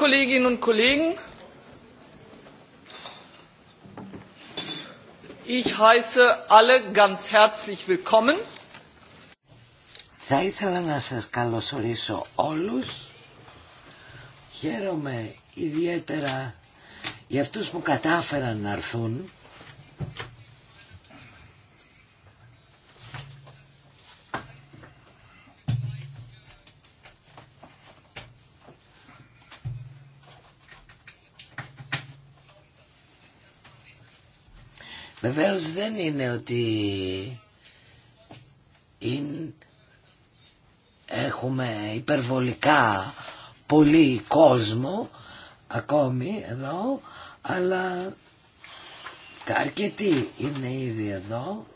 Kolleginnen und Kollegen, ich heiße alle ganz herzlich willkommen. Θα ήθελα να σας καλωσορίσω όλους. Χαίρομαι ιδιαίτερα για αυτούς που κατάφεραν να έρθουν Βεβαίω δεν είναι ότι έχουμε υπερβολικά πολύ κόσμο ακόμη εδώ, αλλά αρκετοί είναι ήδη εδώ.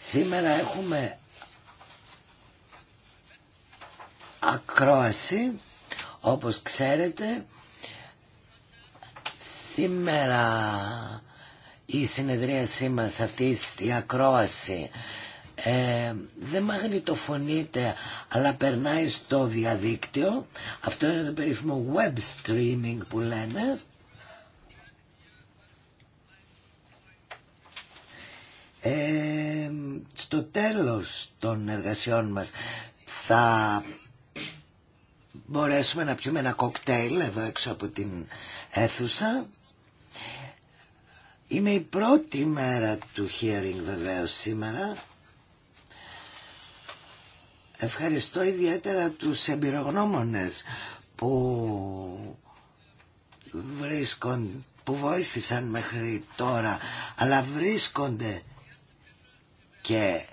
Σήμερα έχουμε ακρόαση, όπως ξέρετε, Σήμερα η συνεδρίασή μας αυτή, η ακρόαση, ε, δεν μαγνητοφωνείται αλλά περνάει στο διαδίκτυο. Αυτό είναι το περίφημο web streaming που λένε. Ε, στο τέλος των εργασιών μας θα μπορέσουμε να πιούμε ένα κοκτέιλ εδώ έξω από την αίθουσα είναι η πρώτη μέρα του hearing βεβαίω σήμερα. Ευχαριστώ ιδιαίτερα τους εμπειρογνώμονες που βρίσκον, που βοήθησαν μέχρι τώρα, αλλά βρίσκονται και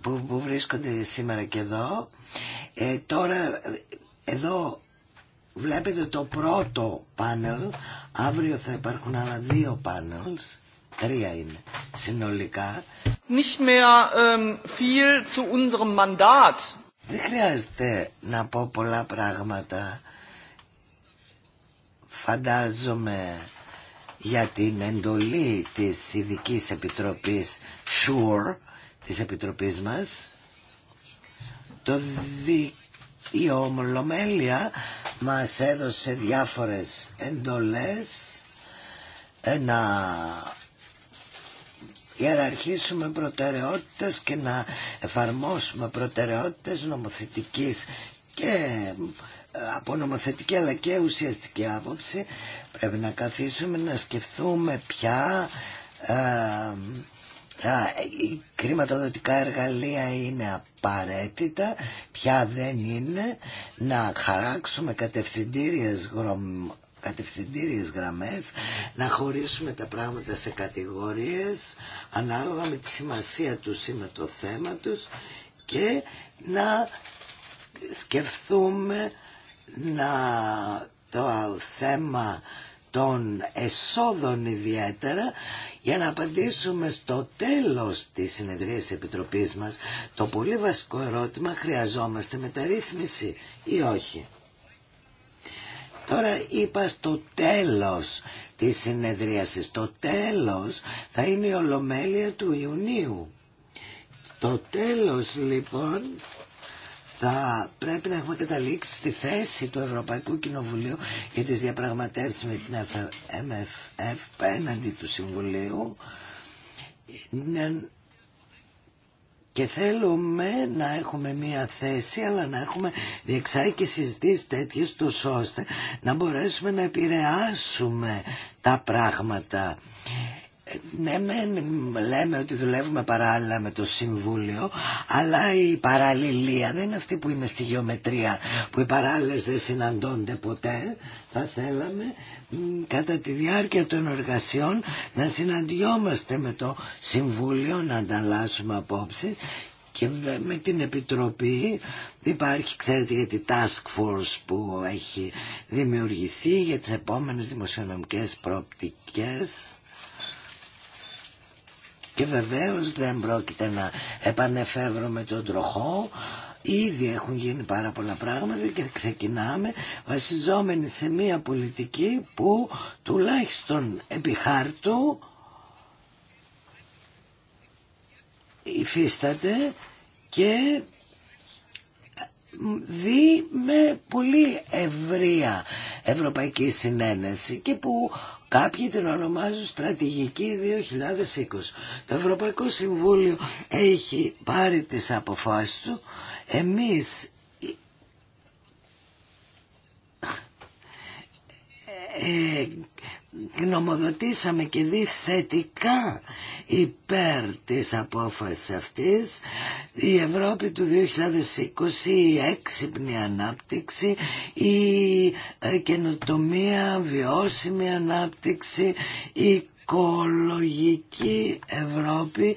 που, βρίσκονται σήμερα και εδώ. Ε, τώρα εδώ βλέπετε το πρώτο πάνελ, αύριο θα υπάρχουν άλλα δύο πάνελ, τρία είναι συνολικά. Nicht mehr, um, viel Δεν χρειάζεται να πω πολλά πράγματα, φαντάζομαι, για την εντολή της ειδική Επιτροπής SURE, της Επιτροπής μας. Το δι... Η ομολομέλεια μας έδωσε διάφορες εντολές να ιεραρχήσουμε προτεραιότητες και να εφαρμόσουμε προτεραιότητες νομοθετικής και ε, από νομοθετική αλλά και ουσιαστική άποψη πρέπει να καθίσουμε να σκεφτούμε πια. Ε, οι κρήματοδοτικά ε, εργαλεία είναι απαραίτητα, πια δεν είναι, να χαράξουμε κατευθυντήριες γρομ κατευθυντήριες γραμμές, να χωρίσουμε τα πράγματα σε κατηγορίες ανάλογα με τη σημασία του ή με το θέμα τους και να σκεφτούμε να το θέμα των εσόδων ιδιαίτερα για να απαντήσουμε στο τέλος της συνεδρίας της Επιτροπής μας το πολύ βασικό ερώτημα χρειαζόμαστε μεταρρύθμιση ή όχι. Τώρα είπα στο τέλος της συνεδρίασης, το τέλος θα είναι η Ολομέλεια του Ιουνίου. Το τέλος λοιπόν θα πρέπει να έχουμε καταλήξει τη θέση του Ευρωπαϊκού Κοινοβουλίου για τις διαπραγματεύσεις με την MFF έναντι του Συμβουλίου ναι, και θέλουμε να έχουμε μία θέση αλλά να έχουμε διεξάγει και συζητήσεις τέτοιες τους ώστε να μπορέσουμε να επηρεάσουμε τα πράγματα. Ναι, ναι, ναι λέμε ότι δουλεύουμε παράλληλα με το Συμβούλιο αλλά η παραλληλία δεν είναι αυτή που είναι στη γεωμετρία που οι παράλληλες δεν συναντώνται ποτέ θα θέλαμε κατά τη διάρκεια των εργασιών να συναντιόμαστε με το Συμβούλιο να ανταλλάσσουμε απόψει. και με την Επιτροπή υπάρχει, ξέρετε, για τη Task Force που έχει δημιουργηθεί για τις επόμενες δημοσιονομικές προοπτικές και βεβαίως δεν πρόκειται να επανεφεύρουμε τον τροχό. Ήδη έχουν γίνει πάρα πολλά πράγματα και ξεκινάμε βασιζόμενοι σε μια πολιτική που τουλάχιστον επί χάρτου υφίσταται και δει με πολύ ευρεία ευρωπαϊκή συνένεση και που Κάποιοι την ονομάζουν στρατηγική 2020. Το Ευρωπαϊκό Συμβούλιο έχει πάρει τις αποφάσεις του. Εμείς ε, ε, γνωμοδοτήσαμε και δει θετικά υπέρ της απόφασης αυτής η Ευρώπη του 2020, η έξυπνη ανάπτυξη, η ε, καινοτομία, βιώσιμη ανάπτυξη, η οικολογική Ευρώπη,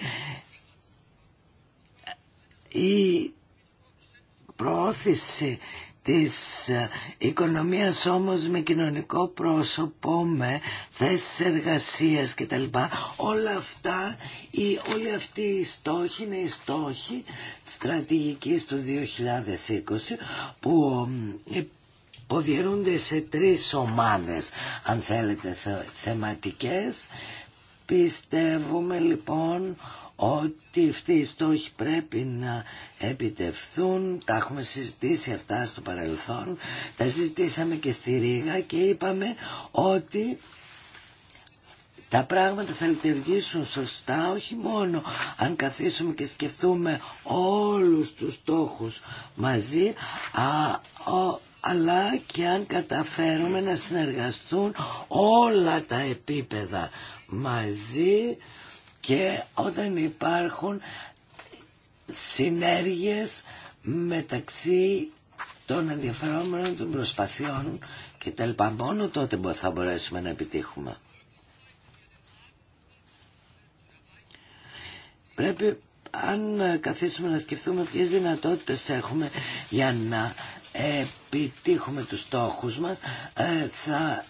η προώθηση της ε, οικονομίας όμως με κοινωνικό πρόσωπο, με θέσεις εργασίας κτλ. Όλα αυτά, οι, όλοι αυτοί οι στόχοι είναι οι στόχοι στρατηγικής του 2020 που υποδιαιρούνται σε τρεις ομάδες, αν θέλετε, θεματικές. Πιστεύουμε λοιπόν ότι αυτοί οι στόχοι πρέπει να επιτευθούν. Τα έχουμε συζητήσει αυτά στο παρελθόν. Τα συζητήσαμε και στη Ρήγα και είπαμε ότι τα πράγματα θα λειτουργήσουν σωστά όχι μόνο αν καθίσουμε και σκεφτούμε όλους τους στόχους μαζί α, ο, αλλά και αν καταφέρουμε να συνεργαστούν όλα τα επίπεδα μαζί και όταν υπάρχουν συνέργειες μεταξύ των ενδιαφερόμενων των προσπαθειών και τα λοιπά. Μόνο τότε θα μπορέσουμε να επιτύχουμε. Πρέπει αν καθίσουμε να σκεφτούμε ποιες δυνατότητες έχουμε για να επιτύχουμε τους στόχους μας ε, θα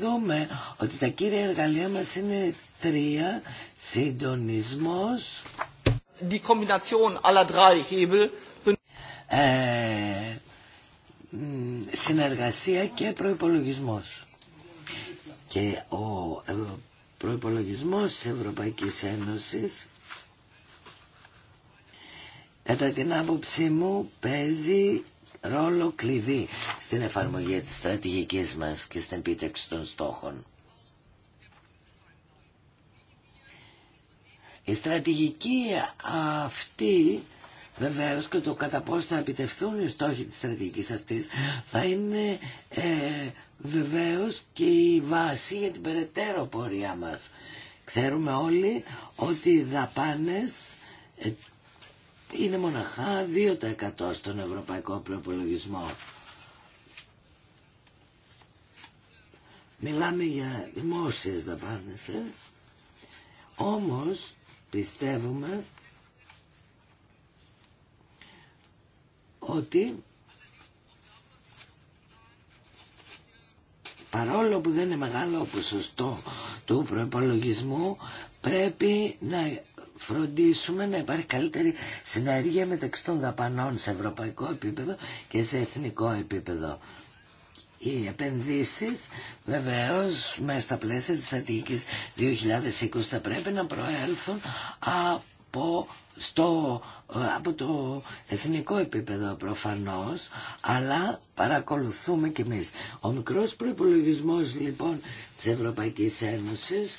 δούμε ότι τα κύρια εργαλεία μας είναι τρία, συντονισμός, ε, συνεργασία και προϋπολογισμός. Και ο ε, προϋπολογισμός της Ευρωπαϊκής Ένωσης κατά την άποψή μου παίζει ρόλο κλειδί στην εφαρμογή της στρατηγικής μας και στην επίτευξη των στόχων. Η στρατηγική αυτή Βεβαίω και το κατά πόσο θα επιτευθούν οι στόχοι της στρατηγικής αυτής θα είναι ε, βεβαίως και η βάση για την περαιτέρω πορεία μας. Ξέρουμε όλοι ότι οι δαπάνες ε, είναι μοναχά 2% στον ευρωπαϊκό προπολογισμό. Μιλάμε για δημόσιες δαπάνες, ε? όμως πιστεύουμε ότι παρόλο που δεν είναι μεγάλο ποσοστό του προπολογισμού πρέπει να φροντίσουμε να υπάρχει καλύτερη συνεργία μεταξύ των δαπανών σε ευρωπαϊκό επίπεδο και σε εθνικό επίπεδο. Οι επενδύσεις βεβαίως μέσα στα πλαίσια της Αττικής 2020 θα πρέπει να προέλθουν από στο, από το εθνικό επίπεδο προφανώς αλλά παρακολουθούμε κι εμείς ο μικρός προϋπολογισμός λοιπόν της Ευρωπαϊκής Ένωσης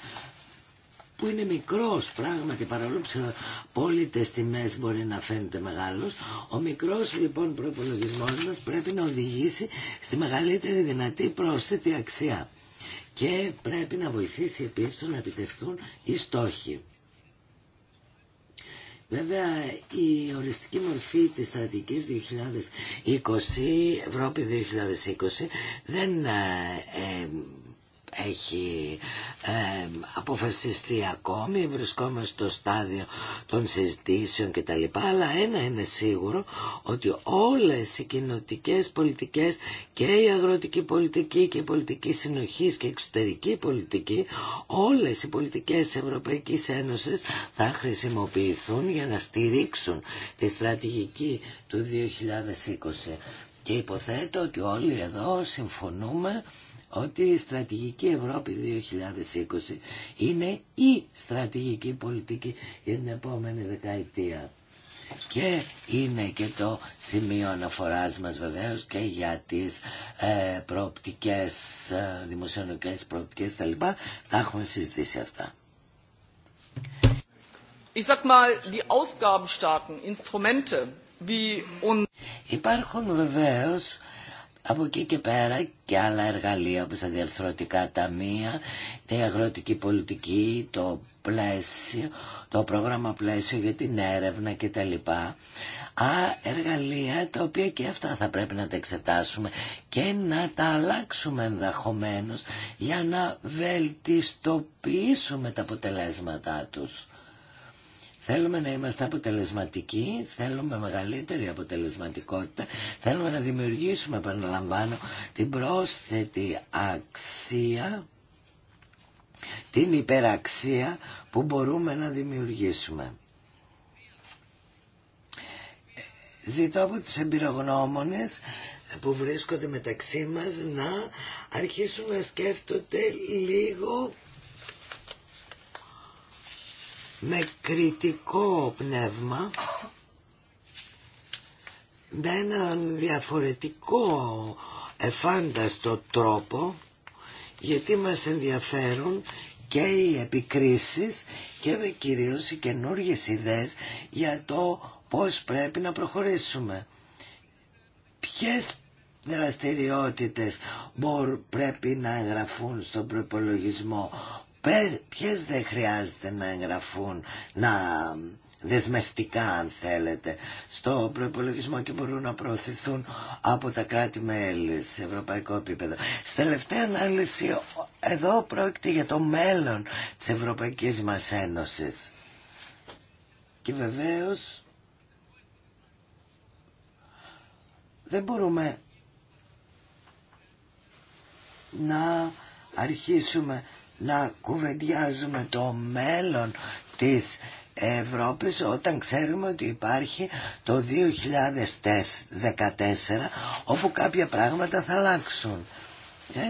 που είναι μικρός πράγματι παρόλο που σε απόλυτε τιμές μπορεί να φαίνεται μεγάλος ο μικρός λοιπόν προπολογισμό μας πρέπει να οδηγήσει στη μεγαλύτερη δυνατή πρόσθετη αξία και πρέπει να βοηθήσει επίσης το να επιτευχθούν οι στόχοι. Βέβαια η οριστική μορφή της στρατηγικής 2020, Ευρώπη 2020 δεν ε, ε, έχει ε, αποφασιστεί ακόμη, βρισκόμαστε στο στάδιο των συζητήσεων κτλ. Αλλά ένα είναι σίγουρο ότι όλες οι κοινοτικέ πολιτικές και η αγροτική πολιτική και η πολιτική συνοχής και η εξωτερική πολιτική, όλες οι πολιτικές Ευρωπαϊκής Ένωσης θα χρησιμοποιηθούν για να στηρίξουν τη στρατηγική του 2020. Και υποθέτω ότι όλοι εδώ συμφωνούμε ότι η στρατηγική Ευρώπη 2020 είναι η στρατηγική πολιτική για την επόμενη δεκαετία. Και είναι και το σημείο αναφοράς μας βεβαίως και για τις ε, προοπτικές, ε, δημοσιονομικές προοπτικές τα λοιπά. έχουμε συζητήσει αυτά. Ich Υπάρχουν βεβαίως από εκεί και πέρα και άλλα εργαλεία όπως τα διαρθρωτικά ταμεία, η αγροτική πολιτική, το πλαίσιο, το πρόγραμμα πλαίσιο για την έρευνα κτλ. Α, εργαλεία τα οποία και αυτά θα πρέπει να τα εξετάσουμε και να τα αλλάξουμε ενδεχομένως για να βελτιστοποιήσουμε τα αποτελέσματά τους. Θέλουμε να είμαστε αποτελεσματικοί, θέλουμε μεγαλύτερη αποτελεσματικότητα, θέλουμε να δημιουργήσουμε, επαναλαμβάνω, την πρόσθετη αξία, την υπεραξία που μπορούμε να δημιουργήσουμε. Ζητώ από τους εμπειρογνώμονες που βρίσκονται μεταξύ μας να αρχίσουν να σκέφτονται λίγο με κριτικό πνεύμα με έναν διαφορετικό εφάνταστο τρόπο γιατί μας ενδιαφέρουν και οι επικρίσεις και με κυρίως οι καινούργιες ιδέες για το πώς πρέπει να προχωρήσουμε. Ποιες δραστηριότητες μπορεί, πρέπει να εγγραφούν στον προπολογισμό, ποιες δεν χρειάζεται να εγγραφούν, να δεσμευτικά αν θέλετε στο προπολογισμό και μπορούν να προωθηθούν από τα κράτη-μέλη σε ευρωπαϊκό επίπεδο. Στη τελευταία ανάλυση εδώ πρόκειται για το μέλλον της Ευρωπαϊκής μας Ένωσης. Και βεβαίως δεν μπορούμε να αρχίσουμε να κουβεντιάζουμε το μέλλον της Ευρώπης όταν ξέρουμε ότι υπάρχει το 2014 όπου κάποια πράγματα θα αλλάξουν.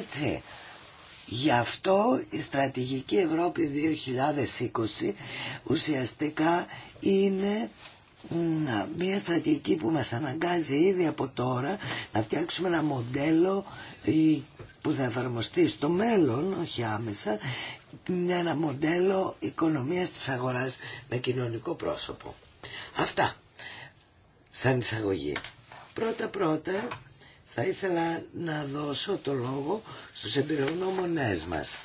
Έτσι. Γι' αυτό η στρατηγική Ευρώπη 2020 ουσιαστικά είναι μια στρατηγική που μας αναγκάζει ήδη από τώρα να φτιάξουμε ένα μοντέλο ε, που θα εφαρμοστεί στο μέλλον, όχι άμεσα, ένα μοντέλο οικονομίας της αγοράς με κοινωνικό πρόσωπο. Αυτά, σαν εισαγωγή. Πρώτα-πρώτα θα ήθελα να δώσω το λόγο στους εμπειρογνώμονές μας.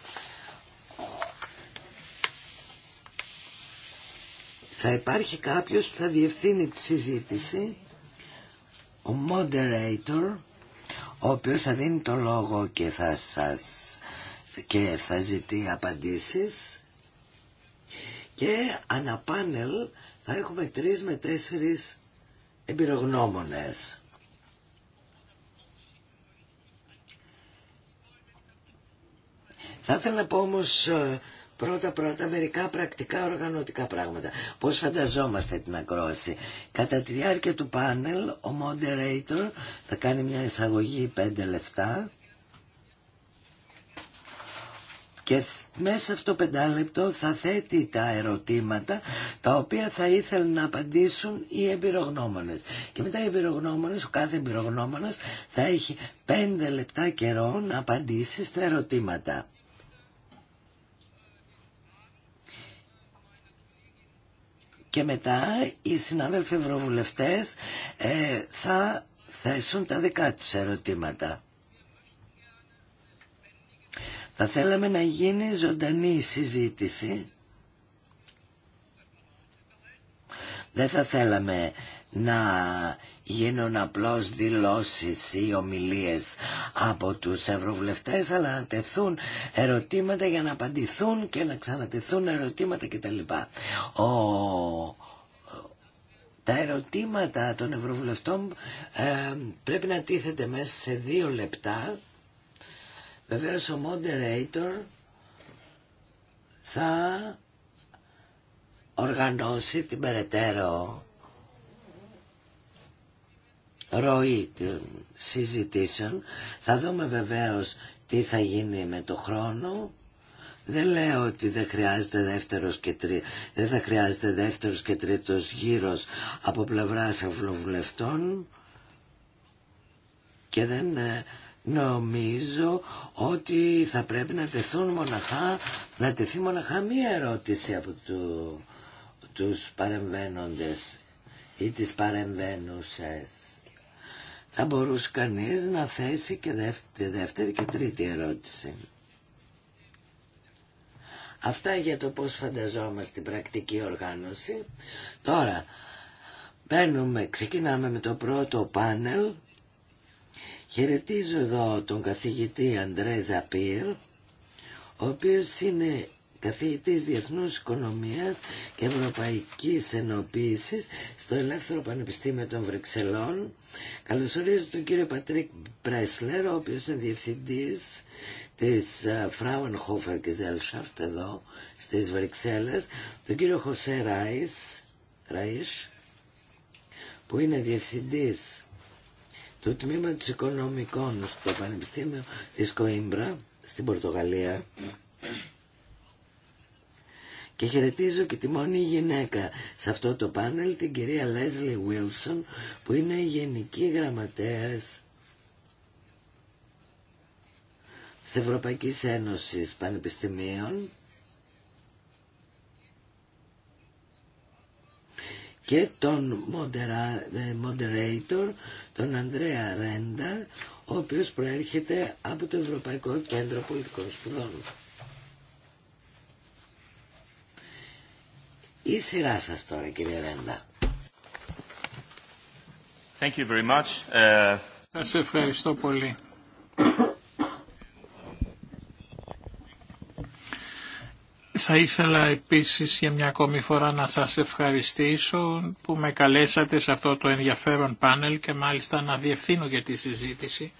Θα υπάρχει κάποιος που θα διευθύνει τη συζήτηση, ο moderator, ο οποίος θα δίνει το λόγο και θα σας και θα ζητεί απαντήσεις και αναπάνελ θα έχουμε τρεις με τέσσερις εμπειρογνώμονες. Θα ήθελα να πω όμως ε, πρώτα-πρώτα μερικά πρακτικά οργανωτικά πράγματα. Πώς φανταζόμαστε την ακρόαση. Κατά τη διάρκεια του πάνελ, ο moderator θα κάνει μια εισαγωγή 5 λεπτά και μέσα αυτό 5 πεντάλεπτο θα θέτει τα ερωτήματα τα οποία θα ήθελαν να απαντήσουν οι εμπειρογνώμονες. Και μετά οι εμπειρογνώμονες, ο κάθε εμπειρογνώμονας θα έχει 5 λεπτά καιρό να απαντήσει στα ερωτήματα. και μετά οι συνάδελφοι ευρωβουλευτές ε, θα θέσουν τα δικά τους ερωτήματα. Θα θέλαμε να γίνει ζωντανή συζήτηση. Δεν θα θέλαμε να γίνουν απλώς δηλώσεις ή ομιλίες από τους ευρωβουλευτές αλλά να τεθούν ερωτήματα για να απαντηθούν και να ξανατεθούν ερωτήματα κτλ. Ο... Τα ερωτήματα των ευρωβουλευτών ε, πρέπει να τίθεται μέσα σε δύο λεπτά. Βεβαίως ο moderator θα οργανώσει την περαιτέρω ροή των συζητήσεων. Θα δούμε βεβαίως τι θα γίνει με το χρόνο. Δεν λέω ότι δεν χρειάζεται δεύτερος και τρί... δεν θα χρειάζεται δεύτερος και τρίτος γύρος από πλευράς αυλοβουλευτών και δεν ε, νομίζω ότι θα πρέπει να τεθούν μοναχά να τεθεί μοναχά μία ερώτηση από του, τους παρεμβαίνοντες ή τις παρεμβαίνουσες θα μπορούσε κανείς να θέσει και δεύτερη, δεύτερη και τρίτη ερώτηση. Αυτά για το πώς φανταζόμαστε την πρακτική οργάνωση. Τώρα, ξεκινάμε με το πρώτο πάνελ. Χαιρετίζω εδώ τον καθηγητή Αντρέζα Πύρ, ο οποίος είναι καθηγητής διεθνούς οικονομίας και ευρωπαϊκής ενοποίησης στο Ελεύθερο Πανεπιστήμιο των Βρυξελών. Καλωσορίζω τον κύριο Πατρίκ Πρέσλερ, ο οποίος είναι διευθυντής της ε, Fraunhofer Gesellschaft εδώ στις Βρυξέλλες, τον κύριο Χωσέ Ράις, που είναι διευθυντής του Τμήματος Οικονομικών στο Πανεπιστήμιο της Κοίμπρα στην Πορτογαλία και χαιρετίζω και τη μόνη γυναίκα σε αυτό το πάνελ, την κυρία Λέσλι Βίλσον, που είναι η Γενική Γραμματέας της Ευρωπαϊκής Ένωσης Πανεπιστημίων και τον ε, moderator, τον Ανδρέα Ρέντα, ο οποίος προέρχεται από το Ευρωπαϊκό Κέντρο Πολιτικών Σπουδών. Η σειρά σα τώρα κύριε Ρέντα. Thank ε, ευχαριστώ πολύ. Θα ήθελα επίσης για μια ακόμη φορά να σας ευχαριστήσω που με καλέσατε σε αυτό το ενδιαφέρον πάνελ και μάλιστα να διευθύνω για τη συζήτηση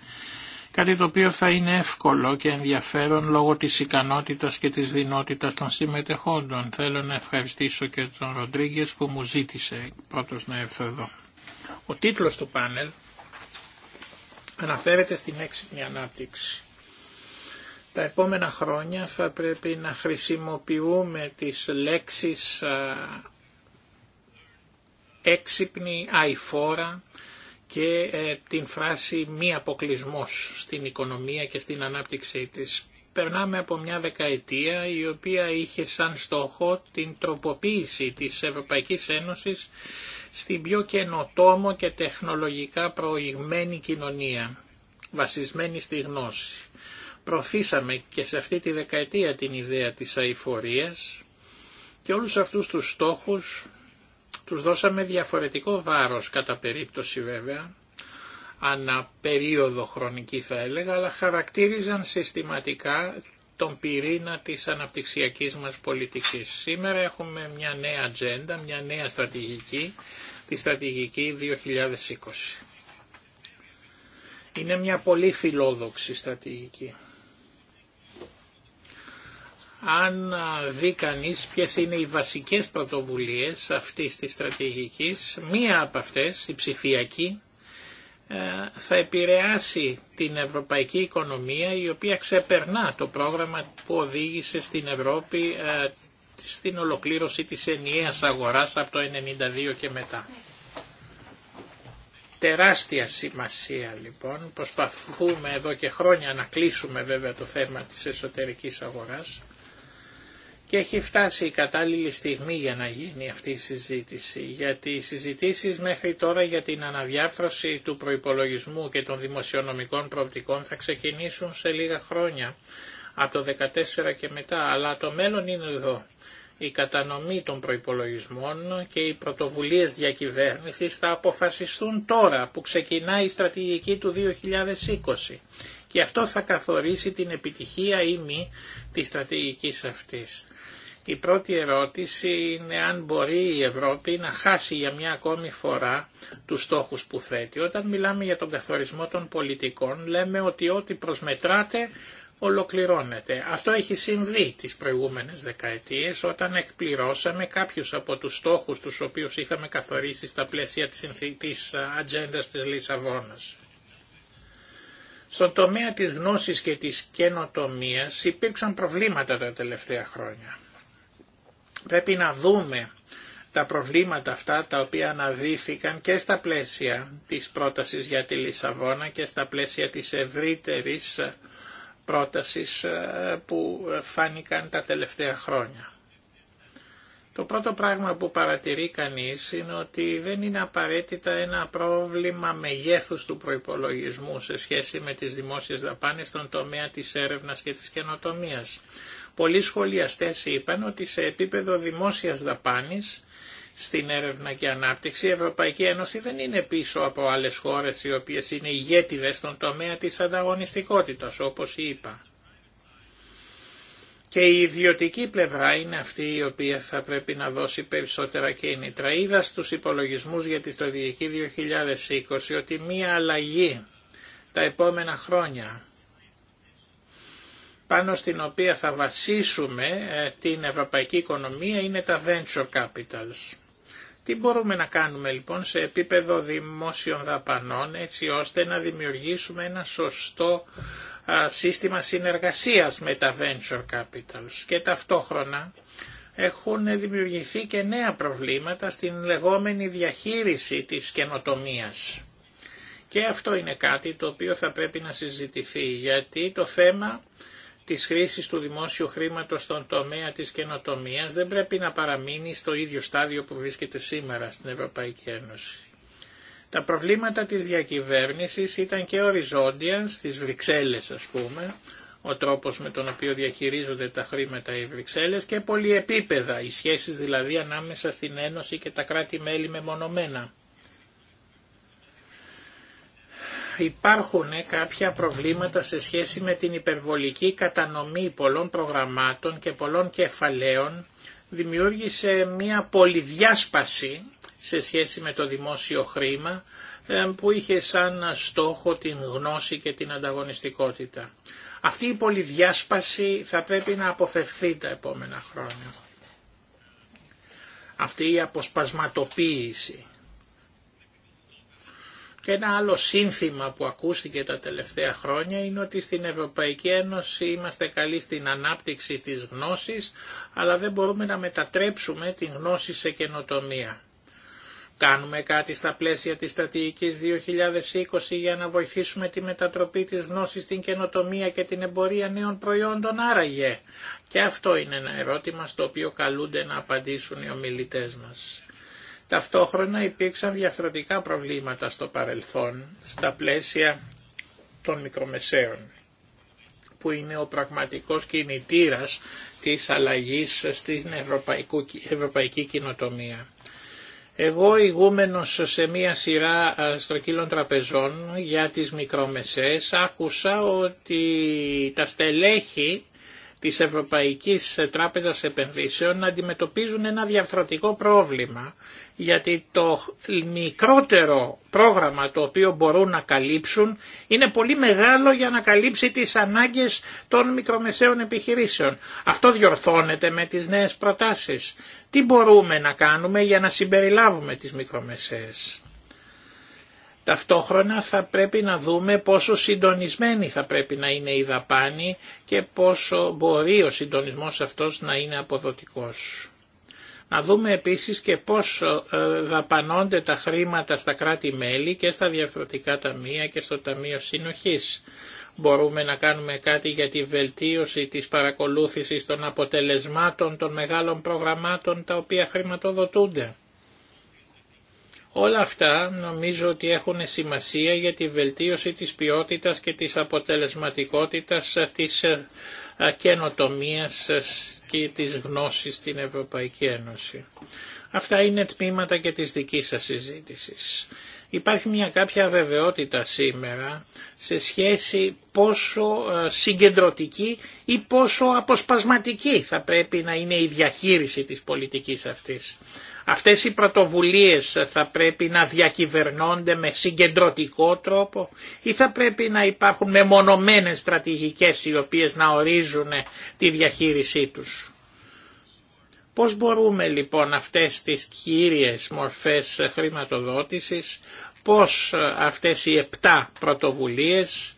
κάτι το οποίο θα είναι εύκολο και ενδιαφέρον λόγω της ικανότητας και της δυνότητας των συμμετεχόντων. Θέλω να ευχαριστήσω και τον Ροντρίγκε που μου ζήτησε πρώτος να έρθω εδώ. Ο τίτλος του πάνελ αναφέρεται στην έξυπνη ανάπτυξη. Τα επόμενα χρόνια θα πρέπει να χρησιμοποιούμε τις λέξεις έξυπνη, αηφόρα, και ε, την φράση «μη αποκλεισμό στην οικονομία και στην ανάπτυξή της. Περνάμε από μια δεκαετία η οποία είχε σαν στόχο την τροποποίηση της Ευρωπαϊκής Ένωσης στην πιο καινοτόμο και τεχνολογικά προηγμένη κοινωνία, βασισμένη στη γνώση. Προφήσαμε και σε αυτή τη δεκαετία την ιδέα της αηφορίας και όλους αυτούς τους στόχους τους δώσαμε διαφορετικό βάρος κατά περίπτωση βέβαια, ανά περίοδο χρονική θα έλεγα, αλλά χαρακτήριζαν συστηματικά τον πυρήνα της αναπτυξιακής μας πολιτικής. Σήμερα έχουμε μια νέα ατζέντα, μια νέα στρατηγική, τη στρατηγική 2020. Είναι μια πολύ φιλόδοξη στρατηγική αν δει κανεί ποιε είναι οι βασικές πρωτοβουλίε αυτή της στρατηγικής, μία από αυτές, η ψηφιακή, ε, θα επηρεάσει την ευρωπαϊκή οικονομία η οποία ξεπερνά το πρόγραμμα που οδήγησε στην Ευρώπη ε, στην ολοκλήρωση της ενιαίας αγοράς από το 1992 και μετά. Τεράστια σημασία λοιπόν, προσπαθούμε εδώ και χρόνια να κλείσουμε βέβαια το θέμα της εσωτερικής αγοράς, και έχει φτάσει η κατάλληλη στιγμή για να γίνει αυτή η συζήτηση, γιατί οι συζητήσεις μέχρι τώρα για την αναδιάρθρωση του προϋπολογισμού και των δημοσιονομικών προοπτικών θα ξεκινήσουν σε λίγα χρόνια, από το 2014 και μετά, αλλά το μέλλον είναι εδώ. Η κατανομή των προϋπολογισμών και οι πρωτοβουλίες διακυβέρνησης θα αποφασιστούν τώρα που ξεκινάει η στρατηγική του 2020 και αυτό θα καθορίσει την επιτυχία ή μη της στρατηγικής αυτής. Η πρώτη ερώτηση είναι αν μπορεί η Ευρώπη να χάσει για μια ακόμη φορά τους στόχους που θέτει. Όταν μιλάμε για τον καθορισμό των πολιτικών λέμε ότι ό,τι προσμετράται ολοκληρώνεται. Αυτό έχει συμβεί τις προηγούμενες δεκαετίες όταν εκπληρώσαμε κάποιους από τους στόχους τους οποίους είχαμε καθορίσει στα πλαίσια της ατζέντα της Λισαβόνας. Στον τομέα της γνώσης και της καινοτομίας υπήρξαν προβλήματα τα τελευταία χρόνια. Πρέπει να δούμε τα προβλήματα αυτά τα οποία αναδύθηκαν και στα πλαίσια της πρότασης για τη Λισαβόνα και στα πλαίσια της ευρύτερης πρότασης ε, που φάνηκαν τα τελευταία χρόνια. Το πρώτο πράγμα που παρατηρεί κανείς είναι ότι δεν είναι απαραίτητα ένα πρόβλημα μεγέθους του προϋπολογισμού σε σχέση με τις δημόσιες δαπάνες στον τομέα της έρευνας και της καινοτομίας. Πολλοί σχολιαστές είπαν ότι σε επίπεδο δημόσιας δαπάνης στην έρευνα και ανάπτυξη η Ευρωπαϊκή Ένωση δεν είναι πίσω από άλλες χώρες οι οποίες είναι ηγέτιδες στον τομέα της ανταγωνιστικότητας όπως είπα. Και η ιδιωτική πλευρά είναι αυτή η οποία θα πρέπει να δώσει περισσότερα κίνητρα. Είδα στους υπολογισμούς για τη στρατηγική 2020 ότι μία αλλαγή τα επόμενα χρόνια πάνω στην οποία θα βασίσουμε ε, την ευρωπαϊκή οικονομία είναι τα venture capitals. Τι μπορούμε να κάνουμε λοιπόν σε επίπεδο δημόσιων δαπανών έτσι ώστε να δημιουργήσουμε ένα σωστό σύστημα συνεργασίας με τα venture capitals και ταυτόχρονα έχουν δημιουργηθεί και νέα προβλήματα στην λεγόμενη διαχείριση της καινοτομίας. Και αυτό είναι κάτι το οποίο θα πρέπει να συζητηθεί γιατί το θέμα της χρήσης του δημόσιου χρήματος στον τομέα της καινοτομίας δεν πρέπει να παραμείνει στο ίδιο στάδιο που βρίσκεται σήμερα στην Ευρωπαϊκή Ένωση. Τα προβλήματα της διακυβέρνησης ήταν και οριζόντια στις Βρυξέλλες ας πούμε, ο τρόπος με τον οποίο διαχειρίζονται τα χρήματα οι Βρυξέλλες και πολυεπίπεδα, οι σχέσεις δηλαδή ανάμεσα στην Ένωση και τα κράτη-μέλη μεμονωμένα. Υπάρχουν ε, κάποια προβλήματα σε σχέση με την υπερβολική κατανομή πολλών προγραμμάτων και πολλών κεφαλαίων δημιούργησε μία πολυδιάσπαση σε σχέση με το δημόσιο χρήμα ε, που είχε σαν στόχο την γνώση και την ανταγωνιστικότητα. Αυτή η πολυδιάσπαση θα πρέπει να αποφευθεί τα επόμενα χρόνια. Αυτή η αποσπασματοποίηση και ένα άλλο σύνθημα που ακούστηκε τα τελευταία χρόνια είναι ότι στην Ευρωπαϊκή Ένωση είμαστε καλοί στην ανάπτυξη της γνώσης, αλλά δεν μπορούμε να μετατρέψουμε την γνώση σε καινοτομία. Κάνουμε κάτι στα πλαίσια της στρατηγικής 2020 για να βοηθήσουμε τη μετατροπή της γνώσης στην καινοτομία και την εμπορία νέων προϊόντων άραγε. Και αυτό είναι ένα ερώτημα στο οποίο καλούνται να απαντήσουν οι ομιλητές μας. Ταυτόχρονα υπήρξαν διαφορετικά προβλήματα στο παρελθόν, στα πλαίσια των μικρομεσαίων, που είναι ο πραγματικός κινητήρας της αλλαγής στην ευρωπαϊκή κοινοτομία. Εγώ ηγούμενος σε μία σειρά στροκύλων τραπεζών για τις μικρομεσαίες άκουσα ότι τα στελέχη της Ευρωπαϊκής Τράπεζας Επενδύσεων να αντιμετωπίζουν ένα διαφθορτικό πρόβλημα γιατί το μικρότερο πρόγραμμα το οποίο μπορούν να καλύψουν είναι πολύ μεγάλο για να καλύψει τις ανάγκες των μικρομεσαίων επιχειρήσεων. Αυτό διορθώνεται με τις νέες προτάσεις. Τι μπορούμε να κάνουμε για να συμπεριλάβουμε τις μικρομεσαίες. Ταυτόχρονα θα πρέπει να δούμε πόσο συντονισμένη θα πρέπει να είναι η δαπάνη και πόσο μπορεί ο συντονισμός αυτός να είναι αποδοτικός. Να δούμε επίσης και πόσο ε, δαπανώνται τα χρήματα στα κράτη-μέλη και στα διαφορετικά ταμεία και στο Ταμείο Συνοχής. Μπορούμε να κάνουμε κάτι για τη βελτίωση της παρακολούθησης των αποτελεσμάτων των μεγάλων προγραμμάτων τα οποία χρηματοδοτούνται. Όλα αυτά νομίζω ότι έχουν σημασία για τη βελτίωση της ποιότητας και της αποτελεσματικότητας της ε, ε, καινοτομίας ε, και της γνώσης στην Ευρωπαϊκή Ένωση. Αυτά είναι τμήματα και της δικής σας συζήτησης. Υπάρχει μια κάποια βεβαιότητα σήμερα σε σχέση πόσο ε, συγκεντρωτική ή πόσο αποσπασματική θα πρέπει να είναι η διαχείριση της πολιτικής αυτής. Αυτές οι πρωτοβουλίες θα πρέπει να διακυβερνώνται με συγκεντρωτικό τρόπο ή θα πρέπει να υπάρχουν μεμονωμένες στρατηγικές οι οποίες να ορίζουν τη διαχείρισή τους. Πώς μπορούμε λοιπόν αυτές τις κύριες μορφές χρηματοδότησης, πώς αυτές οι επτά πρωτοβουλίες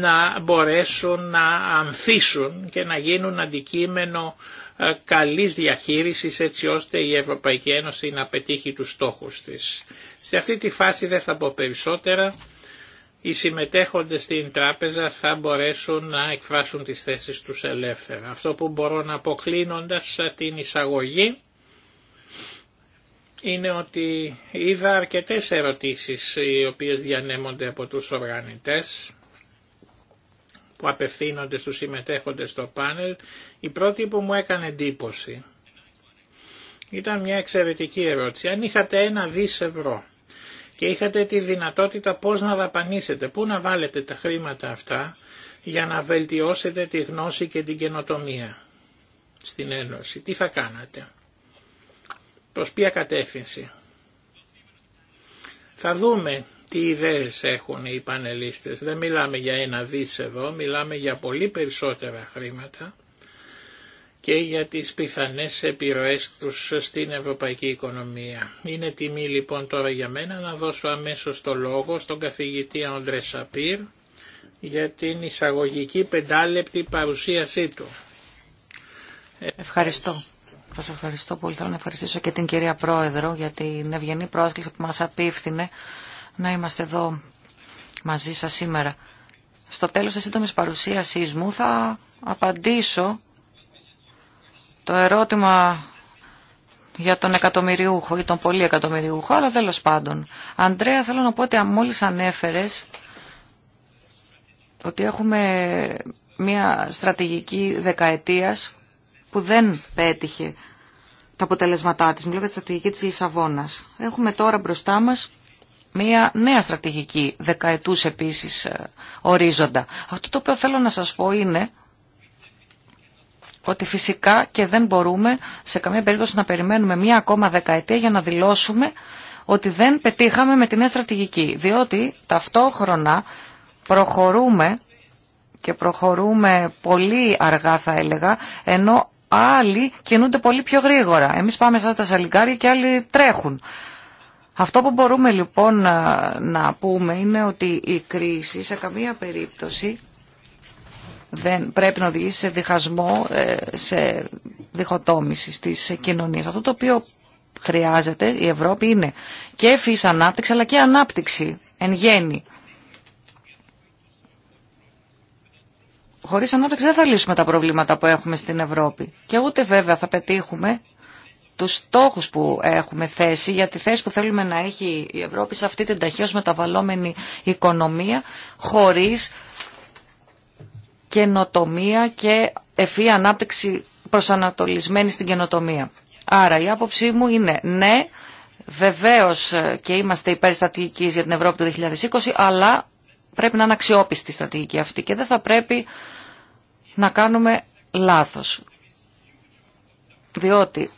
να μπορέσουν να ανθίσουν και να γίνουν αντικείμενο ε, καλής διαχείρισης έτσι ώστε η Ευρωπαϊκή Ένωση να πετύχει τους στόχους της. Σε αυτή τη φάση δεν θα πω περισσότερα οι συμμετέχοντες στην τράπεζα θα μπορέσουν να εκφράσουν τις θέσεις τους ελεύθερα. Αυτό που μπορώ να αποκλίνοντα την εισαγωγή είναι ότι είδα αρκετές ερωτήσεις οι οποίες διανέμονται από τους οργανητές που απευθύνονται στους συμμετέχοντες στο πάνελ. Η πρώτη που μου έκανε εντύπωση ήταν μια εξαιρετική ερώτηση. Αν είχατε ένα δις ευρώ και είχατε τη δυνατότητα πώς να δαπανίσετε, πού να βάλετε τα χρήματα αυτά για να βελτιώσετε τη γνώση και την καινοτομία στην Ένωση. Τι θα κάνατε, προς ποια κατεύθυνση. Θα δούμε τι ιδέες έχουν οι πανελίστες. Δεν μιλάμε για ένα δις εδώ, μιλάμε για πολύ περισσότερα χρήματα και για τις πιθανές επιρροές τους στην ευρωπαϊκή οικονομία. Είναι τιμή λοιπόν τώρα για μένα να δώσω αμέσως το λόγο στον καθηγητή Αντρέ Σαπίρ για την εισαγωγική πεντάλεπτη παρουσίασή του. Ευχαριστώ. Σα ευχαριστώ πολύ. Θέλω να ευχαριστήσω και την κυρία Πρόεδρο για την ευγενή πρόσκληση που μας απίφθηνε να είμαστε εδώ μαζί σας σήμερα. Στο τέλος της σύντομης παρουσίασής μου θα απαντήσω το ερώτημα για τον εκατομμυριούχο ή τον πολύ εκατομμυριούχο, αλλά τέλο πάντων. Αντρέα, θέλω να πω ότι μόλι ανέφερε ότι έχουμε μια στρατηγική δεκαετίας που δεν πέτυχε τα αποτελέσματά της. Μιλώ για τη στρατηγική της Λισαβόνα. Έχουμε τώρα μπροστά μας μια νέα στρατηγική δεκαετούς επίσης ε, ορίζοντα. Αυτό το οποίο θέλω να σας πω είναι ότι φυσικά και δεν μπορούμε σε καμία περίπτωση να περιμένουμε μία ακόμα δεκαετία για να δηλώσουμε ότι δεν πετύχαμε με τη νέα στρατηγική. Διότι ταυτόχρονα προχωρούμε και προχωρούμε πολύ αργά θα έλεγα, ενώ άλλοι κινούνται πολύ πιο γρήγορα. Εμείς πάμε σαν τα σαλιγκάρια και άλλοι τρέχουν. Αυτό που μπορούμε λοιπόν ε, να, πούμε είναι ότι η κρίση σε καμία περίπτωση δεν πρέπει να οδηγήσει σε διχασμό, ε, σε διχοτόμηση στις κοινωνίες. Αυτό το οποίο χρειάζεται η Ευρώπη είναι και φύση ανάπτυξη αλλά και ανάπτυξη εν γέννη. Χωρίς ανάπτυξη δεν θα λύσουμε τα προβλήματα που έχουμε στην Ευρώπη και ούτε βέβαια θα πετύχουμε τους στόχους που έχουμε θέσει, για τη θέση που θέλουμε να έχει η Ευρώπη σε αυτή την ταχύως μεταβαλλόμενη οικονομία, χωρίς καινοτομία και ευφύ ανάπτυξη προσανατολισμένη στην καινοτομία. Άρα η άποψή μου είναι ναι, βεβαίως ε, και είμαστε υπέρ στρατηγικής για την Ευρώπη του 2020, αλλά πρέπει να είναι αξιόπιστη η στρατηγική αυτή και δεν θα πρέπει να κάνουμε λάθος. Διότι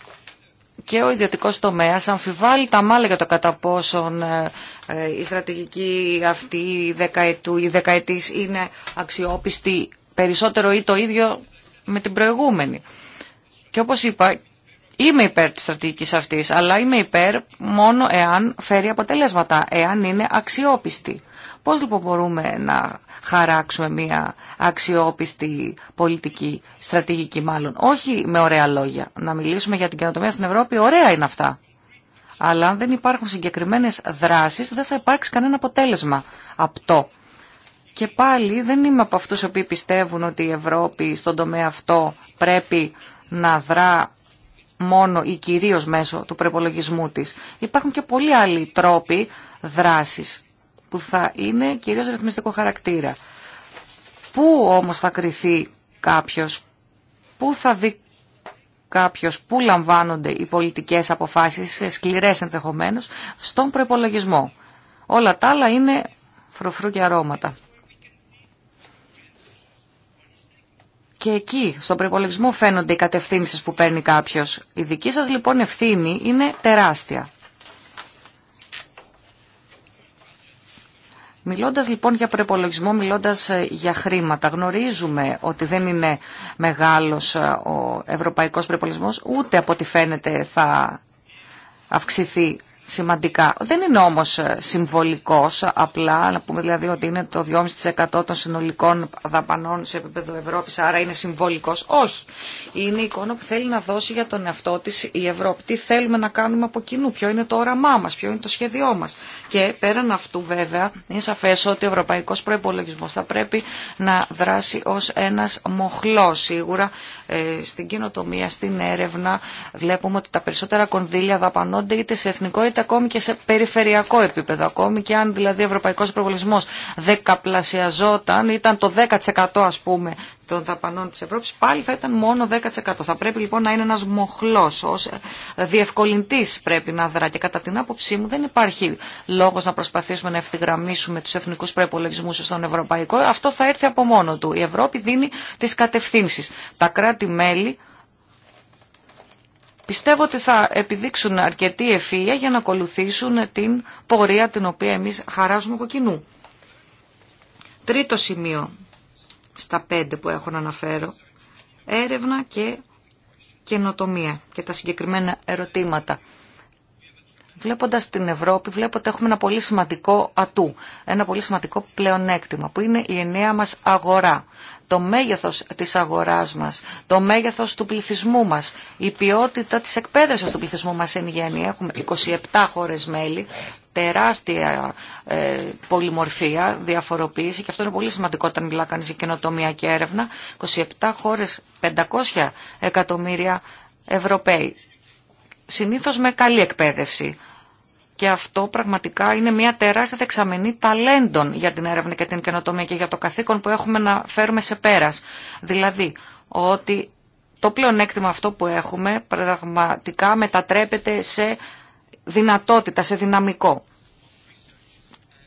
και ο ιδιωτικός τομέας αμφιβάλλει τα μάλλα για το κατά πόσον ε, ε, η στρατηγική αυτή η, δεκαετού, η δεκαετής είναι αξιόπιστη περισσότερο ή το ίδιο με την προηγούμενη. Και όπως είπα, είμαι υπέρ της στρατηγικής αυτής, αλλά είμαι υπέρ μόνο εάν φέρει αποτελέσματα, εάν είναι αξιόπιστη. Πώς λοιπόν μπορούμε να χαράξουμε μια αξιόπιστη πολιτική, στρατηγική μάλλον, όχι με ωραία λόγια. Να μιλήσουμε για την καινοτομία στην Ευρώπη, ωραία είναι αυτά. Αλλά αν δεν υπάρχουν συγκεκριμένες δράσεις, δεν θα υπάρξει κανένα αποτέλεσμα απτό. Και πάλι δεν είμαι από αυτούς που πιστεύουν ότι η Ευρώπη στον τομέα αυτό πρέπει να δρά μόνο ή κυρίως μέσω του προπολογισμού της. Υπάρχουν και πολλοί άλλοι τρόποι δράσης που θα είναι κυρίως ρυθμιστικό χαρακτήρα. Πού όμως θα κριθεί κάποιος, πού θα δει κάποιος, πού λαμβάνονται οι πολιτικές αποφάσεις, σκληρές ενδεχομένως, στον προπολογισμό. Όλα τα άλλα είναι φροφρού και αρώματα. Και εκεί, στον προπολογισμό, φαίνονται οι κατευθύνσει που παίρνει κάποιο. Η δική σα λοιπόν ευθύνη είναι τεράστια. Μιλώντας λοιπόν για προπολογισμό, μιλώντας ε, για χρήματα, γνωρίζουμε ότι δεν είναι μεγάλος ε, ο ευρωπαϊκός προπολογισμός, ούτε από ό,τι φαίνεται θα αυξηθεί σημαντικά. Δεν είναι όμως ε, συμβολικός απλά, να πούμε δηλαδή ότι είναι το 2,5% των συνολικών δαπανών σε επίπεδο Ευρώπης, άρα είναι συμβολικός. Όχι. Είναι η εικόνα που θέλει να δώσει για τον εαυτό της η Ευρώπη. Τι θέλουμε να κάνουμε από κοινού, ποιο είναι το όραμά μας, ποιο είναι το σχέδιό μας. Και πέραν αυτού βέβαια είναι σαφές ότι ο Ευρωπαϊκός Προϋπολογισμός θα πρέπει να δράσει ως ένας μοχλός σίγουρα ε, στην κοινοτομία, στην έρευνα. Βλέπουμε ότι τα περισσότερα κονδύλια δαπανώνται είτε σε εθνικό είτε ακόμη και σε περιφερειακό επίπεδο. Ακόμη και αν δηλαδή ο ευρωπαϊκό προβολισμό δεκαπλασιαζόταν, ήταν το 10% ας πούμε των δαπανών της Ευρώπης πάλι θα ήταν μόνο 10%. Θα πρέπει λοιπόν να είναι ένας μοχλός, ως διευκολυντής πρέπει να δρά και κατά την άποψή μου δεν υπάρχει λόγος να προσπαθήσουμε να ευθυγραμμίσουμε τους εθνικούς προϋπολογισμούς στον ευρωπαϊκό. Αυτό θα έρθει από μόνο του. Η Ευρώπη δίνει τις κατευθύνσεις. Τα κράτη-μέλη πιστεύω ότι θα επιδείξουν αρκετή ευφυΐα για να ακολουθήσουν την πορεία την οποία εμείς χαράζουμε από κοινού. Τρίτο σημείο στα πέντε που έχω να αναφέρω. Έρευνα και καινοτομία και τα συγκεκριμένα ερωτήματα. Βλέποντας την Ευρώπη, βλέπω ότι έχουμε ένα πολύ σημαντικό ατού, ένα πολύ σημαντικό πλεονέκτημα, που είναι η ενιαία μας αγορά, το μέγεθος της αγοράς μας, το μέγεθος του πληθυσμού μας, η ποιότητα της εκπαίδευσης του πληθυσμού μας εν γέννη. Έχουμε 27 χώρες μέλη, τεράστια ε, πολυμορφία, διαφοροποίηση και αυτό είναι πολύ σημαντικό όταν μιλά κανείς για καινοτομία και έρευνα. 27 χώρες, 500 εκατομμύρια Ευρωπαίοι. Συνήθως με καλή εκπαίδευση. Και αυτό πραγματικά είναι μια τεράστια δεξαμενή ταλέντων για την έρευνα και την καινοτομία και για το καθήκον που έχουμε να φέρουμε σε πέρας. Δηλαδή, ότι το πλεονέκτημα αυτό που έχουμε πραγματικά μετατρέπεται σε δυνατότητα, σε δυναμικό.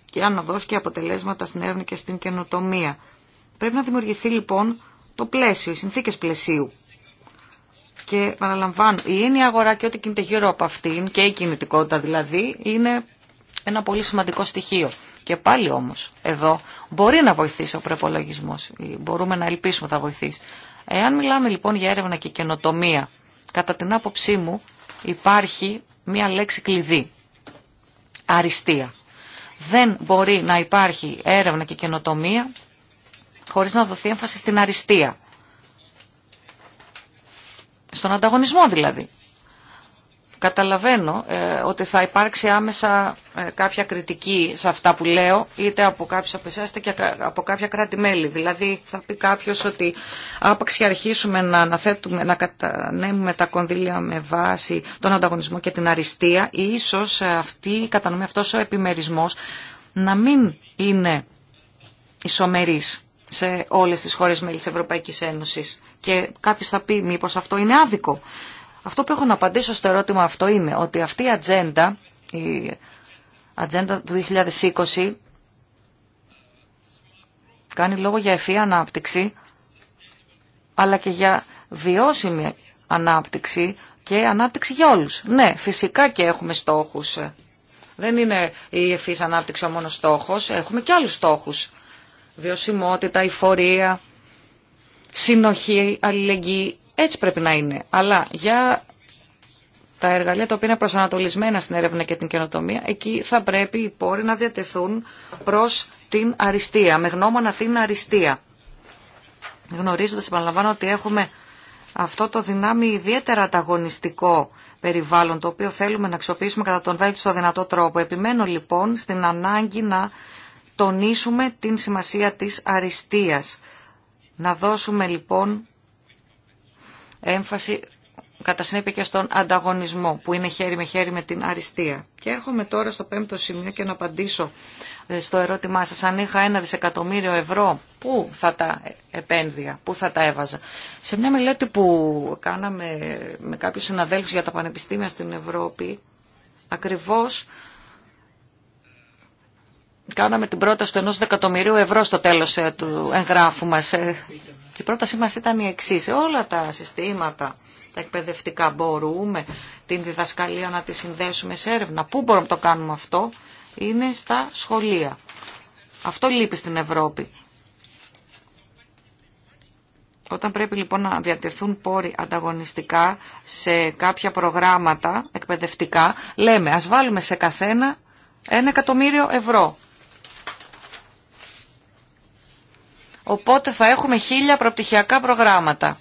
Και αν να δώσει και αποτελέσματα στην έρευνα και στην καινοτομία. Πρέπει να δημιουργηθεί λοιπόν το πλαίσιο, οι συνθήκε πλαισίου. Και παραλαμβάνω, η έννοια αγορά και ό,τι κινείται γύρω από αυτήν και η κινητικότητα δηλαδή είναι ένα πολύ σημαντικό στοιχείο. Και πάλι όμω εδώ μπορεί να βοηθήσει ο προπολογισμό. μπορούμε να ελπίσουμε θα βοηθήσει. Εάν μιλάμε λοιπόν για έρευνα και καινοτομία, κατά την άποψή μου υπάρχει μία λέξη κλειδί. Αριστεία. Δεν μπορεί να υπάρχει έρευνα και καινοτομία χωρίς να δοθεί έμφαση στην αριστεία. Στον ανταγωνισμό δηλαδή. Καταλαβαίνω ε, ότι θα υπάρξει άμεσα ε, κάποια κριτική σε αυτά που λέω, είτε από κάποιους από εσάς, είτε και από κάποια κράτη-μέλη. Δηλαδή θα πει κάποιος ότι άπαξ και αρχίσουμε να αναθέτουμε, να κατανέμουμε τα κονδύλια με βάση τον ανταγωνισμό και την αριστεία, ίσως ε, αυτή η κατανομή, αυτός ο επιμερισμός να μην είναι ισομερής σε όλες τις χώρες μέλη της Ευρωπαϊκής Ένωσης. Και κάποιος θα πει μήπως αυτό είναι άδικο. Αυτό που έχω να απαντήσω στο ερώτημα αυτό είναι ότι αυτή η ατζέντα, η ατζέντα του 2020, κάνει λόγο για ευφύ ανάπτυξη, αλλά και για βιώσιμη ανάπτυξη και ανάπτυξη για όλους. Ναι, φυσικά και έχουμε στόχους. Δεν είναι η ευφύς ανάπτυξη ο μόνος στόχος, έχουμε και άλλους στόχους. Βιωσιμότητα, η συνοχή, αλληλεγγύη. Έτσι πρέπει να είναι. Αλλά για τα εργαλεία τα οποία είναι προσανατολισμένα στην έρευνα και την καινοτομία, εκεί θα πρέπει οι πόροι να διατεθούν προς την αριστεία, με γνώμονα την αριστεία. Γνωρίζοντας, επαναλαμβάνω, ότι έχουμε αυτό το δυνάμει ιδιαίτερα ανταγωνιστικό περιβάλλον, το οποίο θέλουμε να αξιοποιήσουμε κατά τον βέλτιστο δυνατό τρόπο. Επιμένω λοιπόν στην ανάγκη να τονίσουμε την σημασία της αριστείας. Να δώσουμε λοιπόν έμφαση κατά συνέπεια και στον ανταγωνισμό που είναι χέρι με χέρι με την αριστεία. Και έρχομαι τώρα στο πέμπτο σημείο και να απαντήσω ε, στο ερώτημά σας. Αν είχα ένα δισεκατομμύριο ευρώ, πού θα τα επένδυα, πού θα τα έβαζα. Σε μια μελέτη που κάναμε με κάποιους συναδέλφους για τα πανεπιστήμια στην Ευρώπη, ακριβώς κάναμε την πρόταση του ενός δεκατομμυρίου ευρώ στο τέλος ε, του εγγράφου μας. Ε, και η πρότασή μας ήταν η εξή. Σε όλα τα συστήματα, τα εκπαιδευτικά μπορούμε την διδασκαλία να τη συνδέσουμε σε έρευνα. Πού μπορούμε να το κάνουμε αυτό είναι στα σχολεία. Αυτό λείπει στην Ευρώπη. Όταν πρέπει λοιπόν να διατεθούν πόροι ανταγωνιστικά σε κάποια προγράμματα εκπαιδευτικά, λέμε ας βάλουμε σε καθένα ένα εκατομμύριο ευρώ. Οπότε θα έχουμε χίλια προπτυχιακά προγράμματα.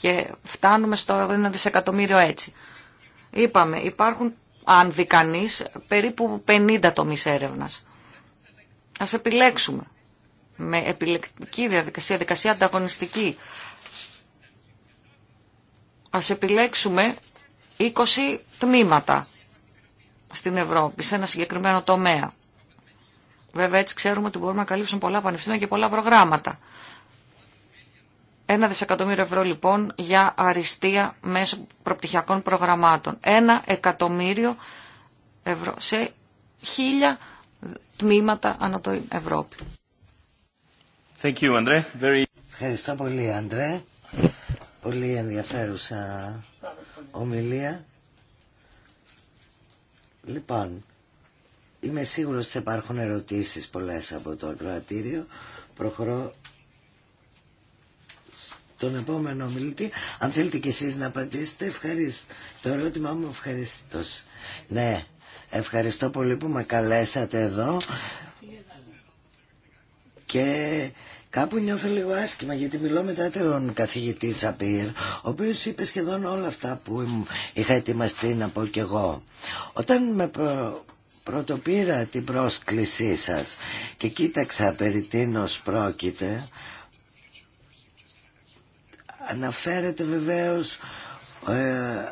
Και φτάνουμε στο ένα δισεκατομμύριο έτσι. Είπαμε, υπάρχουν, αν δει κανεί, περίπου 50 τομείς έρευνας. Ας επιλέξουμε με επιλεκτική διαδικασία, διαδικασία ανταγωνιστική. Ας επιλέξουμε 20 τμήματα στην Ευρώπη, σε ένα συγκεκριμένο τομέα. Βέβαια έτσι ξέρουμε ότι μπορούμε να καλύψουμε πολλά πανεπιστήμια και πολλά προγράμματα. Ένα δισεκατομμύριο ευρώ λοιπόν για αριστεία μέσω προπτυχιακών προγραμμάτων. Ένα εκατομμύριο ευρώ σε χίλια τμήματα ανά το Ευρώπη. Ευχαριστώ πολύ, Αντρέ. Πολύ ενδιαφέρουσα ομιλία. Λοιπόν, Είμαι σίγουρος ότι θα υπάρχουν ερωτήσεις πολλές από το ακροατήριο. Προχωρώ τον επόμενο μιλητή, Αν θέλετε κι εσείς να απαντήσετε, ευχαριστώ. Το ερώτημά μου ευχαριστώ. Ναι, ευχαριστώ πολύ που με καλέσατε εδώ. Και κάπου νιώθω λίγο άσχημα γιατί μιλώ μετά τον καθηγητή Σαπίρ, ο οποίος είπε σχεδόν όλα αυτά που είχα ετοιμαστεί να πω κι εγώ. Όταν με προ πρωτοπήρα την πρόσκλησή σας και κοίταξα περί τίνος πρόκειται. Αναφέρεται βεβαίως... Ε,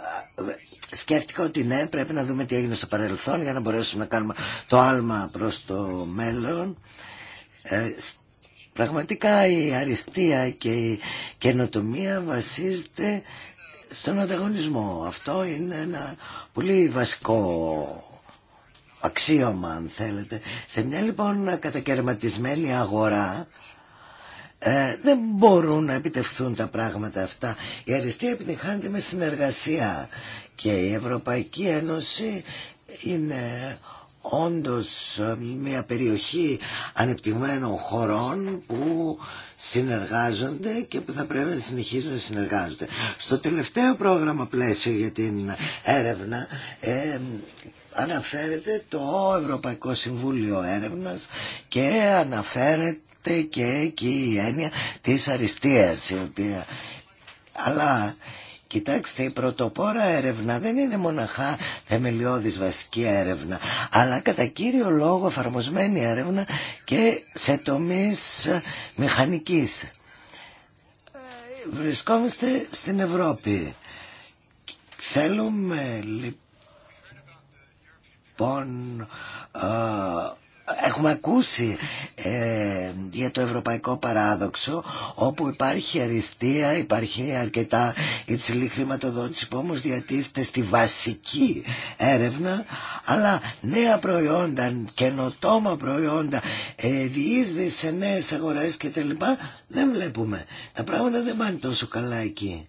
σκέφτηκα ότι ναι, πρέπει να δούμε τι έγινε στο παρελθόν για να μπορέσουμε να κάνουμε το άλμα προς το μέλλον. Ε, πραγματικά η αριστεία και η καινοτομία βασίζεται στον ανταγωνισμό. Αυτό είναι ένα πολύ βασικό αξίωμα αν θέλετε. Σε μια λοιπόν κατακαιρματισμένη αγορά ε, δεν μπορούν να επιτευχθούν τα πράγματα αυτά. Η αριστεία επιτυχάνεται με συνεργασία και η Ευρωπαϊκή Ένωση είναι όντως μια περιοχή ανεπτυγμένων χωρών που συνεργάζονται και που θα πρέπει να συνεχίζουν να συνεργάζονται. Στο τελευταίο πρόγραμμα πλαίσιο για την έρευνα ε, αναφέρεται το Ευρωπαϊκό Συμβούλιο Έρευνας και αναφέρεται και εκεί η έννοια της αριστείας η οποία... Αλλά Κοιτάξτε, η πρωτοπόρα έρευνα δεν είναι μοναχά θεμελιώδης βασική έρευνα, αλλά κατά κύριο λόγο εφαρμοσμένη έρευνα και σε τομείς ε, μηχανικής. Ε, βρισκόμαστε στην Ευρώπη. Θέλουμε λοιπόν λοιπόν έχουμε ακούσει ε, για το ευρωπαϊκό παράδοξο όπου υπάρχει αριστεία, υπάρχει αρκετά υψηλή χρηματοδότηση που όμως διατίθεται στη βασική έρευνα αλλά νέα προϊόντα, καινοτόμα προϊόντα, ε, διείσδυση σε νέες αγορές κτλ. δεν βλέπουμε. Τα πράγματα δεν πάνε τόσο καλά εκεί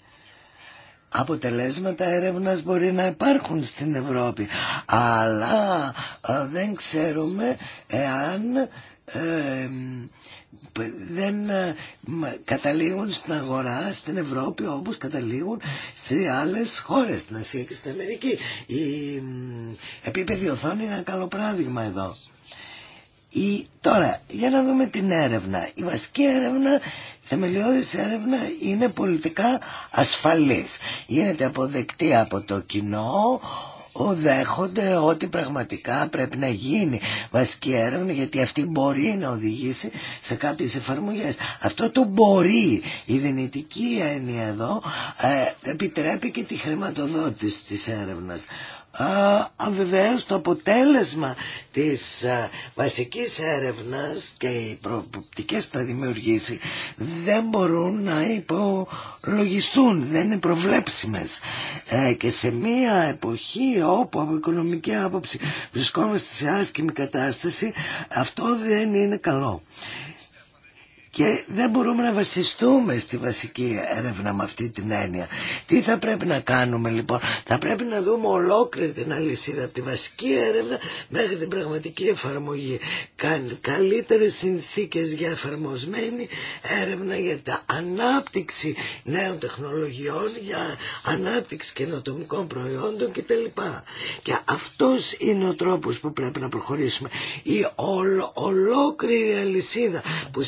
αποτελέσματα έρευνας μπορεί να υπάρχουν στην Ευρώπη αλλά ε, δεν ξέρουμε εάν ε, δεν ε, καταλήγουν στην αγορά στην Ευρώπη όπως καταλήγουν σε άλλες χώρες στην Ασία και στην Αμερική η επίπεδη οθόνη είναι ένα καλό πράδειγμα εδώ η, τώρα για να δούμε την έρευνα η βασική έρευνα θεμελιώδης έρευνα είναι πολιτικά ασφαλής. Γίνεται αποδεκτή από το κοινό δέχονται ότι πραγματικά πρέπει να γίνει βασική έρευνα γιατί αυτή μπορεί να οδηγήσει σε κάποιες εφαρμογές. Αυτό το μπορεί η δυνητική έννοια εδώ ε, επιτρέπει και τη χρηματοδότηση της έρευνας βεβαίως το αποτέλεσμα της βασικής έρευνας και οι προοπτικές που θα δημιουργήσει δεν μπορούν να υπολογιστούν, δεν είναι προβλέψιμες. Ε, και σε μια εποχή όπου από οικονομική άποψη βρισκόμαστε σε άσκημη κατάσταση αυτό δεν είναι καλό και δεν μπορούμε να βασιστούμε στη βασική έρευνα με αυτή την έννοια. Τι θα πρέπει να κάνουμε λοιπόν. Θα πρέπει να δούμε ολόκληρη την αλυσίδα από τη βασική έρευνα μέχρι την πραγματική εφαρμογή. Καλύτερες συνθήκες για εφαρμοσμένη έρευνα για την ανάπτυξη νέων τεχνολογιών, για ανάπτυξη καινοτομικών προϊόντων κτλ. Και αυτός είναι ο τρόπος που πρέπει να προχωρήσουμε. Η ολόκληρη αλυσίδα που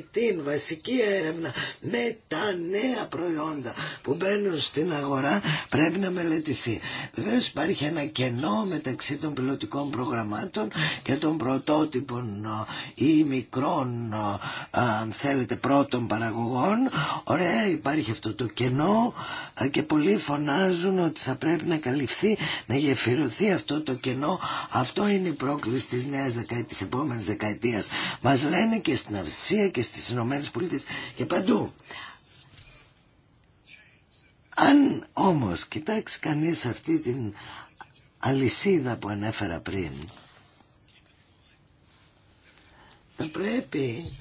την βασική έρευνα, με τα νέα προϊόντα που μπαίνουν στην αγορά πρέπει να μελετηθεί. Βεβαίω υπάρχει ένα κενό μεταξύ των πιλωτικών προγραμμάτων και των πρωτότυπων ε, ή μικρών, ε, αν θέλετε, πρώτων παραγωγών. Ωραία, υπάρχει αυτό το κενό ε, και πολλοί φωνάζουν ότι θα πρέπει να καλυφθεί, να γεφυρωθεί αυτό το κενό. Αυτό είναι η πρόκληση της νέας δεκαετίας, της επόμενης δεκαετίας. Μας λένε και στην Αυσία και στις Ηνωμένες Πολίτες και παντού. Αν όμως κοιτάξει κανείς αυτή την αλυσίδα που ανέφερα πριν, θα πρέπει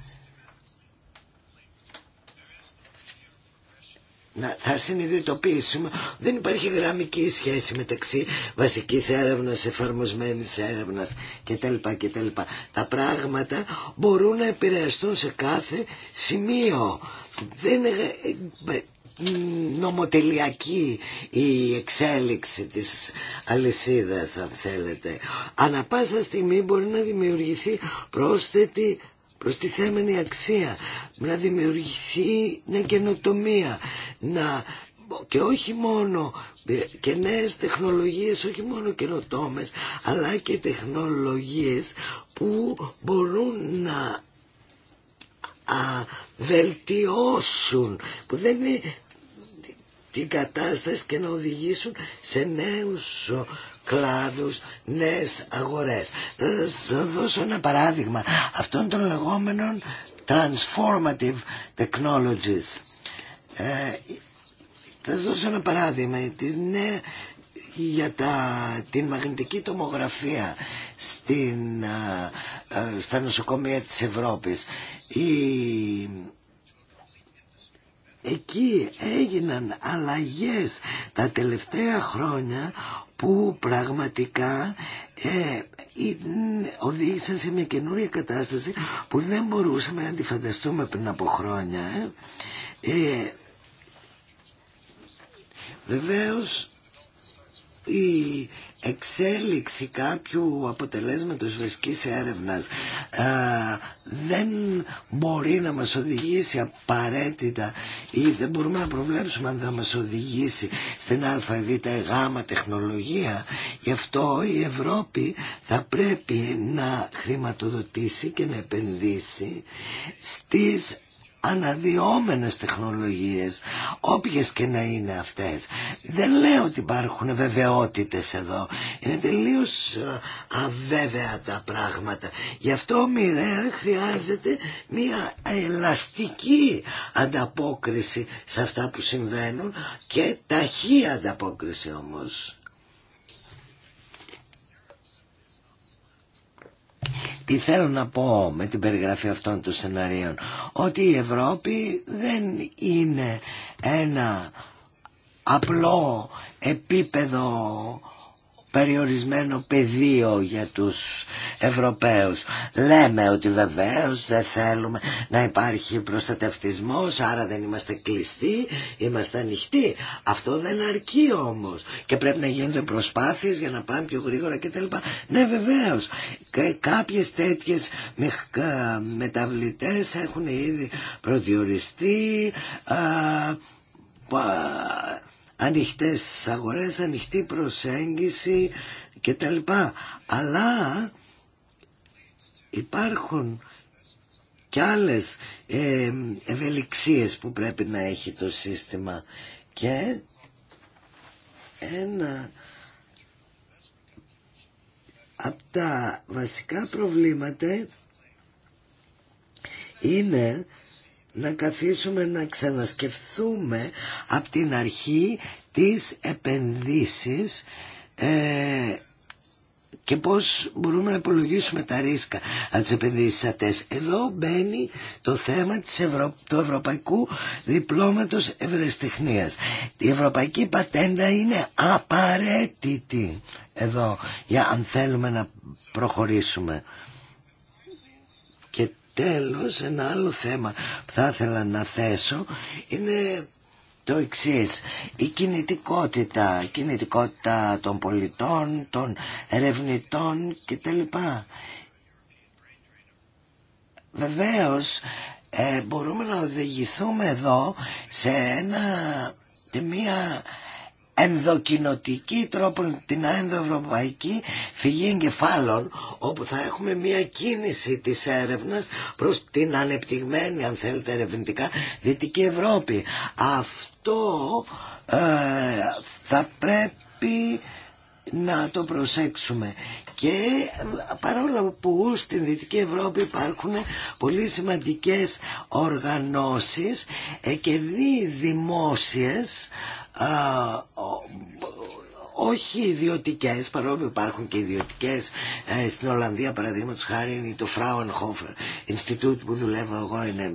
να, θα συνειδητοποιήσουμε δεν υπάρχει γραμμική σχέση μεταξύ βασικής έρευνας, εφαρμοσμένης έρευνας κτλ. κτλ. Τα πράγματα μπορούν να επηρεαστούν σε κάθε σημείο. Δεν είναι ε, νομοτελειακή η εξέλιξη της αλυσίδας αν θέλετε. Ανα πάσα στιγμή μπορεί να δημιουργηθεί πρόσθετη προστιθέμενη αξία, να δημιουργηθεί μια καινοτομία, να και όχι μόνο ε, και νέες τεχνολογίες, όχι μόνο καινοτόμες, αλλά και τεχνολογίες που μπορούν να α, βελτιώσουν, που δεν είναι την κατάσταση και να οδηγήσουν σε νέους κλάδους, νέες αγορές. Θα δώσω ένα παράδειγμα αυτών των λεγόμενων transformative technologies. Ε, θα δώσω ένα παράδειγμα για τα, την μαγνητική τομογραφία στην, στα νοσοκομεία της Ευρώπης. Εκεί έγιναν αλλαγές τα τελευταία χρόνια που πραγματικά ε, οδήγησαν σε μια καινούρια κατάσταση που δεν μπορούσαμε να τη πριν από χρόνια. Ε. Ε, βεβαίως η εξέλιξη κάποιου αποτελέσματος βασικής έρευνας δεν μπορεί να μας οδηγήσει απαραίτητα ή δεν μπορούμε να προβλέψουμε αν θα μας οδηγήσει στην α, β, γ τεχνολογία γι' αυτό η Ευρώπη θα πρέπει να χρηματοδοτήσει και να επενδύσει στις αναδυόμενες τεχνολογίες όποιες και να είναι αυτές δεν λέω ότι υπάρχουν βεβαιότητες εδώ είναι τελείως ε, αβέβαια τα πράγματα γι' αυτό μοιραία χρειάζεται μια ελαστική ανταπόκριση σε αυτά που συμβαίνουν και ταχύ ανταπόκριση όμως τι θέλω να πω με την περιγραφή αυτών των σενάριων. Ότι η Ευρώπη δεν είναι ένα απλό επίπεδο περιορισμένο πεδίο για τους Ευρωπαίους. Λέμε ότι βεβαίως δεν θέλουμε να υπάρχει προστατευτισμός, άρα δεν είμαστε κλειστοί, είμαστε ανοιχτοί. Αυτό δεν αρκεί όμως και πρέπει να γίνονται προσπάθειες για να πάμε πιο γρήγορα κτλ. Ναι βεβαίως, και κάποιες τέτοιες μεταβλητές έχουν ήδη προδιοριστεί, ανοιχτές αγορές, ανοιχτή προσέγγιση κτλ. Αλλά υπάρχουν και άλλες ε, ευελιξίες που πρέπει να έχει το σύστημα και ένα από τα βασικά προβλήματα είναι να καθίσουμε να ξανασκεφθούμε από την αρχή τις επενδύσεις ε, και πώς μπορούμε να υπολογίσουμε τα ρίσκα από τις επενδύσεις Εδώ μπαίνει το θέμα της Ευρω... του Ευρωπαϊκού Διπλώματος Ευρεστιχνίας. Η Ευρωπαϊκή Πατέντα είναι απαραίτητη εδώ για αν θέλουμε να προχωρήσουμε τέλος ένα άλλο θέμα που θα ήθελα να θέσω είναι το εξή. Η κινητικότητα, η κινητικότητα των πολιτών, των ερευνητών κτλ. Βεβαίως ε, μπορούμε να οδηγηθούμε εδώ σε ένα, τη μια ενδοκινοτική τρόπον την ενδοευρωπαϊκή φυγή εγκεφάλων όπου θα έχουμε μια κίνηση της έρευνας προς την ανεπτυγμένη αν θέλετε ερευνητικά Δυτική Ευρώπη αυτό ε, θα πρέπει να το προσέξουμε και ε, παρόλα που στην Δυτική Ευρώπη υπάρχουν πολύ σημαντικές οργανώσεις ε, και δημόσιες όχι ιδιωτικέ, παρόλο υπάρχουν και ιδιωτικέ. Ε, στην Ολλανδία, παραδείγματο χάρη, είναι το Fraunhofer Institute που δουλεύω εγώ, είναι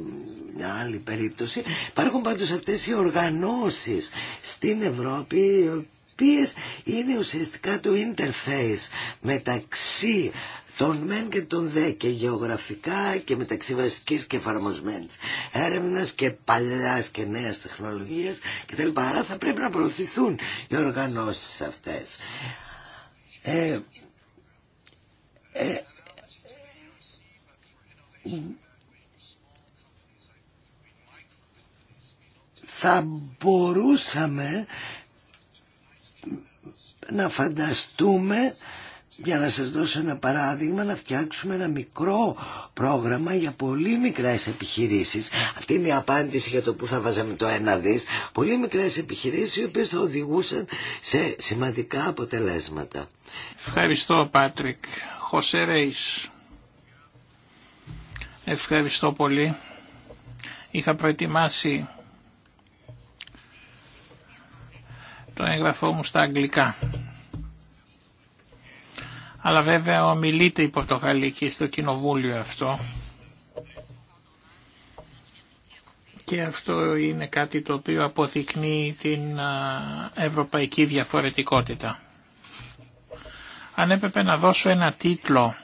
μια άλλη περίπτωση. Υπάρχουν πάντω αυτέ οι οργανώσει στην Ευρώπη, οι οποίε είναι ουσιαστικά το interface μεταξύ των μεν και των δε και γεωγραφικά και μεταξύ βασικής και εφαρμοσμένης έρευνας και παλιάς και νέας τεχνολογίας κτλ. Άρα θα πρέπει να προωθηθούν οι οργανώσεις αυτές. Ε, ε, θα μπορούσαμε να φανταστούμε για να σας δώσω ένα παράδειγμα να φτιάξουμε ένα μικρό πρόγραμμα για πολύ μικρές επιχειρήσεις αυτή είναι η απάντηση για το που θα βάζαμε το ένα δις πολύ μικρές επιχειρήσεις οι οποίες θα οδηγούσαν σε σημαντικά αποτελέσματα Ευχαριστώ Πάτρικ Χωσέ Ευχαριστώ πολύ είχα προετοιμάσει το έγγραφό μου στα αγγλικά αλλά βέβαια ομιλείται η Πορτογαλική στο κοινοβούλιο αυτό και αυτό είναι κάτι το οποίο αποδεικνύει την ευρωπαϊκή διαφορετικότητα. Αν έπρεπε να δώσω ένα τίτλο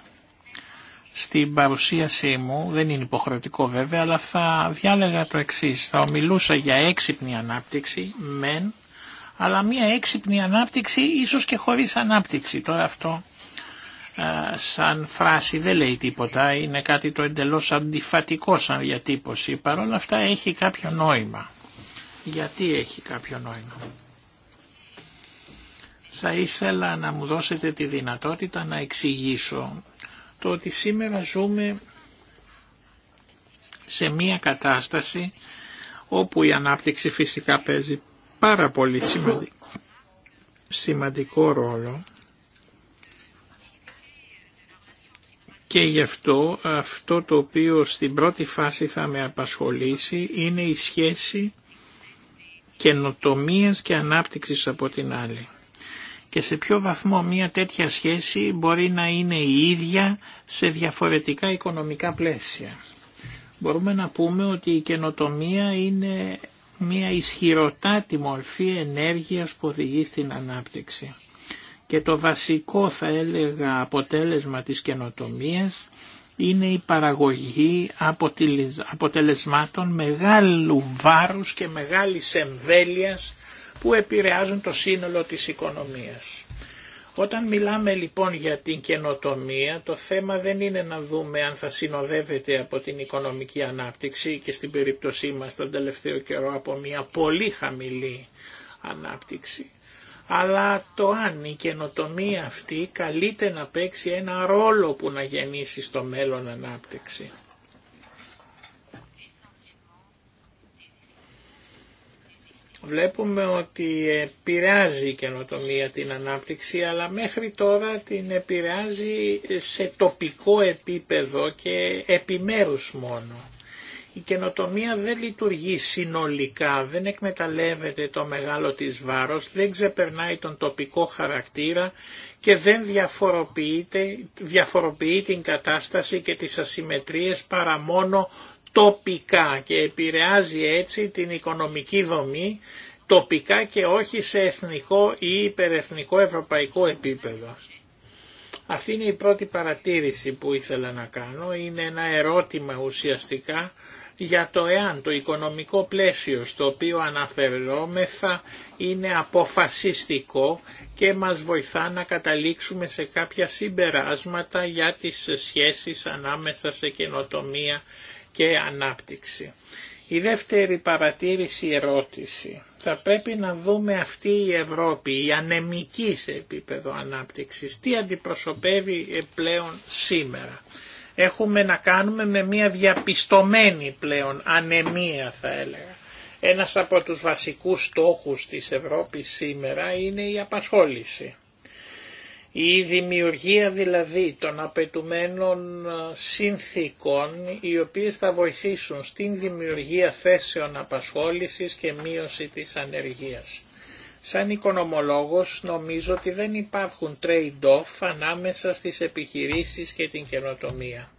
στην παρουσίασή μου, δεν είναι υποχρεωτικό βέβαια, αλλά θα διάλεγα το εξής. Θα ομιλούσα για έξυπνη ανάπτυξη, μεν, αλλά μια έξυπνη ανάπτυξη ίσως και χωρίς ανάπτυξη. Τώρα αυτό ε, σαν φράση δεν λέει τίποτα, είναι κάτι το εντελώς αντιφατικό σαν διατύπωση. παρόλα αυτά έχει κάποιο νόημα. Γιατί έχει κάποιο νόημα. Θα ήθελα να μου δώσετε τη δυνατότητα να εξηγήσω το ότι σήμερα ζούμε σε μία κατάσταση όπου η ανάπτυξη φυσικά παίζει πάρα πολύ σημαντικό ρόλο Και γι' αυτό αυτό το οποίο στην πρώτη φάση θα με απασχολήσει είναι η σχέση καινοτομίας και ανάπτυξης από την άλλη. Και σε ποιο βαθμό μια τέτοια σχέση μπορεί να είναι η ίδια σε διαφορετικά οικονομικά πλαίσια. Μπορούμε να πούμε ότι η καινοτομία είναι μια ισχυροτάτη μορφή ενέργειας που οδηγεί στην ανάπτυξη. Και το βασικό θα έλεγα αποτέλεσμα της καινοτομίας είναι η παραγωγή αποτελεσμάτων μεγάλου βάρους και μεγάλης εμβέλειας που επηρεάζουν το σύνολο της οικονομίας. Όταν μιλάμε λοιπόν για την καινοτομία, το θέμα δεν είναι να δούμε αν θα συνοδεύεται από την οικονομική ανάπτυξη και στην περίπτωσή μας τον τελευταίο καιρό από μια πολύ χαμηλή ανάπτυξη αλλά το αν η καινοτομία αυτή καλείται να παίξει ένα ρόλο που να γεννήσει στο μέλλον ανάπτυξη. Βλέπουμε ότι επηρεάζει η καινοτομία την ανάπτυξη, αλλά μέχρι τώρα την επηρεάζει σε τοπικό επίπεδο και επιμέρους μόνο η καινοτομία δεν λειτουργεί συνολικά, δεν εκμεταλλεύεται το μεγάλο της βάρος, δεν ξεπερνάει τον τοπικό χαρακτήρα και δεν διαφοροποιεί την κατάσταση και τις ασυμμετρίες παρά μόνο τοπικά και επηρεάζει έτσι την οικονομική δομή τοπικά και όχι σε εθνικό ή υπερεθνικό ευρωπαϊκό επίπεδο. Αυτή είναι η πρώτη παρατήρηση που ήθελα να κάνω, είναι ένα ερώτημα ουσιαστικά για το εάν το οικονομικό πλαίσιο στο οποίο αναφερόμεθα είναι αποφασιστικό και μας βοηθά να καταλήξουμε σε κάποια συμπεράσματα για τις σχέσεις ανάμεσα σε καινοτομία και ανάπτυξη. Η δεύτερη παρατήρηση ερώτηση. Θα πρέπει να δούμε αυτή η Ευρώπη, η ανεμική σε επίπεδο ανάπτυξης, τι αντιπροσωπεύει ε, πλέον σήμερα έχουμε να κάνουμε με μια διαπιστωμένη πλέον ανεμία θα έλεγα. Ένας από τους βασικούς στόχους της Ευρώπης σήμερα είναι η απασχόληση. Η δημιουργία δηλαδή των απαιτουμένων ε, συνθήκων οι οποίες θα βοηθήσουν στην δημιουργία θέσεων απασχόλησης και μείωση της ανεργίας. Σαν οικονομολόγος νομίζω ότι δεν υπάρχουν trade-off ανάμεσα στις επιχειρήσεις και την καινοτομία.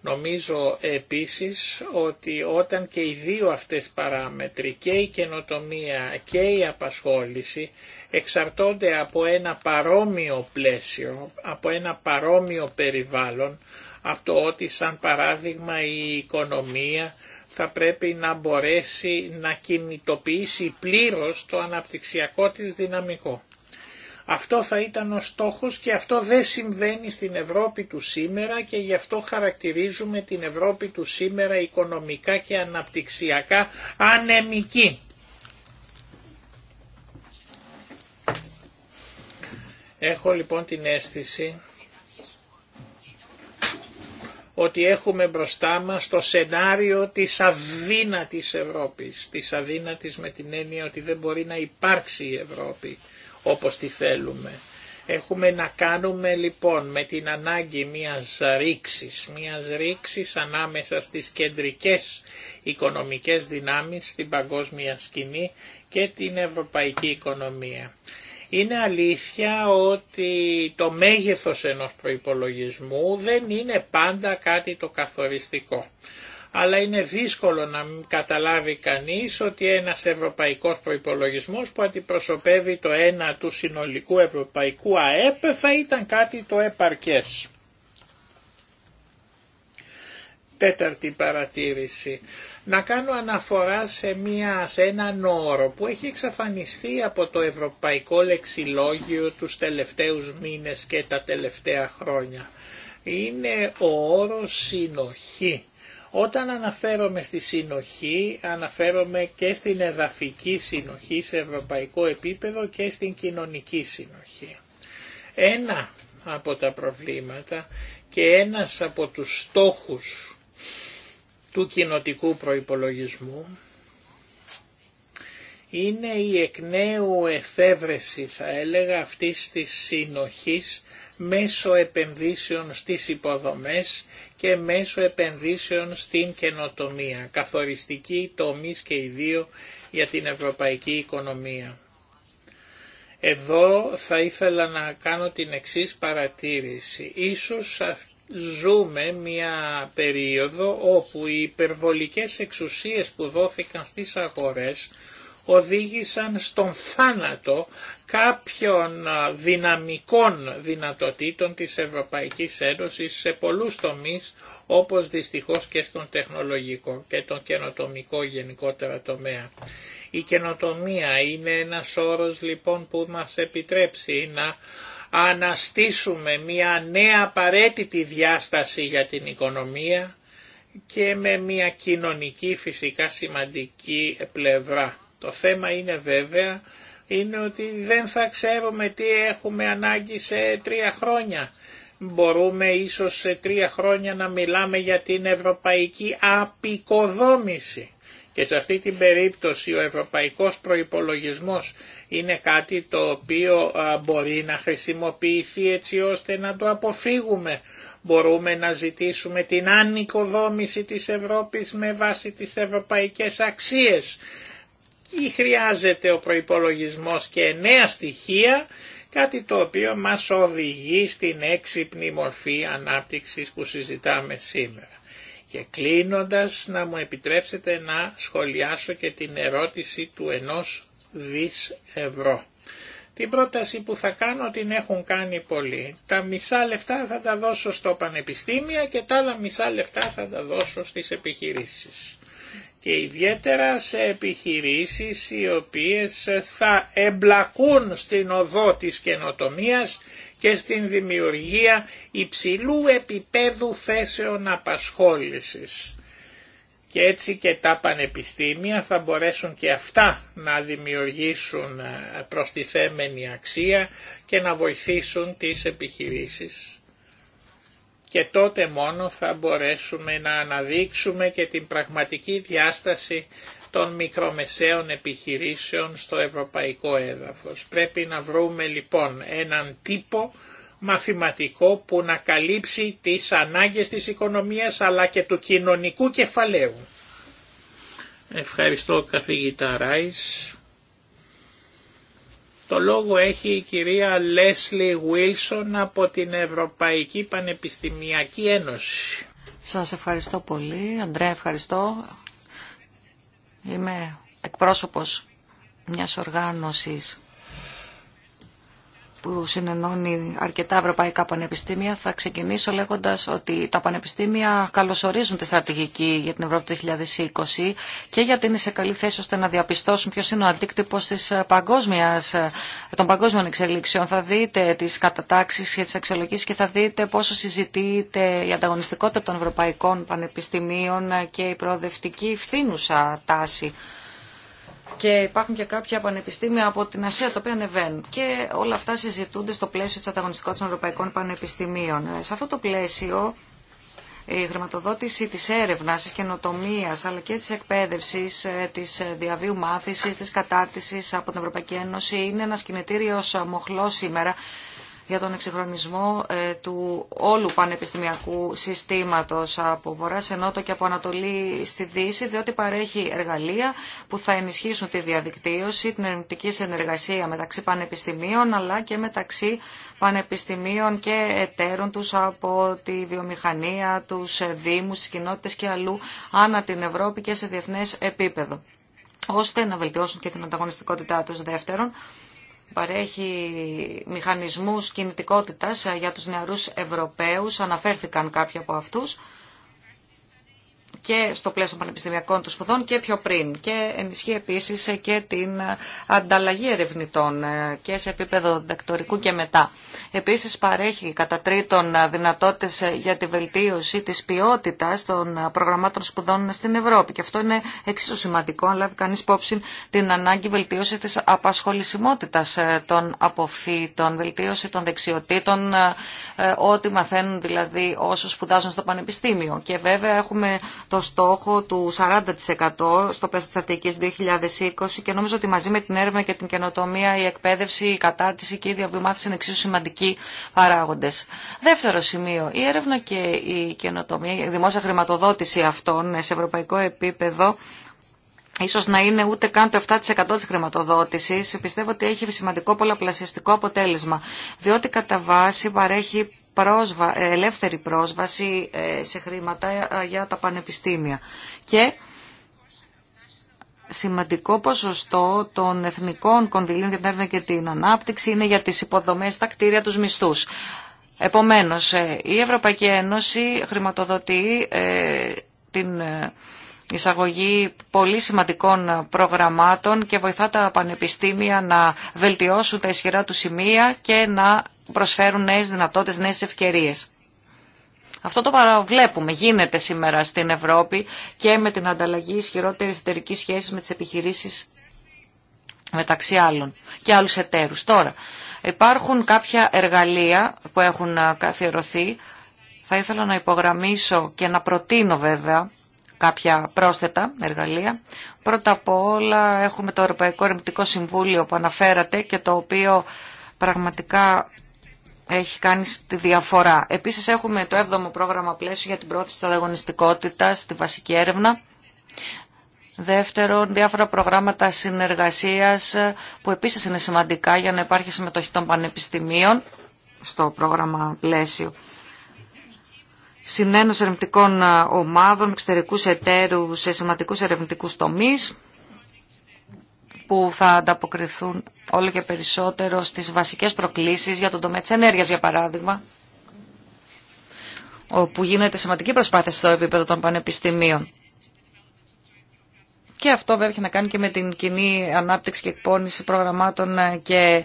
Νομίζω επίσης ότι όταν και οι δύο αυτές παράμετροι και η καινοτομία και η απασχόληση εξαρτώνται από ένα παρόμοιο πλαίσιο, από ένα παρόμοιο περιβάλλον, από το ότι σαν παράδειγμα η οικονομία θα πρέπει να μπορέσει να κινητοποιήσει πλήρως το αναπτυξιακό της δυναμικό. Αυτό θα ήταν ο στόχος και αυτό δεν συμβαίνει στην Ευρώπη του σήμερα και γι' αυτό χαρακτηρίζουμε την Ευρώπη του σήμερα οικονομικά και αναπτυξιακά ανεμική. Έχω λοιπόν την αίσθηση ότι έχουμε μπροστά μας το σενάριο της αδύνατης Ευρώπης, της αδύνατης με την έννοια ότι δεν μπορεί να υπάρξει η Ευρώπη όπως τη θέλουμε. Έχουμε να κάνουμε λοιπόν με την ανάγκη μιας ρήξης, μιας ρήξης ανάμεσα στις κεντρικές οικονομικές δυνάμεις στην παγκόσμια σκηνή και την ευρωπαϊκή οικονομία. Είναι αλήθεια ότι το μέγεθος ενός προϋπολογισμού δεν είναι πάντα κάτι το καθοριστικό. Αλλά είναι δύσκολο να καταλάβει κανείς ότι ένας ευρωπαϊκός προϋπολογισμός που αντιπροσωπεύει το ένα του συνολικού ευρωπαϊκού ΑΕΠ θα ήταν κάτι το επαρκές. Τέταρτη παρατήρηση να κάνω αναφορά σε, μια, σε έναν όρο που έχει εξαφανιστεί από το ευρωπαϊκό λεξιλόγιο τους τελευταίους μήνες και τα τελευταία χρόνια. Είναι ο όρος συνοχή. Όταν αναφέρομαι στη συνοχή, αναφέρομαι και στην εδαφική συνοχή σε ευρωπαϊκό επίπεδο και στην κοινωνική συνοχή. Ένα από τα προβλήματα και ένας από τους στόχους του κοινοτικού προϋπολογισμού είναι η εκ νέου εφεύρεση θα έλεγα αυτής της συνοχής μέσω επενδύσεων στις υποδομές και μέσω επενδύσεων στην καινοτομία, καθοριστική τομής και οι για την ευρωπαϊκή οικονομία. Εδώ θα ήθελα να κάνω την εξής παρατήρηση. Ίσως ζούμε μια περίοδο όπου οι υπερβολικές εξουσίες που δόθηκαν στις αγορές οδήγησαν στον θάνατο κάποιων δυναμικών δυνατοτήτων της Ευρωπαϊκής Ένωσης σε πολλούς τομείς όπως δυστυχώς και στον τεχνολογικό και τον καινοτομικό γενικότερα τομέα. Η καινοτομία είναι ένας όρος λοιπόν που μας επιτρέψει να αναστήσουμε μια νέα απαραίτητη διάσταση για την οικονομία και με μια κοινωνική φυσικά σημαντική πλευρά. Το θέμα είναι βέβαια είναι ότι δεν θα ξέρουμε τι έχουμε ανάγκη σε τρία χρόνια. Μπορούμε ίσως σε τρία χρόνια να μιλάμε για την ευρωπαϊκή απεικοδόμηση. Και σε αυτή την περίπτωση ο ευρωπαϊκός προϋπολογισμός είναι κάτι το οποίο μπορεί να χρησιμοποιηθεί έτσι ώστε να το αποφύγουμε. Μπορούμε να ζητήσουμε την ανικοδόμηση της Ευρώπης με βάση τις ευρωπαϊκές αξίες. Ή χρειάζεται ο προϋπολογισμός και νέα στοιχεία, κάτι το οποίο μας οδηγεί στην έξυπνη μορφή ανάπτυξης που συζητάμε σήμερα. Και κλείνοντας να μου επιτρέψετε να σχολιάσω και την ερώτηση του ενός δις ευρώ. Την πρόταση που θα κάνω την έχουν κάνει πολλοί. Τα μισά λεφτά θα τα δώσω στο πανεπιστήμια και τα άλλα μισά λεφτά θα τα δώσω στις επιχειρήσεις και ιδιαίτερα σε επιχειρήσεις οι οποίες θα εμπλακούν στην οδό της καινοτομίας και στην δημιουργία υψηλού επίπεδου θέσεων απασχόλησης. Και έτσι και τα πανεπιστήμια θα μπορέσουν και αυτά να δημιουργήσουν ε, προστιθέμενη αξία και να βοηθήσουν τις επιχειρήσεις και τότε μόνο θα μπορέσουμε να αναδείξουμε και την πραγματική διάσταση των μικρομεσαίων επιχειρήσεων στο ευρωπαϊκό έδαφος. Πρέπει να βρούμε λοιπόν έναν τύπο μαθηματικό που να καλύψει τις ανάγκες της οικονομίας αλλά και του κοινωνικού κεφαλαίου. Ευχαριστώ καθηγητά Ράις. Το λόγο έχει η κυρία Λέσλι Βίλσον από την Ευρωπαϊκή Πανεπιστημιακή Ένωση. Σας ευχαριστώ πολύ. Αντρέα, ευχαριστώ. Είμαι εκπρόσωπος μιας οργάνωσης που συνενώνει αρκετά ευρωπαϊκά πανεπιστήμια. Θα ξεκινήσω λέγοντας ότι τα πανεπιστήμια καλωσορίζουν τη στρατηγική για την Ευρώπη του 2020 και γιατί είναι σε καλή θέση ώστε να διαπιστώσουν ποιος είναι ο αντίκτυπος ε, ε, των παγκόσμιων εξελίξεων. Θα δείτε τις κατατάξεις και τις αξιολογήσεις και θα δείτε πόσο συζητείται η ανταγωνιστικότητα των ευρωπαϊκών πανεπιστημίων ε, και η προοδευτική φθήνουσα τάση και υπάρχουν και κάποια πανεπιστήμια από την Ασία τα οποία ανεβαίνουν. Και όλα αυτά συζητούνται στο πλαίσιο τη ανταγωνιστικότητα των Ευρωπαϊκών Πανεπιστημίων. Ε, σε αυτό το πλαίσιο, η χρηματοδότηση της έρευνας, της καινοτομίας αλλά και της εκπαίδευση ε, της ε, διαβίου μάθησης, της κατάρτισης από την Ευρωπαϊκή Ένωση είναι ένα κινητήριος μοχλός σήμερα για τον εξυγχρονισμό ε, του όλου πανεπιστημιακού συστήματος από βορρά σε νότο και από ανατολή στη δύση, διότι παρέχει εργαλεία που θα ενισχύσουν τη διαδικτύωση, την ερευνητική συνεργασία μεταξύ πανεπιστημίων αλλά και μεταξύ πανεπιστημίων και εταίρων τους από τη βιομηχανία, τους δήμους, τις κοινότητες και αλλού ανά την Ευρώπη και σε διεθνές επίπεδο ώστε να βελτιώσουν και την ανταγωνιστικότητά τους δεύτερον παρέχει μηχανισμούς κινητικότητας ε, για τους νεαρούς Ευρωπαίους, αναφέρθηκαν κάποιοι από αυτούς, και στο πλαίσιο των πανεπιστημιακών του σπουδών και πιο πριν. Και ενισχύει επίση και την ανταλλαγή ερευνητών ε, και σε επίπεδο διδακτορικού και μετά. Επίση παρέχει κατά τρίτον δυνατότητε για τη βελτίωση τη ποιότητα των προγραμμάτων σπουδών στην Ευρώπη. Και αυτό είναι εξίσου σημαντικό, αν λάβει κανεί υπόψη την ανάγκη βελτίωση τη απασχολησιμότητα ε, των αποφύτων, βελτίωση των δεξιοτήτων, ε, ό,τι μαθαίνουν δηλαδή όσου σπουδάζουν στο πανεπιστήμιο. Και βέβαια έχουμε το το στόχο του 40% στο πλαίσιο της στρατηγικής 2020 και νομίζω ότι μαζί με την έρευνα και την καινοτομία η εκπαίδευση, η κατάρτιση και η διαβημάθηση είναι εξίσου σημαντικοί παράγοντες. Δεύτερο σημείο, η έρευνα και η καινοτομία, η δημόσια χρηματοδότηση αυτών σε ευρωπαϊκό επίπεδο ίσως να είναι ούτε καν το 7% της χρηματοδότησης, πιστεύω ότι έχει σημαντικό πολλαπλασιαστικό αποτέλεσμα, διότι κατά βάση παρέχει ε, ελεύθερη πρόσβαση ε, σε χρήματα ε, για τα πανεπιστήμια. Και σημαντικό ποσοστό των εθνικών κονδυλίων για την έρευνα και την ανάπτυξη είναι για τις υποδομές στα κτίρια τους μισθούς. Επομένως, η Ευρωπαϊκή Ένωση χρηματοδοτεί την εισαγωγή πολύ σημαντικών προγραμμάτων και βοηθά τα πανεπιστήμια να βελτιώσουν τα ισχυρά του σημεία και να προσφέρουν νέες δυνατότητες, νέες ευκαιρίες. Αυτό το παραβλέπουμε, γίνεται σήμερα στην Ευρώπη και με την ανταλλαγή ισχυρότερη εταιρική σχέση με τις επιχειρήσεις μεταξύ άλλων και άλλους εταίρους. Τώρα, υπάρχουν κάποια εργαλεία που έχουν καθιερωθεί. Θα ήθελα να υπογραμμίσω και να προτείνω βέβαια κάποια πρόσθετα εργαλεία. Πρώτα απ' όλα έχουμε το Ευρωπαϊκό Ερευνητικό Συμβούλιο που αναφέρατε και το οποίο πραγματικά έχει κάνει τη διαφορά. Επίσης έχουμε το 7ο πρόγραμμα πλαίσιο για την πρόθεση της ανταγωνιστικότητας στη βασική έρευνα. Δεύτερον, διάφορα προγράμματα συνεργασίας που επίσης είναι σημαντικά για να υπάρχει συμμετοχή των πανεπιστημίων στο πρόγραμμα πλαίσιο συνένωση ερευνητικών ε, ομάδων, εξωτερικούς εταίρου σε σημαντικούς ερευνητικούς τομείς που θα ανταποκριθούν όλο και περισσότερο στις βασικές προκλήσεις για τον τομέα της ενέργειας, για παράδειγμα, όπου γίνεται σημαντική προσπάθεια στο επίπεδο των πανεπιστημίων. Και αυτό βέβαια έχει να κάνει και με την κοινή ανάπτυξη και εκπόνηση προγραμμάτων ε, και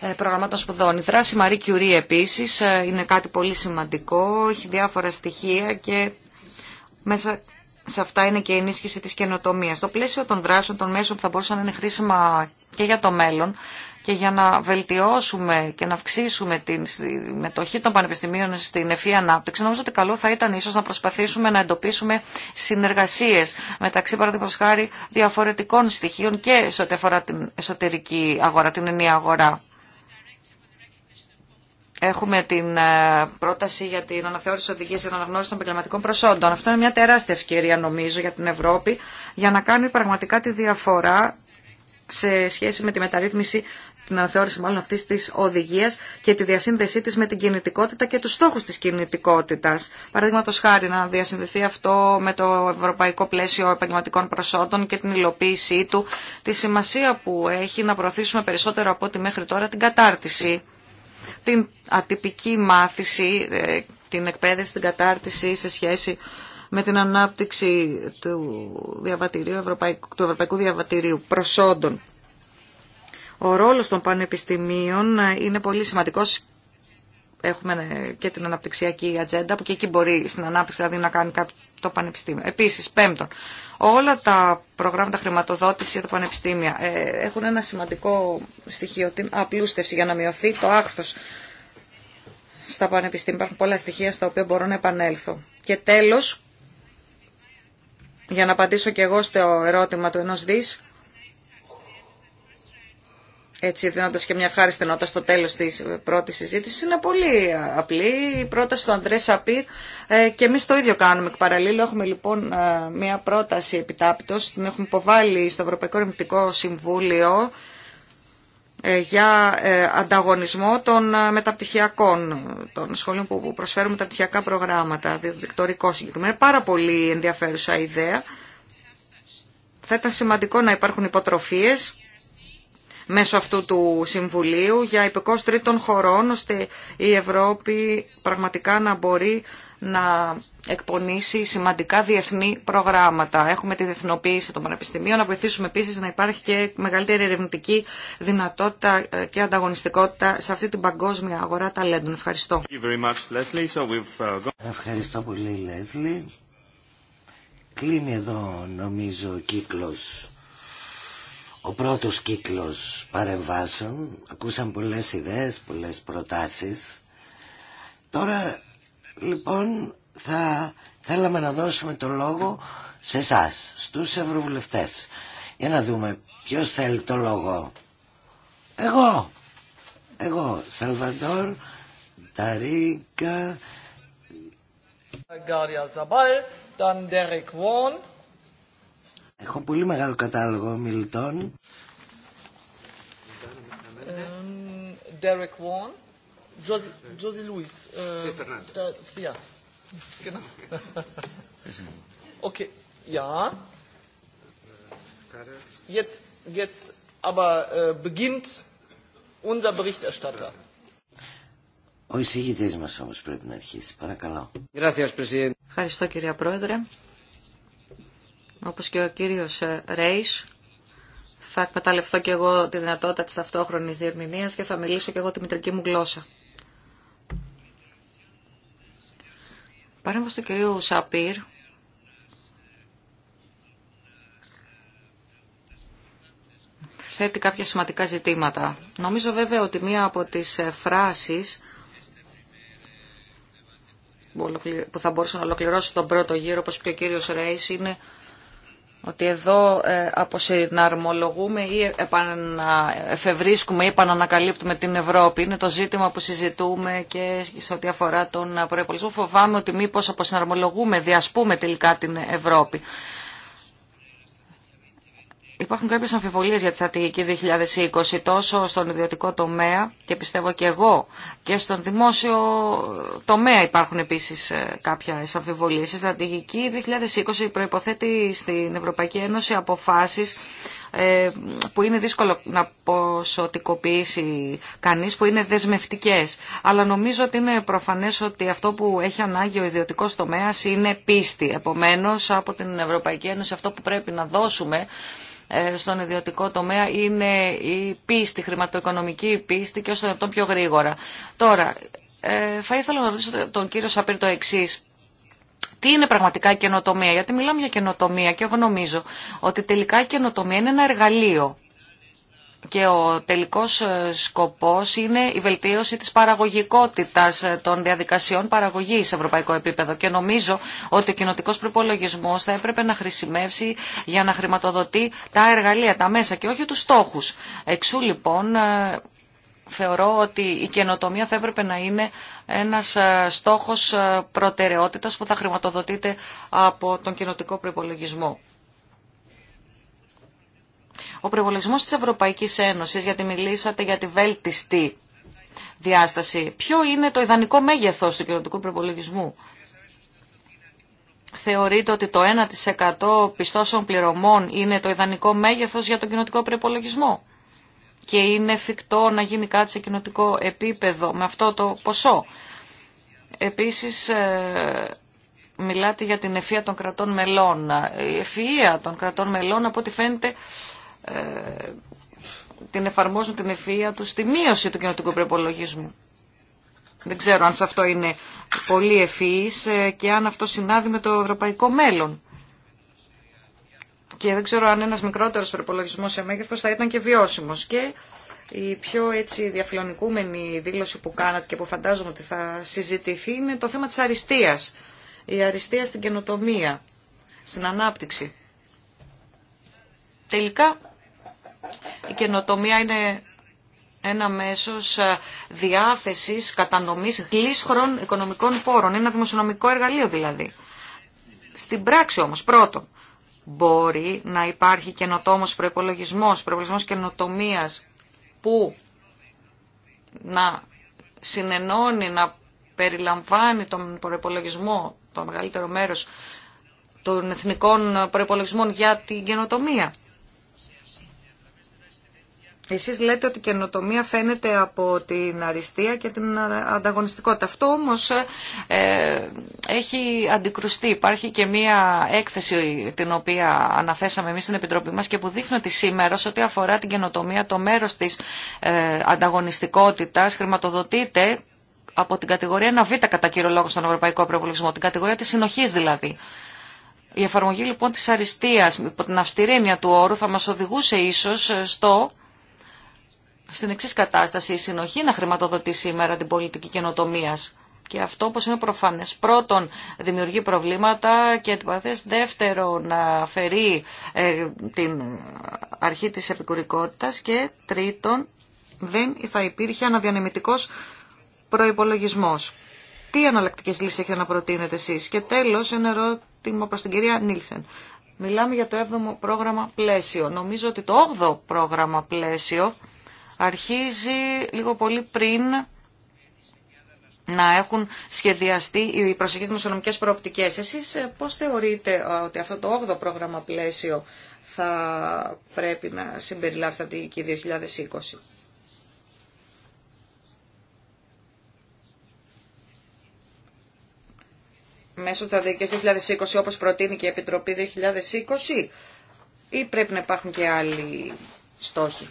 ε, προγραμμάτων σπουδών. Η δράση Marie Curie επίσης ε, είναι κάτι πολύ σημαντικό, έχει διάφορα στοιχεία και μέσα σε αυτά είναι και η ενίσχυση της καινοτομία. Το πλαίσιο των δράσεων των μέσων που θα μπορούσαν να είναι χρήσιμα και για το μέλλον και για να βελτιώσουμε και να αυξήσουμε τη μετοχή των πανεπιστημίων στην ευφύ ανάπτυξη, νομίζω ότι καλό θα ήταν ίσως να προσπαθήσουμε να εντοπίσουμε συνεργασίες μεταξύ παραδείγματος χάρη διαφορετικών στοιχείων και σε ό,τι αφορά την εσωτερική αγορά, την ενία αγορά. Έχουμε την ε, πρόταση για την αναθεώρηση οδηγία για την αναγνώριση των επαγγελματικών προσόντων. Αυτό είναι μια τεράστια ευκαιρία, νομίζω, για την Ευρώπη για να κάνει πραγματικά τη διαφορά σε σχέση με τη μεταρρύθμιση, την αναθεώρηση μάλλον αυτή τη οδηγία και τη διασύνδεσή τη με την κινητικότητα και του στόχου τη κινητικότητα. Παραδείγματο χάρη, να διασυνδεθεί αυτό με το ευρωπαϊκό πλαίσιο επαγγελματικών προσόντων και την υλοποίησή του, τη σημασία που έχει να προωθήσουμε περισσότερο από ό,τι μέχρι τώρα την κατάρτιση την ατυπική μάθηση, ε, την εκπαίδευση, την κατάρτιση σε σχέση με την ανάπτυξη του, διαβατηρίου, ευρωπαϊκού, του Ευρωπαϊκού Διαβατηρίου προσόντων. Ο ρόλος των πανεπιστημίων ε, είναι πολύ σημαντικός. Έχουμε ε, και την αναπτυξιακή ατζέντα που και εκεί μπορεί στην ανάπτυξη δηλαδή να κάνει κάποιο το πανεπιστήμιο. Επίσης, πέμπτον, όλα τα προγράμματα χρηματοδότηση για τα πανεπιστήμια ε, έχουν ένα σημαντικό στοιχείο, την απλούστευση για να μειωθεί το άχθος στα πανεπιστήμια. Υπάρχουν πολλά στοιχεία στα οποία μπορώ να επανέλθω. Και τέλος, για να απαντήσω και εγώ στο ερώτημα του ενός δις, έτσι δίνοντας και μια ευχάριστη νότα στο τέλος της πρώτης συζήτησης, είναι πολύ απλή η πρόταση του Αντρέ Σαπίρ ε, και εμείς το ίδιο κάνουμε. Παραλλήλου έχουμε λοιπόν ε, μια πρόταση επιτάπητος, την έχουμε υποβάλει στο Ευρωπαϊκό Ρημπτικό Συμβούλιο ε, για ανταγωνισμό των μεταπτυχιακών, των σχολείων που προσφέρουν μεταπτυχιακά προγράμματα, διεκτορικό συγκεκριμένα. Πάρα πολύ ενδιαφέρουσα ιδέα. Θα ήταν σημαντικό να υπάρχουν υποτροφίες μέσω αυτού του Συμβουλίου για υπηκός τρίτων χωρών, ώστε η Ευρώπη πραγματικά να μπορεί να εκπονήσει σημαντικά διεθνή προγράμματα. Έχουμε τη διεθνοποίηση των πανεπιστημίων, να βοηθήσουμε επίσης να υπάρχει και μεγαλύτερη ερευνητική δυνατότητα ε, και ανταγωνιστικότητα σε αυτή την παγκόσμια αγορά ταλέντων. Ευχαριστώ. Uh, Ευχαριστώ πολύ, Λέσλι. Κλείνει εδώ, νομίζω, ο κύκλος ο πρώτος κύκλος παρεμβάσεων, ακούσαν πολλές ιδέες, πολλές προτάσεις. Τώρα λοιπόν θα θέλαμε να δώσουμε το λόγο σε εσά, στους ευρωβουλευτές. Για να δούμε ποιος θέλει το λόγο. Εγώ, εγώ, Σαλβαντόρ, Ταρίκα, Γκάρια Ζαμπάλ, Derek Βόν... Έχω πολύ μεγάλο κατάλογο μιλητών. Ε, Derek Warren, Josie Lewis. Äh, ε, ε, Ο εισηγητής μας όμως πρέπει να αρχίσει. Παρακαλώ. Ευχαριστώ κυρία Πρόεδρε. Όπως και ο κύριος ε, Ρέις, θα εκμεταλλευτώ και εγώ τη δυνατότητα της ταυτόχρονης διερμηνίας και θα μιλήσω και εγώ τη μητρική μου γλώσσα. Παρέμβαση του κυρίου Σαπίρ, θέτει κάποια σημαντικά ζητήματα. Νομίζω βέβαια ότι μία από τις ε, φράσεις που θα μπορούσε να ολοκληρώσει τον πρώτο γύρο, όπως και ο κύριος Ρέης, είναι ότι εδώ ε, αποσυναρμολογούμε ή επαναφευρίσκουμε ή επανανακαλύπτουμε την Ευρώπη. Είναι το ζήτημα που συζητούμε και σε ό,τι αφορά τον προϋπολογισμό. Φοβάμαι ότι μήπως αποσυναρμολογούμε, διασπούμε τελικά την Ευρώπη. Υπάρχουν κάποιες αμφιβολίες για τη στρατηγική 2020 τόσο στον ιδιωτικό τομέα και πιστεύω και εγώ και στον δημόσιο τομέα υπάρχουν επίσης ε, κάποιες αμφιβολίες. Η στρατηγική 2020 προϋποθέτει στην Ευρωπαϊκή Ένωση αποφάσεις ε, που είναι δύσκολο να ποσοτικοποιήσει κανείς, που είναι δεσμευτικές. Αλλά νομίζω ότι είναι προφανές ότι αυτό που έχει ανάγκη ο ιδιωτικός τομέας είναι πίστη. Επομένως, από την Ευρωπαϊκή Ένωση αυτό που πρέπει να δώσουμε ε, στον ιδιωτικό τομέα είναι η πίστη, η χρηματοοικονομική πίστη και όσο τον πιο γρήγορα. Τώρα, ε, θα ήθελα να ρωτήσω τον κύριο Σαπίρ το εξή. Τι είναι πραγματικά η καινοτομία, γιατί μιλάμε για καινοτομία και εγώ νομίζω ότι τελικά η καινοτομία είναι ένα εργαλείο και ο τελικός ε, σκοπός είναι η βελτίωση της παραγωγικότητας ε, των διαδικασιών παραγωγής σε ευρωπαϊκό επίπεδο και νομίζω ότι ο κοινοτικό προπολογισμό θα έπρεπε να χρησιμεύσει για να χρηματοδοτεί τα εργαλεία, τα μέσα και όχι τους στόχους. Εξού λοιπόν ε, θεωρώ ότι η καινοτομία θα έπρεπε να είναι ένας στόχος προτεραιότητας που θα χρηματοδοτείται από τον κοινοτικό προπολογισμό. Ο προβολισμό τη Ευρωπαϊκή Ένωση, γιατί μιλήσατε για τη βέλτιστη διάσταση, ποιο είναι το ιδανικό μέγεθο του κοινωτικού προπολογισμού. Θεωρείτε ότι το 1% πιστώσεων πληρωμών είναι το ιδανικό μέγεθος για τον κοινωτικό προπολογισμό και είναι εφικτό να γίνει κάτι σε κοινωτικό επίπεδο με αυτό το ποσό. Επίσης, ε, μιλάτε για την ευφυΐα των κρατών μελών. Η ευφυΐα των κρατών μελών, από ό,τι φαίνεται, ε, την εφαρμόζουν την ευφυΐα του στη μείωση του κοινωτικού προπολογισμού. Δεν ξέρω αν σε αυτό είναι πολύ ευφυής ε, και αν αυτό συνάδει με το ευρωπαϊκό μέλλον. Και δεν ξέρω αν ένας μικρότερος προπολογισμό σε μέγεθο θα ήταν και βιώσιμος. Και η πιο έτσι διαφιλονικούμενη δήλωση που κάνατε και που φαντάζομαι ότι θα συζητηθεί είναι το θέμα της αριστείας. Η αριστεία στην καινοτομία, στην ανάπτυξη. Τελικά η καινοτομία είναι ένα μέσος ε, διάθεσης, κατανομής γλίσχρων οικονομικών πόρων. Είναι ένα δημοσιονομικό εργαλείο δηλαδή. Στην πράξη όμως, πρώτον, μπορεί να υπάρχει καινοτόμος προϋπολογισμός, προϋπολογισμός καινοτομίας που να συνενώνει, να περιλαμβάνει τον προϋπολογισμό, το μεγαλύτερο μέρος των εθνικών προϋπολογισμών για την καινοτομία. Εσείς λέτε ότι η καινοτομία φαίνεται από την αριστεία και την ανταγωνιστικότητα. Αυτό όμως ε, έχει αντικρουστεί. Υπάρχει και μία έκθεση την οποία αναθέσαμε εμείς στην Επιτροπή μας και που δείχνει ότι σήμερα σε ό,τι αφορά την καινοτομία το μέρος της ε, ανταγωνιστικότητας χρηματοδοτείται από την κατηγορία 1β κατά κύριο λόγο στον Ευρωπαϊκό Προπολογισμό, την κατηγορία της συνοχής δηλαδή. Η εφαρμογή λοιπόν της αριστείας υπό την αυστηρή του όρου θα μας οδηγούσε ίσως στο στην εξή κατάσταση η συνοχή να χρηματοδοτεί σήμερα την πολιτική καινοτομία. Και αυτό, όπω είναι προφανέ, πρώτον δημιουργεί προβλήματα και αντιπαθέ. Δεύτερον, αφαιρεί ε, την αρχή τη επικουρικότητα. Και τρίτον, δεν θα υπήρχε αναδιανεμητικό προπολογισμό. Τι αναλλακτικέ λύσει έχετε να προτείνετε εσεί. Και τέλο, ένα ερώτημα προ την κυρία Νίλσεν. Μιλάμε για το 7ο πρόγραμμα πλαίσιο. Νομίζω ότι το 8ο πρόγραμμα πλαίσιο αρχίζει λίγο πολύ πριν να έχουν σχεδιαστεί οι προσεχείς δημοσιονομικές προοπτικές. Εσείς ε, πώς θεωρείτε ε, ότι αυτό το 8ο πρόγραμμα πλαίσιο θα πρέπει να συμπεριλάβει στρατηγική 2020. Μέσω της 2020 όπως προτείνει και η Επιτροπή 2020 ή πρέπει να υπάρχουν και άλλοι στόχοι.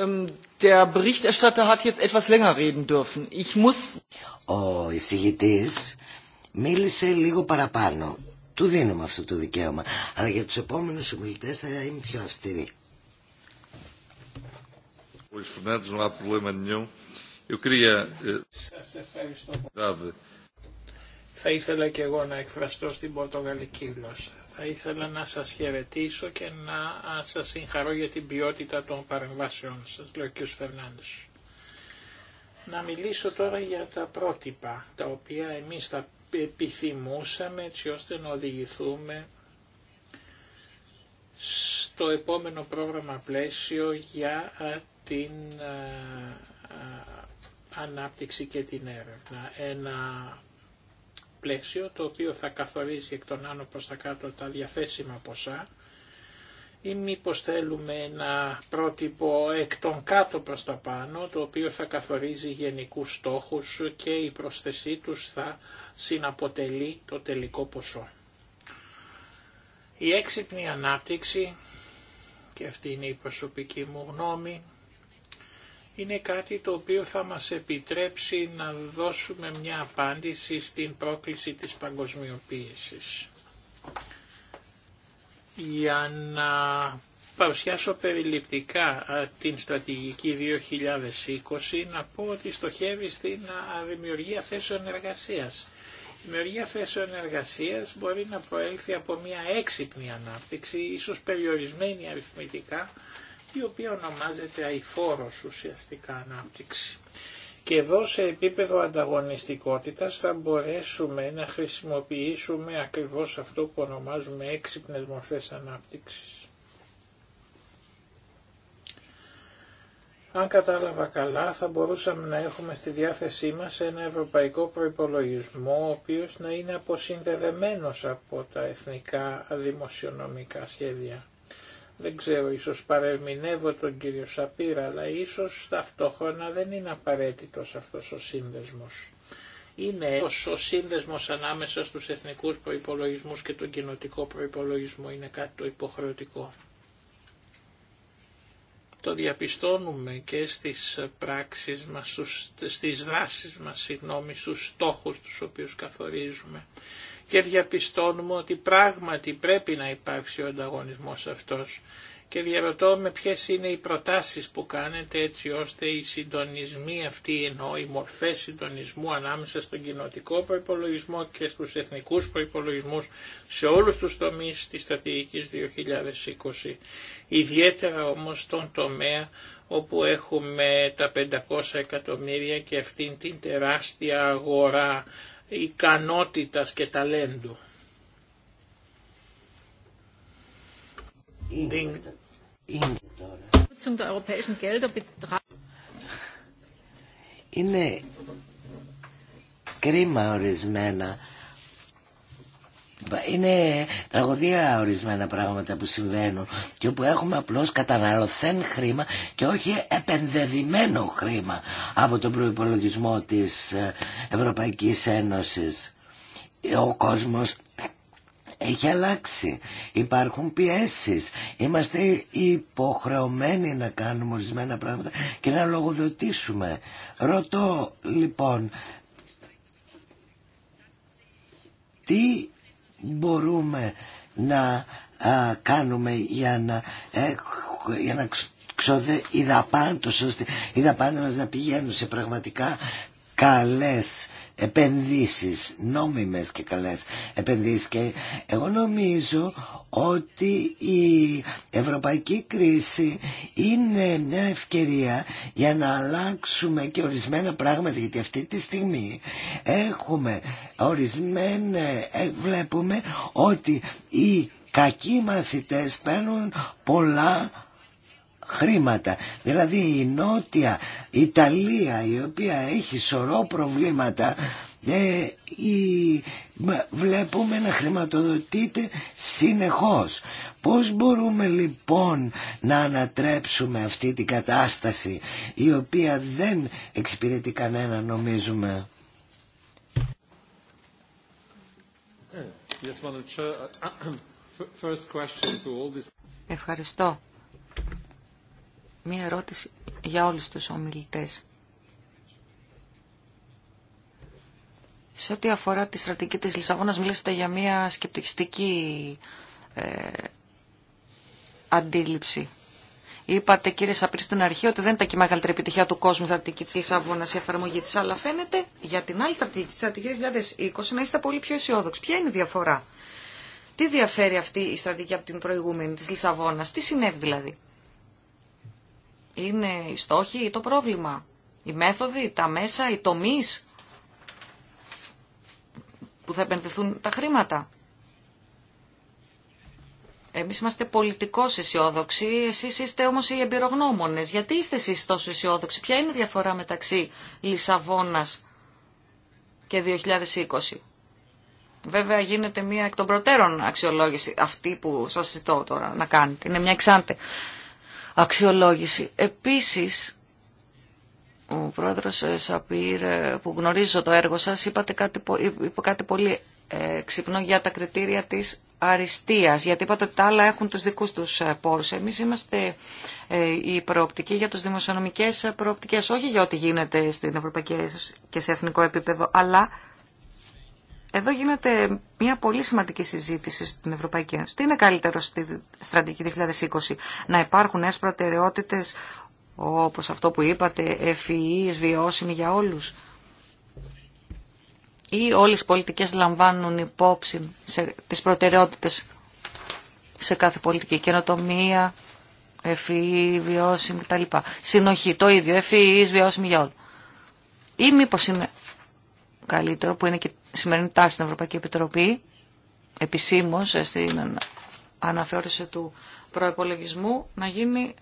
Ähm, der Berichterstatter hat jetzt etwas länger reden dürfen. Ich muss... Ο εισηγητής μίλησε λίγο παραπάνω. Του δίνουμε αυτό το δικαίωμα. Αλλά για τους επόμενους ομιλητές θα είμαι πιο αυστηρή. Eh, Σας ευχαριστώ. Θα ήθελα και εγώ να εκφραστώ στην πορτογαλική γλώσσα. Θα ήθελα να σας χαιρετήσω και να σας συγχαρώ για την ποιότητα των παρεμβάσεων σας, λέει ο κ. Φερνάνδης. Να μιλήσω τώρα για τα πρότυπα, τα οποία εμείς τα επιθυμούσαμε έτσι ώστε να οδηγηθούμε στο επόμενο πρόγραμμα πλαίσιο για ε, την ε, ε, ανάπτυξη και την έρευνα. Ένα το οποίο θα καθορίζει εκ των άνω προς τα κάτω τα διαθέσιμα ποσά ή μήπω θέλουμε ένα πρότυπο εκ των κάτω προς τα πάνω το οποίο θα καθορίζει γενικούς στόχους και η προσθεσή τους θα συναποτελεί το τελικό ποσό. Η έξυπνη ανάπτυξη, και αυτή είναι η προσωπική μου γνώμη, είναι κάτι το οποίο θα μας επιτρέψει να δώσουμε μια απάντηση στην πρόκληση της παγκοσμιοποίησης. Για να παρουσιάσω περιληπτικά την στρατηγική 2020, να πω ότι στοχεύει στην δημιουργία θέσεων εργασίας. Η δημιουργία θέσεων εργασίας μπορεί να προέλθει από μια έξυπνη ανάπτυξη, ίσως περιορισμένη αριθμητικά, η οποία ονομάζεται αηφόρος ουσιαστικά ανάπτυξη. Και εδώ σε επίπεδο ανταγωνιστικότητας θα μπορέσουμε να χρησιμοποιήσουμε ακριβώς αυτό που ονομάζουμε έξυπνες μορφές ανάπτυξης. Αν κατάλαβα καλά θα μπορούσαμε να έχουμε στη διάθεσή μας ένα ευρωπαϊκό προϋπολογισμό ο οποίος να είναι αποσυνδεδεμένος από τα εθνικά δημοσιονομικά σχέδια. Δεν ξέρω, ίσως παρεμεινεύω τον κύριο Σαπίρα, αλλά ίσως ταυτόχρονα δεν είναι απαραίτητο αυτός ο σύνδεσμος. Είναι ο σύνδεσμος ανάμεσα στους εθνικούς προϋπολογισμούς και τον κοινοτικό προϋπολογισμό είναι κάτι το υποχρεωτικό. Το διαπιστώνουμε και στις πράξεις μας, στις δράσεις μας, συγγνώμη, στους στόχους τους οποίους καθορίζουμε και διαπιστώνουμε ότι πράγματι πρέπει να υπάρξει ο ανταγωνισμός αυτός και διαρωτώ με ποιες είναι οι προτάσεις που κάνετε έτσι ώστε οι συντονισμοί αυτοί ενώ οι μορφές συντονισμού ανάμεσα στον κοινοτικό προϋπολογισμό και στους εθνικούς προϋπολογισμούς σε όλους τους τομείς της στρατηγικής 2020. Ιδιαίτερα όμως στον τομέα όπου έχουμε τα 500 εκατομμύρια και αυτήν την τεράστια αγορά ικανότητας και ταλέντου. Είναι, είναι κρίμα ορισμένα είναι τραγωδία ορισμένα πράγματα που συμβαίνουν και όπου έχουμε απλώς καταναλωθέν χρήμα και όχι επενδεδημένο χρήμα από τον προϋπολογισμό της ε, Ευρωπαϊκής Ένωσης. Ο κόσμος έχει αλλάξει. Υπάρχουν πιέσεις. Είμαστε υποχρεωμένοι να κάνουμε ορισμένα πράγματα και να λογοδοτήσουμε. Ρωτώ λοιπόν, τι μπορούμε να κάνουμε για να, ε, για να ξοδε, οι δαπάντες, ώστε οι μας να πηγαίνουν σε πραγματικά καλές επενδύσεις, νόμιμες και καλές επενδύσεις και εγώ νομίζω ότι η ευρωπαϊκή κρίση είναι μια ευκαιρία για να αλλάξουμε και ορισμένα πράγματα γιατί αυτή τη στιγμή έχουμε ορισμένα ε, βλέπουμε ότι οι κακοί μαθητές παίρνουν πολλά χρήματα. Δηλαδή η Νότια Ιταλία η οποία έχει σωρό προβλήματα ε, βλέπουμε να χρηματοδοτείται συνεχώς. Πώς μπορούμε λοιπόν να ανατρέψουμε αυτή την κατάσταση η οποία δεν εξυπηρετεί κανένα νομίζουμε. Ε, uh, Ευχαριστώ. Μία ερώτηση για όλους τους ομιλητές. Σε ό,τι αφορά τη στρατηγική της Λισαβόνας, μιλήσατε για μια σκεπτικιστική ε, αντίληψη. Είπατε κύριε Σαπρί στην αρχή ότι δεν ήταν και η μεγαλύτερη επιτυχία του κόσμου η στρατηγική τη Λισαβόνα η εφαρμογή τη, αλλά φαίνεται για την άλλη στρατηγική, τη στρατηγική 2020, να είστε πολύ πιο αισιόδοξοι. Ποια είναι η διαφορά, τι διαφέρει αυτή η στρατηγική από την προηγούμενη τη Λισαβόνα, τι συνέβη δηλαδή, Είναι οι στόχοι ή το πρόβλημα, οι μέθοδοι, τα μέσα, οι τομεί, που θα επενδυθούν τα χρήματα. Εμείς είμαστε πολιτικώς αισιόδοξοι, εσείς είστε όμως οι εμπειρογνώμονες. Γιατί είστε εσείς τόσο αισιόδοξοι, ποια είναι η διαφορά μεταξύ Λισαβόνας και 2020. Βέβαια γίνεται μια εκ των προτέρων αξιολόγηση, αυτή που σας ζητώ τώρα να κάνετε. Είναι μια εξάντε αξιολόγηση. Επίσης, ο πρόεδρος ε, Σαπίρ ε, που γνωρίζω το έργο σας είπατε κάτι, είπε κάτι πολύ ε, ξυπνό για τα κριτήρια της αριστείας, γιατί είπατε ότι τα άλλα έχουν τους δικούς τους πόρους. Εμείς είμαστε η προοπτική για τους δημοσιονομικές προοπτικές, όχι για ό,τι γίνεται στην Ευρωπαϊκή και σε εθνικό επίπεδο, αλλά εδώ γίνεται μια πολύ σημαντική συζήτηση στην Ευρωπαϊκή Ένωση. Τι είναι καλύτερο στη στρατηγική 2020, να υπάρχουν νέε προτεραιότητε όπως αυτό που είπατε, ευφυείς, βιώσιμη για όλους. Ή όλες οι πολιτικές λαμβάνουν υπόψη σε, τις προτεραιότητες σε κάθε πολιτική καινοτομία, ευφυή, βιώσιμη κτλ. Συνοχή, το ίδιο, ευφυείς, βιώσιμη για όλους. Ή μήπω είναι καλύτερο, που είναι και η σημερινή τάση στην Ευρωπαϊκή Επιτροπή, επισήμως στην αναθεώρηση του προϋπολογισμού, να γίνει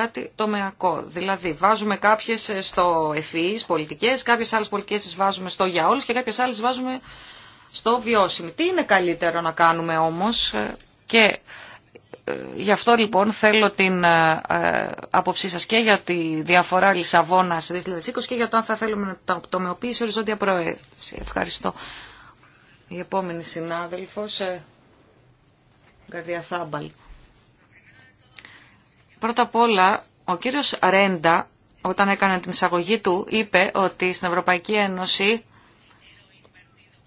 κάτι τομεακό. Δηλαδή βάζουμε κάποιες ε, στο ευφυεί πολιτικές, κάποιες άλλε πολιτικέ τι βάζουμε στο για όλους και κάποιες άλλες βάζουμε στο βιώσιμη. Τι είναι καλύτερο να κάνουμε όμω. Ε, και ε, γι' αυτό λοιπόν θέλω την άποψή σα και για τη διαφορά Λισαβόνα 2020 και για το αν θα θέλουμε να το τομεοποιήσει οριζόντια προέλευση. Ευχαριστώ. Η επόμενη συνάδελφος, Καρδιά Θάμπαλ. Πρώτα απ' όλα, ο κύριος Ρέντα, όταν έκανε την εισαγωγή του, είπε ότι στην Ευρωπαϊκή Ένωση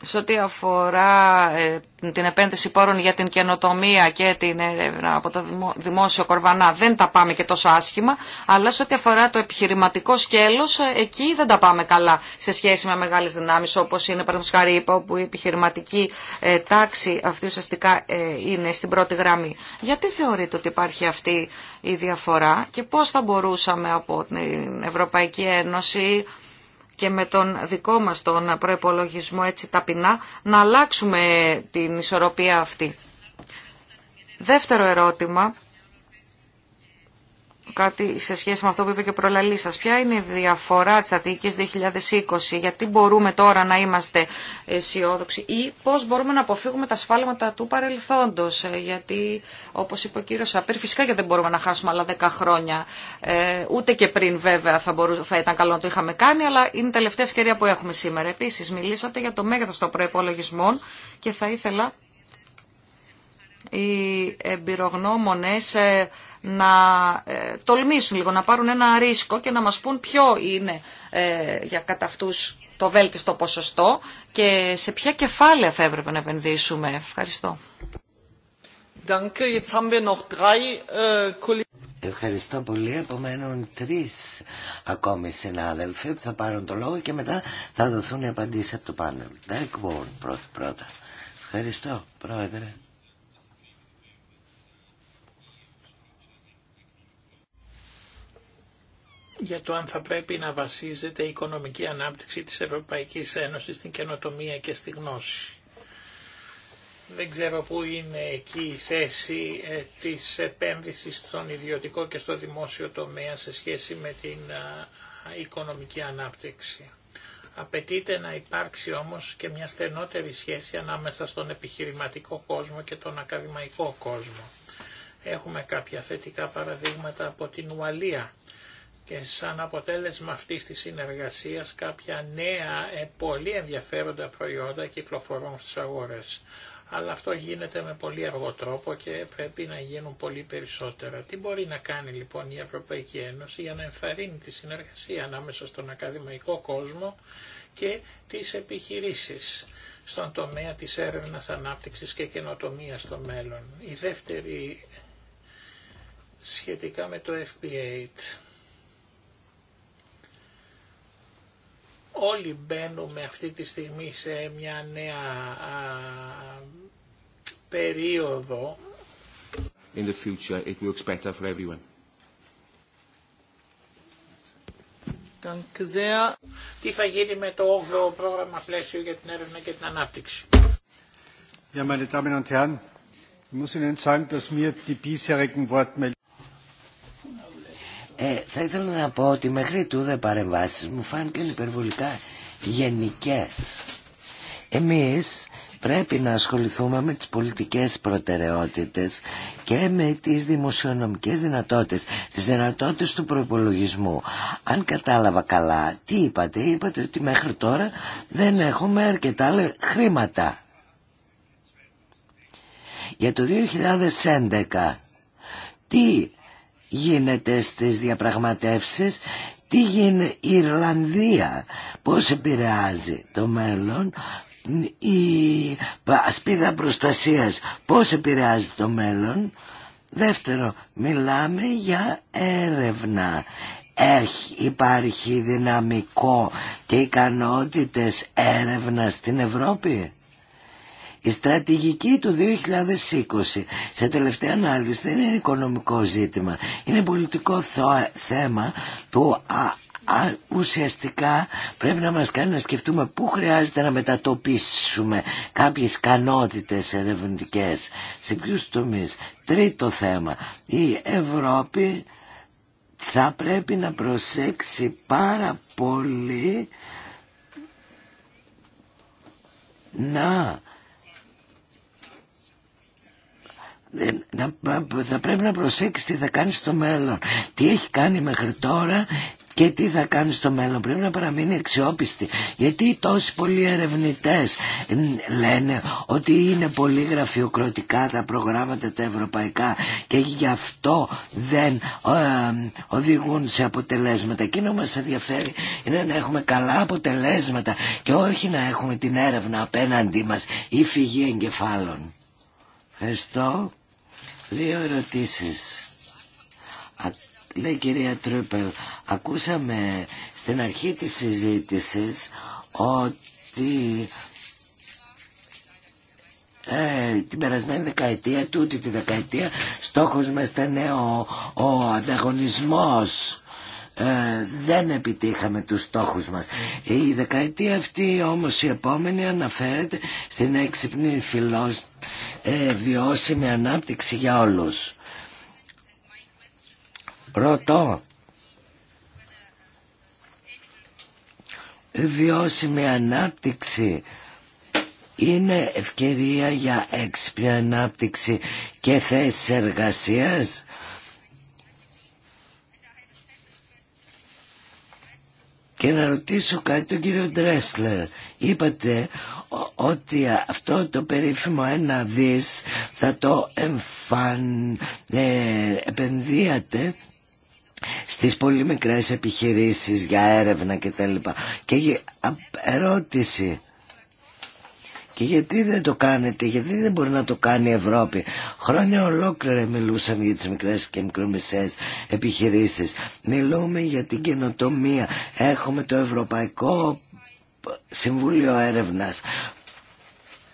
σε ό,τι αφορά ε, την επένδυση πόρων για την καινοτομία και την έρευνα από το δημόσιο κορβανά δεν τα πάμε και τόσο άσχημα, αλλά σε ό,τι αφορά το επιχειρηματικό σκέλος ε, εκεί δεν τα πάμε καλά σε σχέση με μεγάλες δυνάμεις όπως είναι παραδείγματος χάρη όπου η επιχειρηματική ε, τάξη αυτή ουσιαστικά είναι στην πρώτη γραμμή. Γιατί θεωρείτε ότι υπάρχει αυτή η διαφορά και πώς θα μπορούσαμε από την Ευρωπαϊκή Ένωση και με τον δικό μας τον προϋπολογισμό έτσι ταπεινά να αλλάξουμε την ισορροπία αυτή. Δεύτερο ερώτημα κάτι σε σχέση με αυτό που είπε και προλαλή σα, Ποια είναι η διαφορά της Αττικής 2020, γιατί μπορούμε τώρα να είμαστε αισιόδοξοι ή πώς μπορούμε να αποφύγουμε τα σφάλματα του παρελθόντος, ε, γιατί όπως είπε ο κύριος Σαπέρ, φυσικά και δεν μπορούμε να χάσουμε άλλα 10 χρόνια, ε, ούτε και πριν βέβαια θα, μπορούσε, ήταν καλό να το είχαμε κάνει, αλλά είναι η τελευταία ευκαιρία που έχουμε σήμερα. Επίσης, μιλήσατε για το μέγεθος των προπολογισμών και θα ήθελα οι εμπειρογνώμονες ε, να ε, τολμήσουν λίγο, να πάρουν ένα ρίσκο και να μας πούν ποιο είναι ε, για κατά αυτούς το βέλτιστο ποσοστό και σε ποια κεφάλαια θα έπρεπε να επενδύσουμε. Ευχαριστώ. Äh, Ευχαριστώ πολύ. Επομένουν τρεις ακόμη συνάδελφοι που θα πάρουν το λόγο και μετά θα δοθούν οι απαντήσει από το πάνελ. πρώτα. Ευχαριστώ, Πρόεδρε. για το αν θα πρέπει να βασίζεται η οικονομική ανάπτυξη της Ευρωπαϊκής Ένωσης στην καινοτομία και στη γνώση. Δεν ξέρω πού είναι εκεί η θέση ε, της επένδυσης στον ιδιωτικό και στο δημόσιο τομέα σε σχέση με την οικονομική ανάπτυξη. Απαιτείται να υπάρξει όμως και μια στενότερη σχέση ανάμεσα στον επιχειρηματικό κόσμο και τον ακαδημαϊκό κόσμο. Έχουμε κάποια θετικά παραδείγματα από την Ουαλία και σαν αποτέλεσμα αυτής της συνεργασίας κάποια νέα ε, πολύ ενδιαφέροντα προϊόντα κυκλοφορούν στις αγορές. Αλλά αυτό γίνεται με πολύ αργό τρόπο και πρέπει να γίνουν πολύ περισσότερα. Τι μπορεί να κάνει λοιπόν η Ευρωπαϊκή Ένωση για να ενθαρρύνει τη συνεργασία ανάμεσα στον ακαδημαϊκό κόσμο και τις επιχειρήσεις στον τομέα της έρευνας, ανάπτυξης και καινοτομία στο μέλλον. Η δεύτερη σχετικά με το fpa 8 όλοι μπαίνουμε αυτή τη στιγμή σε μια νέα α, περίοδο. In the future it works better for everyone. Τι θα γίνει με το 8ο πρόγραμμα πλαίσιο για την έρευνα και την ανάπτυξη. Ja, meine Damen und Herren, ich muss Ihnen sagen, dass mir die bisherigen Wortmeldungen θα ήθελα να πω ότι μέχρι τούδε παρεμβάσεις μου φάνηκαν υπερβολικά γενικές. Εμείς πρέπει να ασχοληθούμε με τις πολιτικές προτεραιότητες και με τις δημοσιονομικές δυνατότητες, τις δυνατότητες του προπολογισμού. Αν κατάλαβα καλά, τι είπατε, είπατε ότι μέχρι τώρα δεν έχουμε αρκετά χρήματα. Για το 2011, τι γίνεται στις διαπραγματεύσεις, τι γίνεται η Ιρλανδία, πώς επηρεάζει το μέλλον, η ασπίδα προστασίας πώς επηρεάζει το μέλλον. Δεύτερο, μιλάμε για έρευνα. Έχει, υπάρχει δυναμικό και ικανότητες έρευνα στην Ευρώπη. Η στρατηγική του 2020 σε τελευταία ανάλυση δεν είναι οικονομικό ζήτημα. Είναι πολιτικό θέμα που Α, ουσιαστικά πρέπει να μας κάνει να σκεφτούμε πού χρειάζεται να μετατοπίσουμε κάποιες ικανότητες ερευνητικέ σε ποιους τομείς. Τρίτο θέμα, η Ευρώπη θα πρέπει να προσέξει πάρα πολύ να Ε, θα πρέπει να προσέξει τι θα κάνει στο μέλλον τι έχει κάνει μέχρι τώρα και τι θα κάνει στο μέλλον πρέπει να παραμείνει αξιόπιστη γιατί τόσοι πολλοί ερευνητές ε, λένε ότι είναι πολύ γραφειοκροτικά τα προγράμματα τα ευρωπαϊκά και γι' αυτό δεν ε, οδηγούν σε αποτελέσματα εκείνο μας ενδιαφέρει είναι να έχουμε καλά αποτελέσματα και όχι να έχουμε την έρευνα απέναντί μας ή φυγή εγκεφάλων Ευχαριστώ Δύο ερωτήσεις. λέει κυρία Τρούπελ, ακούσαμε στην αρχή της συζήτησης ότι ε, την περασμένη δεκαετία, τούτη τη δεκαετία, στόχος μας ήταν ο, ο ανταγωνισμός. Ε, δεν επιτύχαμε τους στόχους μας. Η δεκαετία αυτή όμως η επόμενη αναφέρεται στην έξυπνη φιλόσοφη ε, βιώσιμη ανάπτυξη για όλους. Ρωτώ, βιώσιμη ανάπτυξη είναι ευκαιρία για έξυπνη ανάπτυξη και θέσεις εργασίας. Και να ρωτήσω κάτι τον κύριο Ντρέσλερ. Είπατε ότι αυτό το περίφημο ένα δις θα το εμφαν, ε, επενδύατε στις πολύ μικρές επιχειρήσεις για έρευνα κτλ. Και ερώτηση... Και γιατί δεν το κάνετε, γιατί δεν μπορεί να το κάνει η Ευρώπη. Χρόνια ολόκληρα μιλούσαμε για τις μικρές και μικρομεσαίες επιχειρήσεις. Μιλούμε για την καινοτομία. Έχουμε το ευρωπαϊκό Συμβούλιο Έρευνας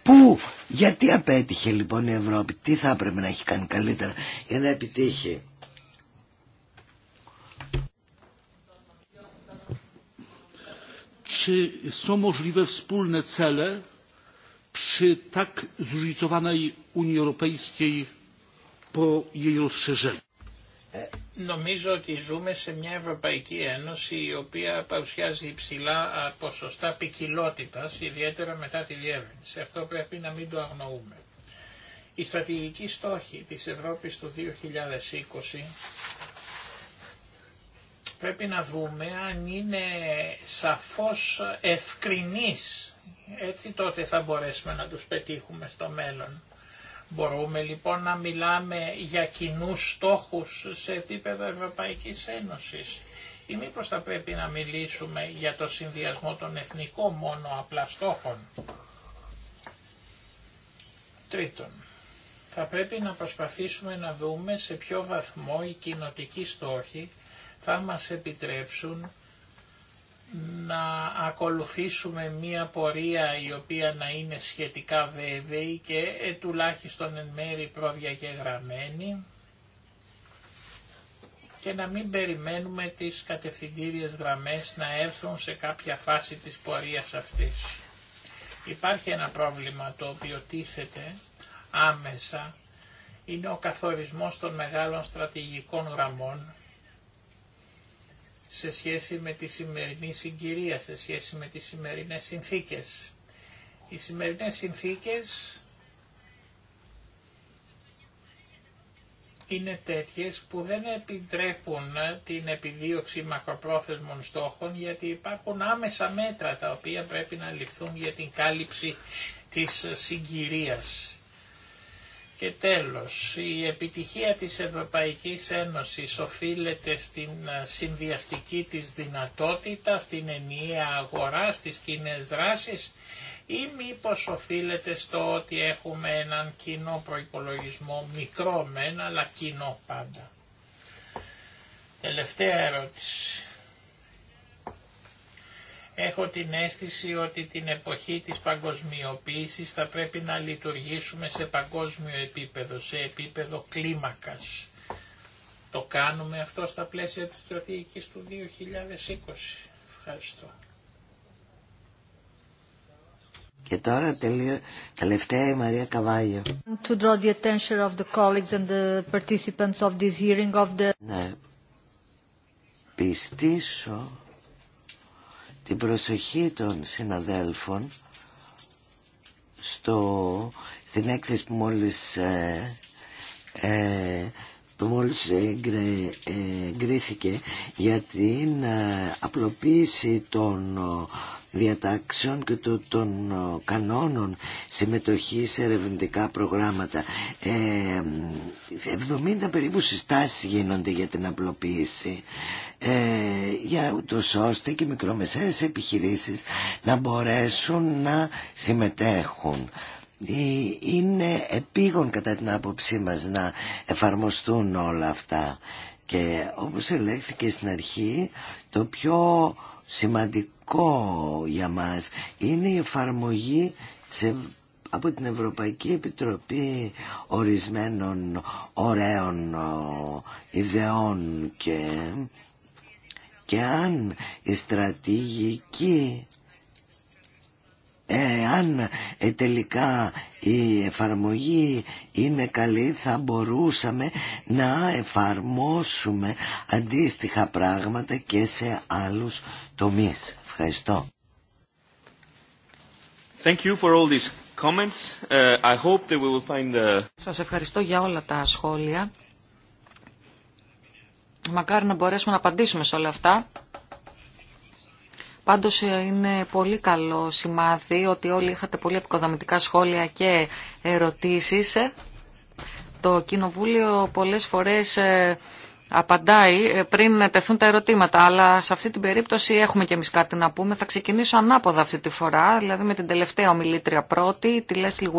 Πού, γιατί απέτυχε λοιπόν η Ευρώπη, τι θα έπρεπε να έχει κάνει καλύτερα για να επιτύχει. Czy są możliwe wspólne cele przy tak zróżnicowanej Unii Europejskiej po jej rozszerzeniu? E, Νομίζω ότι ζούμε σε μια Ευρωπαϊκή Ένωση η οποία παρουσιάζει υψηλά ποσοστά ποικιλότητα, ιδιαίτερα μετά τη διεύρυνση. Αυτό πρέπει να μην το αγνοούμε. Η στρατηγική στόχη της Ευρώπης του 2020 πρέπει να δούμε αν είναι σαφώς ευκρινής. Έτσι τότε θα μπορέσουμε να τους πετύχουμε στο μέλλον. Μπορούμε λοιπόν να μιλάμε για κοινού στόχους σε επίπεδο Ευρωπαϊκής Ένωσης ή μήπω θα πρέπει να μιλήσουμε για το συνδυασμό των εθνικών μόνο απλά στόχων. Τρίτον, θα πρέπει να προσπαθήσουμε να δούμε σε ποιο βαθμό οι κοινοτικοί στόχοι θα μας επιτρέψουν να ακολουθήσουμε μία πορεία η οποία να είναι σχετικά βέβαιη και ε, τουλάχιστον εν μέρη προδιαγεγραμμένη και να μην περιμένουμε τις κατευθυντήριες γραμμές να έρθουν σε κάποια φάση της πορείας αυτής. Υπάρχει ένα πρόβλημα το οποίο τίθεται άμεσα, είναι ο καθορισμός των μεγάλων στρατηγικών γραμμών σε σχέση με τη σημερινή συγκυρία, σε σχέση με τις σημερινές συνθήκες. Οι σημερινές συνθήκες είναι τέτοιες που δεν επιτρέπουν την επιδίωξη μακροπρόθεσμων στόχων γιατί υπάρχουν άμεσα μέτρα τα οποία πρέπει να ληφθούν για την κάλυψη της συγκυρίας. Και τέλος, η επιτυχία της Ευρωπαϊκής Ένωσης οφείλεται στην ε, συνδυαστική της δυνατότητα, στην ενιαία αγορά, στις κοινέ δράσεις ή μήπως οφείλεται στο ότι έχουμε έναν κοινό προϋπολογισμό, μικρό μεν, αλλά κοινό πάντα. Τελευταία ερώτηση. Έχω την αίσθηση ότι την εποχή της παγκοσμιοποίησης θα πρέπει να λειτουργήσουμε σε παγκόσμιο επίπεδο, σε επίπεδο κλίμακας. Το κάνουμε αυτό στα πλαίσια της στρατηγικής του 2020. Ευχαριστώ. Και τώρα τελείω, τελευταία η Μαρία Καβάγιο. To draw the attention of the colleagues and the participants of this hearing of the... Ναι. πιστήσω την προσοχή των συναδέλφων στο, στην έκθεση που μόλις, ε, ε, που εγκρίθηκε για την ε, απλοποίηση των ε, διατάξεων και των ε, κανόνων συμμετοχής σε ερευνητικά προγράμματα. Ε, 70 περίπου συστάσεις γίνονται για την απλοποίηση ε, για ούτως ώστε και μικρομεσαίες επιχειρήσεις να μπορέσουν να συμμετέχουν. Ε, είναι επίγον κατά την άποψή μας να εφαρμοστούν όλα αυτά και όπως ελέγχθηκε στην αρχή το πιο σημαντικό για μας είναι η εφαρμογή σε, από την Ευρωπαϊκή Επιτροπή ορισμένων ωραίων ε, ιδεών και και αν η στρατηγική ε, αν ε, τελικά η εφαρμογή είναι καλή θα μπορούσαμε να εφαρμόσουμε αντίστοιχα πράγματα και σε άλλους τομείς. Ευχαριστώ. Thank you for all these comments. Uh, I hope that we will find the... Σας ευχαριστώ για όλα τα σχόλια. Μακάρι να μπορέσουμε να απαντήσουμε σε όλα αυτά. Πάντως ε, είναι πολύ καλό σημάδι ότι όλοι είχατε πολύ επικοδομητικά σχόλια και ερωτήσεις. Ε, το Κοινοβούλιο πολλές φορές ε, απαντάει ε, πριν τεθούν τα ερωτήματα, αλλά σε αυτή την περίπτωση έχουμε και εμεί κάτι να πούμε. Θα ξεκινήσω ανάποδα αυτή τη φορά, δηλαδή με την τελευταία ομιλήτρια πρώτη, τη Λέσλι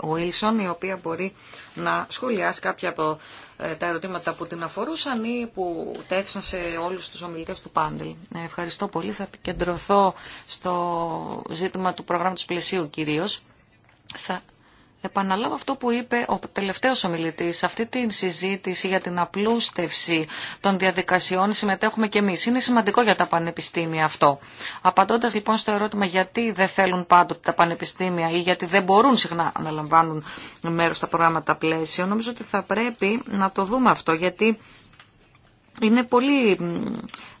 Wilson, η οποία μπορεί να σχολιάσει κάποια από ε, τα ερωτήματα που την αφορούσαν ή που τέθησαν σε όλους τους ομιλητές του πάνελ. Ε, ευχαριστώ πολύ. Θα επικεντρωθώ στο ζήτημα του προγράμματος πλαισίου κυρίως. Θα επαναλάβω αυτό που είπε ο τελευταίος ομιλητής. Σε αυτή τη συζήτηση για την απλούστευση των διαδικασιών συμμετέχουμε και εμείς. Είναι σημαντικό για τα πανεπιστήμια αυτό. Απαντώντας λοιπόν στο ερώτημα γιατί δεν θέλουν πάντοτε τα πανεπιστήμια ή γιατί δεν μπορούν συχνά να λαμβάνουν μέρος στα προγράμματα πλαίσιο, νομίζω ότι θα πρέπει να το δούμε αυτό γιατί είναι πολύ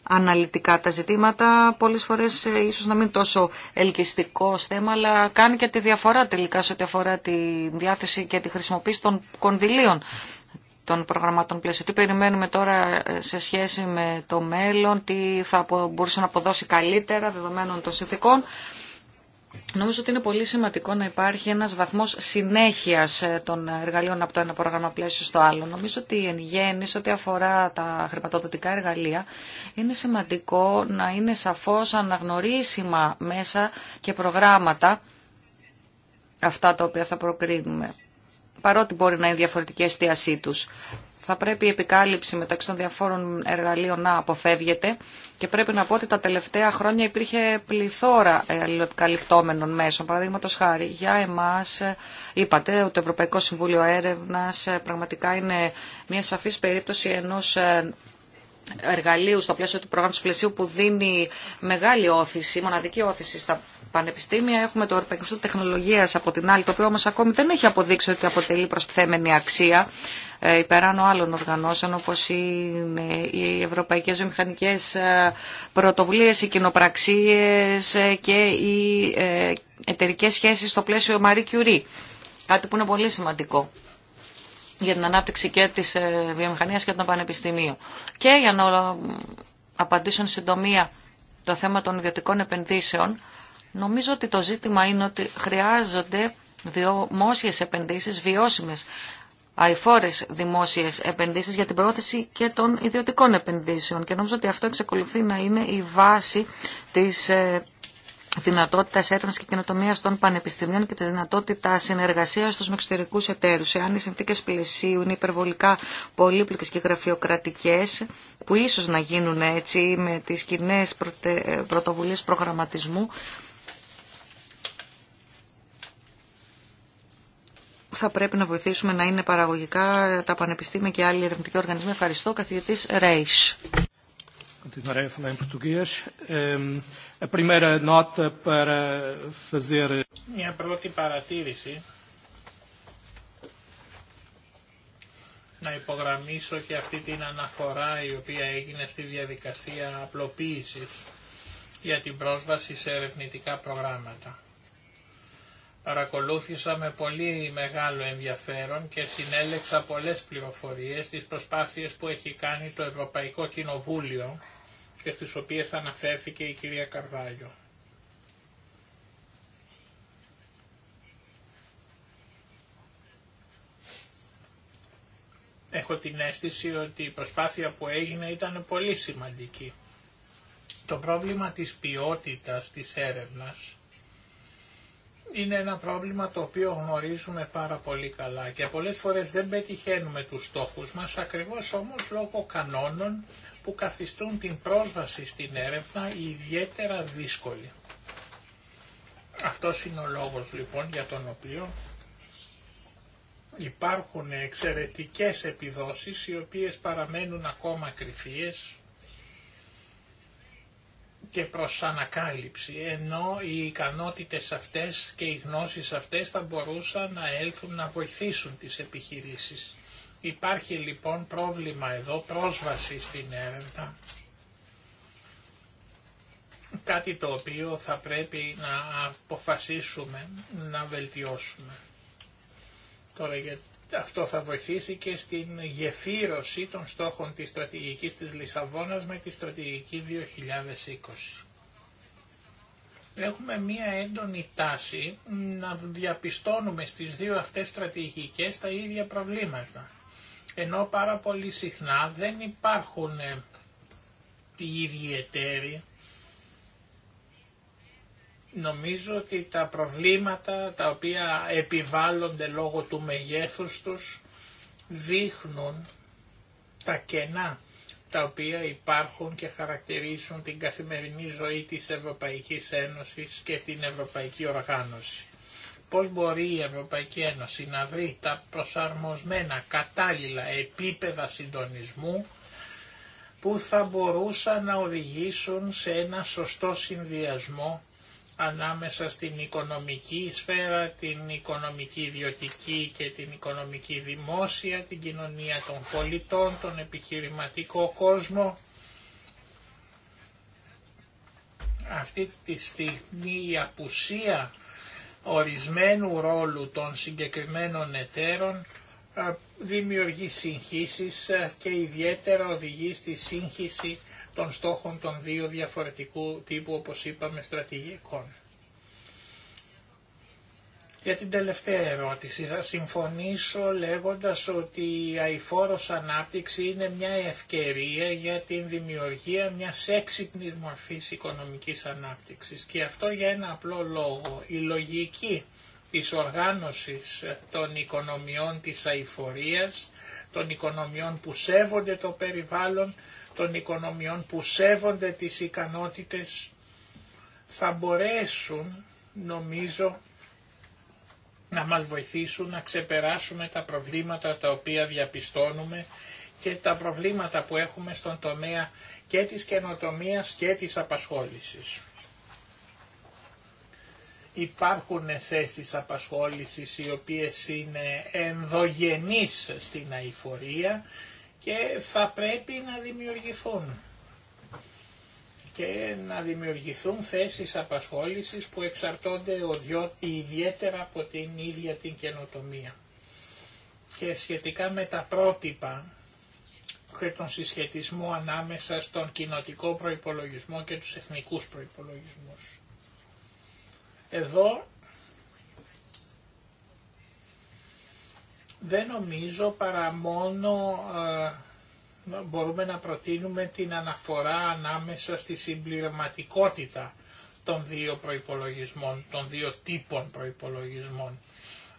αναλυτικά τα ζητήματα. Πολλές φορές ε, ίσως να μην τόσο ελκυστικό θέμα, αλλά κάνει και τη διαφορά τελικά σε ό,τι αφορά τη διάθεση και τη χρησιμοποίηση των κονδυλίων των προγραμμάτων πλαίσιο. Τι περιμένουμε τώρα ε, σε σχέση με το μέλλον, τι θα μπορούσε να αποδώσει καλύτερα δεδομένων των συνθήκων. Νομίζω ότι είναι πολύ σημαντικό να υπάρχει ένας βαθμός συνέχειας ε, των εργαλείων από το ένα πρόγραμμα πλαίσιο στο άλλο. Νομίζω ότι εν γέννη, ό,τι αφορά τα χρηματοδοτικά εργαλεία, είναι σημαντικό να είναι σαφώς αναγνωρίσιμα μέσα και προγράμματα αυτά τα οποία θα προκρίνουμε, παρότι μπορεί να είναι διαφορετική εστίασή τους θα πρέπει η επικάλυψη μεταξύ των διαφόρων εργαλείων να αποφεύγεται και πρέπει να πω ότι τα τελευταία χρόνια υπήρχε πληθώρα αλληλοκαλυπτόμενων μέσων. Παραδείγματο χάρη, για εμά, είπατε ότι το Ευρωπαϊκό Συμβούλιο Έρευνα ε, πραγματικά είναι μια σαφή περίπτωση ενό ε, εργαλείου στο πλαίσιο του προγράμματος πλαισίου που δίνει μεγάλη όθηση, μοναδική όθηση στα πανεπιστήμια. Έχουμε το Ευρωπαϊκό Τεχνολογία από την άλλη, το οποίο όμω ακόμη δεν έχει αποδείξει ότι αποτελεί προστιθέμενη αξία. Ε, υπεράνω άλλων οργανώσεων όπως είναι οι Ευρωπαϊκές Βιομηχανικές ε, Πρωτοβουλίες, οι κοινοπραξίες ε, και οι εταιρικέ σχέσεις στο πλαίσιο Marie Curie. Κάτι που είναι πολύ σημαντικό για την ανάπτυξη και της βιομηχανίας και των πανεπιστημίων. Και για να απαντήσω συντομία το θέμα των ιδιωτικών επενδύσεων, νομίζω ότι το ζήτημα είναι ότι χρειάζονται δημόσιες επενδύσεις, βιώσιμες αηφόρε δημόσιε επενδύσει για την πρόθεση και των ιδιωτικών επενδύσεων. Και νομίζω ότι αυτό εξακολουθεί να είναι η βάση της ε, δυνατότητα έρευνα και καινοτομία των πανεπιστημίων και τη δυνατότητα συνεργασία του με εξωτερικού εταίρου. Εάν οι συνθήκε πλαισίου είναι υπερβολικά πολύπλοκε και γραφειοκρατικέ, που ίσω να γίνουν έτσι με τι κοινέ πρωτοβουλίε προγραμματισμού, θα πρέπει να βοηθήσουμε να είναι παραγωγικά τα πανεπιστήμια και άλλοι ερευνητικοί οργανισμοί. Ευχαριστώ, καθηγητής Ρέις. Ε, Μια πρώτη παρατήρηση. Να υπογραμμίσω και αυτή την αναφορά η οποία έγινε στη διαδικασία απλοποίησης για την πρόσβαση σε ερευνητικά προγράμματα παρακολούθησα με πολύ μεγάλο ενδιαφέρον και συνέλεξα πολλές πληροφορίες στις προσπάθειες που έχει κάνει το Ευρωπαϊκό Κοινοβούλιο και στις οποίες αναφέρθηκε η κυρία Καρβάλιο. Έχω την αίσθηση ότι η προσπάθεια που έγινε ήταν πολύ σημαντική. Το πρόβλημα της ποιότητας της έρευνας είναι ένα πρόβλημα το οποίο γνωρίζουμε πάρα πολύ καλά και πολλές φορές δεν πετυχαίνουμε τους στόχους μας, ακριβώς όμως λόγω κανόνων που καθιστούν την πρόσβαση στην έρευνα ιδιαίτερα δύσκολη. Αυτό είναι ο λόγος λοιπόν για τον οποίο υπάρχουν εξαιρετικές επιδόσεις οι οποίες παραμένουν ακόμα κρυφίες και προς ανακάλυψη, ενώ οι ικανότητες αυτές και οι γνώσεις αυτές θα μπορούσαν να έλθουν να βοηθήσουν τις επιχειρήσεις. Υπάρχει λοιπόν πρόβλημα εδώ πρόσβαση στην έρευνα, κάτι το οποίο θα πρέπει να αποφασίσουμε να βελτιώσουμε. Τώρα για αυτό θα βοηθήσει και στην γεφύρωση των στόχων της στρατηγικής της Λισαβόνας με τη στρατηγική 2020. Έχουμε μία έντονη τάση να διαπιστώνουμε στις δύο αυτές στρατηγικές τα ίδια προβλήματα. Ενώ πάρα πολύ συχνά δεν υπάρχουν ε, οι ίδιοι εταίροι Νομίζω ότι τα προβλήματα τα οποία επιβάλλονται λόγω του μεγέθους τους δείχνουν τα κενά τα οποία υπάρχουν και χαρακτηρίζουν την καθημερινή ζωή της Ευρωπαϊκής Ένωσης και την Ευρωπαϊκή Οργάνωση. Πώς μπορεί η Ευρωπαϊκή Ένωση να βρει τα προσαρμοσμένα κατάλληλα επίπεδα συντονισμού που θα μπορούσαν να οδηγήσουν σε ένα σωστό συνδυασμό ανάμεσα στην οικονομική σφαίρα, την οικονομική ιδιωτική και την οικονομική δημόσια, την κοινωνία των πολιτών, τον επιχειρηματικό κόσμο. Αυτή τη στιγμή η απουσία ορισμένου ρόλου των συγκεκριμένων εταίρων ε, δημιουργεί συγχύσεις ε, και ιδιαίτερα οδηγεί στη σύγχυση των στόχων των δύο διαφορετικού τύπου, όπως είπαμε, στρατηγικών. Για την τελευταία ερώτηση θα συμφωνήσω λέγοντας ότι η αηφόρος ανάπτυξη είναι μια ευκαιρία για την δημιουργία μιας έξυπνης μορφής οικονομικής ανάπτυξης και αυτό για ένα απλό λόγο. Η λογική της οργάνωσης των οικονομιών της αηφορίας, των οικονομιών που σέβονται το περιβάλλον, των οικονομιών που σέβονται τις ικανότητες θα μπορέσουν νομίζω να μας βοηθήσουν να ξεπεράσουμε τα προβλήματα τα οποία διαπιστώνουμε και τα προβλήματα που έχουμε στον τομέα και της καινοτομίας και της απασχόλησης. Υπάρχουν θέσεις απασχόλησης οι οποίες είναι ενδογενείς στην αηφορία και θα πρέπει να δημιουργηθούν και να δημιουργηθούν θέσεις απασχόλησης που εξαρτώνται ιδιαίτερα από την ίδια την καινοτομία. Και σχετικά με τα πρότυπα και τον συσχετισμό ανάμεσα στον κοινοτικό προϋπολογισμό και τους εθνικούς προϋπολογισμούς. Εδώ δεν νομίζω παρά μόνο ε, μπορούμε να προτείνουμε την αναφορά ανάμεσα στη συμπληρωματικότητα των δύο προϋπολογισμών, των δύο τύπων προϋπολογισμών.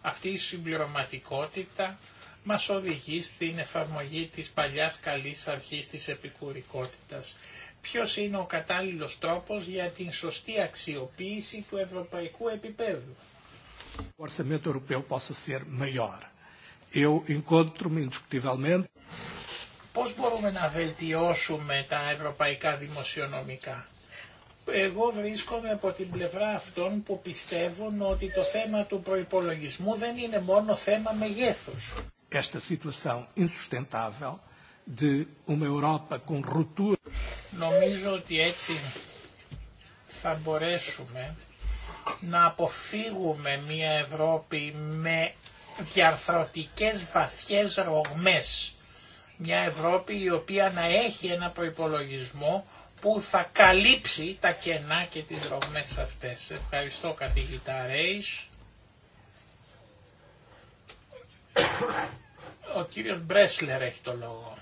Αυτή η συμπληρωματικότητα μας οδηγεί στην εφαρμογή της παλιάς καλής αρχής της επικουρικότητας. Ποιος είναι ο κατάλληλος τρόπος για την σωστή αξιοποίηση του ευρωπαϊκού επίπεδου eu encontro-me indiscutivelmente. Πώς μπορούμε να βελτιώσουμε τα ευρωπαϊκά δημοσιονομικά. Εγώ βρίσκομαι από την πλευρά αυτών που πιστεύουν ότι το θέμα του προϋπολογισμού δεν είναι μόνο θέμα μεγέθους. Esta situação insustentável de uma Europa com ruptura. Νομίζω ότι έτσι θα μπορέσουμε να αποφύγουμε μια Ευρώπη με διαρθρωτικές βαθιές ρογμές. Μια Ευρώπη η οποία να έχει ένα προϋπολογισμό που θα καλύψει τα κενά και τις ρογμές αυτές. Ευχαριστώ καθηγητά Ρέις. Ο κύριος Μπρέσλερ έχει το λόγο.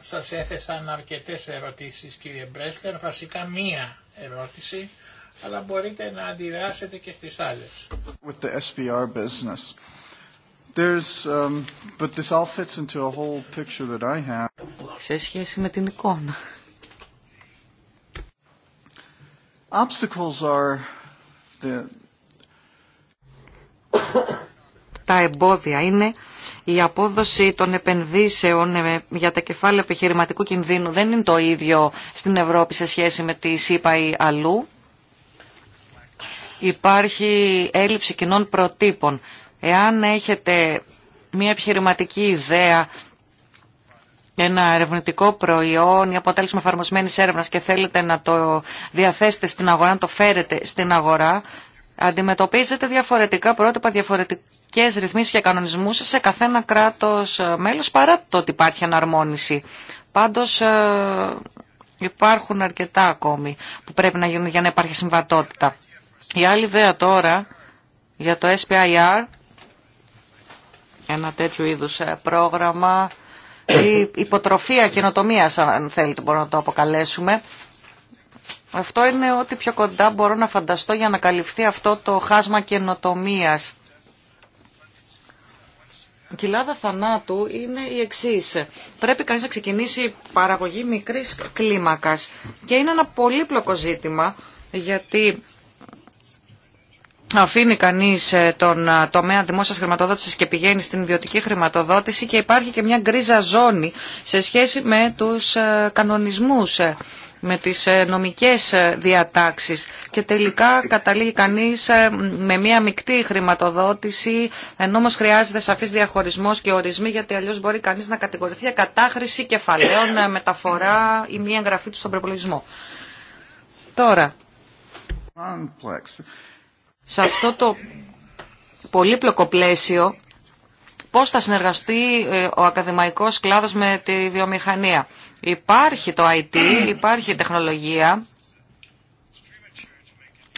Σας έθεσαν αρκετές ερωτήσεις κύριε Μπρέσλερ, βασικά μία ερώτηση αλλά μπορείτε να αντιδράσετε και στις άλλες. With the SBR business. There's, um, but this all fits into a whole picture that I have. Σε σχέση με την εικόνα. Obstacles are the... Τα εμπόδια είναι η απόδοση των επενδύσεων ε, για τα κεφάλαια επιχειρηματικού κινδύνου δεν είναι το ίδιο στην Ευρώπη σε σχέση με τη ΣΥΠΑ ή αλλού υπάρχει έλλειψη κοινών προτύπων. Εάν έχετε μια επιχειρηματική ιδέα, ένα ερευνητικό προϊόν ή αποτέλεσμα εφαρμοσμένη έρευνα και θέλετε να το διαθέσετε στην αγορά, να το φέρετε στην αγορά, αντιμετωπίζετε διαφορετικά πρότυπα, διαφορετικέ ρυθμίσει και κανονισμού σε καθένα κράτο ε, μέλο παρά το ότι υπάρχει αναρμόνιση. Πάντω ε, υπάρχουν αρκετά ακόμη που πρέπει να γίνουν για να υπάρχει συμβατότητα. Η άλλη ιδέα τώρα για το SPIR, ένα τέτοιο είδους ε, πρόγραμμα, η υποτροφία καινοτομία, αν θέλετε μπορούμε να το αποκαλέσουμε, αυτό είναι ό,τι πιο κοντά μπορώ να φανταστώ για να καλυφθεί αυτό το χάσμα καινοτομία. Η κοιλάδα θανάτου είναι η εξή. Πρέπει κανείς να ξεκινήσει παραγωγή μικρής κλίμακας και είναι ένα πολύπλοκο ζήτημα γιατί αφήνει κανείς ε, τον ε, τομέα δημόσιας χρηματοδότησης και πηγαίνει στην ιδιωτική χρηματοδότηση και υπάρχει και μια γκρίζα ζώνη σε σχέση με τους ε, κανονισμούς με τις νομικές διατάξεις και τελικά καταλήγει κανείς με μια μεικτή χρηματοδότηση ενώ όμως χρειάζεται σαφής διαχωρισμός και ορισμοί γιατί αλλιώς μπορεί κανείς να κατηγορηθεί για κατάχρηση κεφαλαίων μεταφορά ή μια εγγραφή του στον προπολογισμό. Τώρα, σε αυτό το πολύπλοκο πλαίσιο πώς θα συνεργαστεί ε, ο ακαδημαϊκός κλάδος με τη βιομηχανία. Υπάρχει το IT, υπάρχει η τεχνολογία,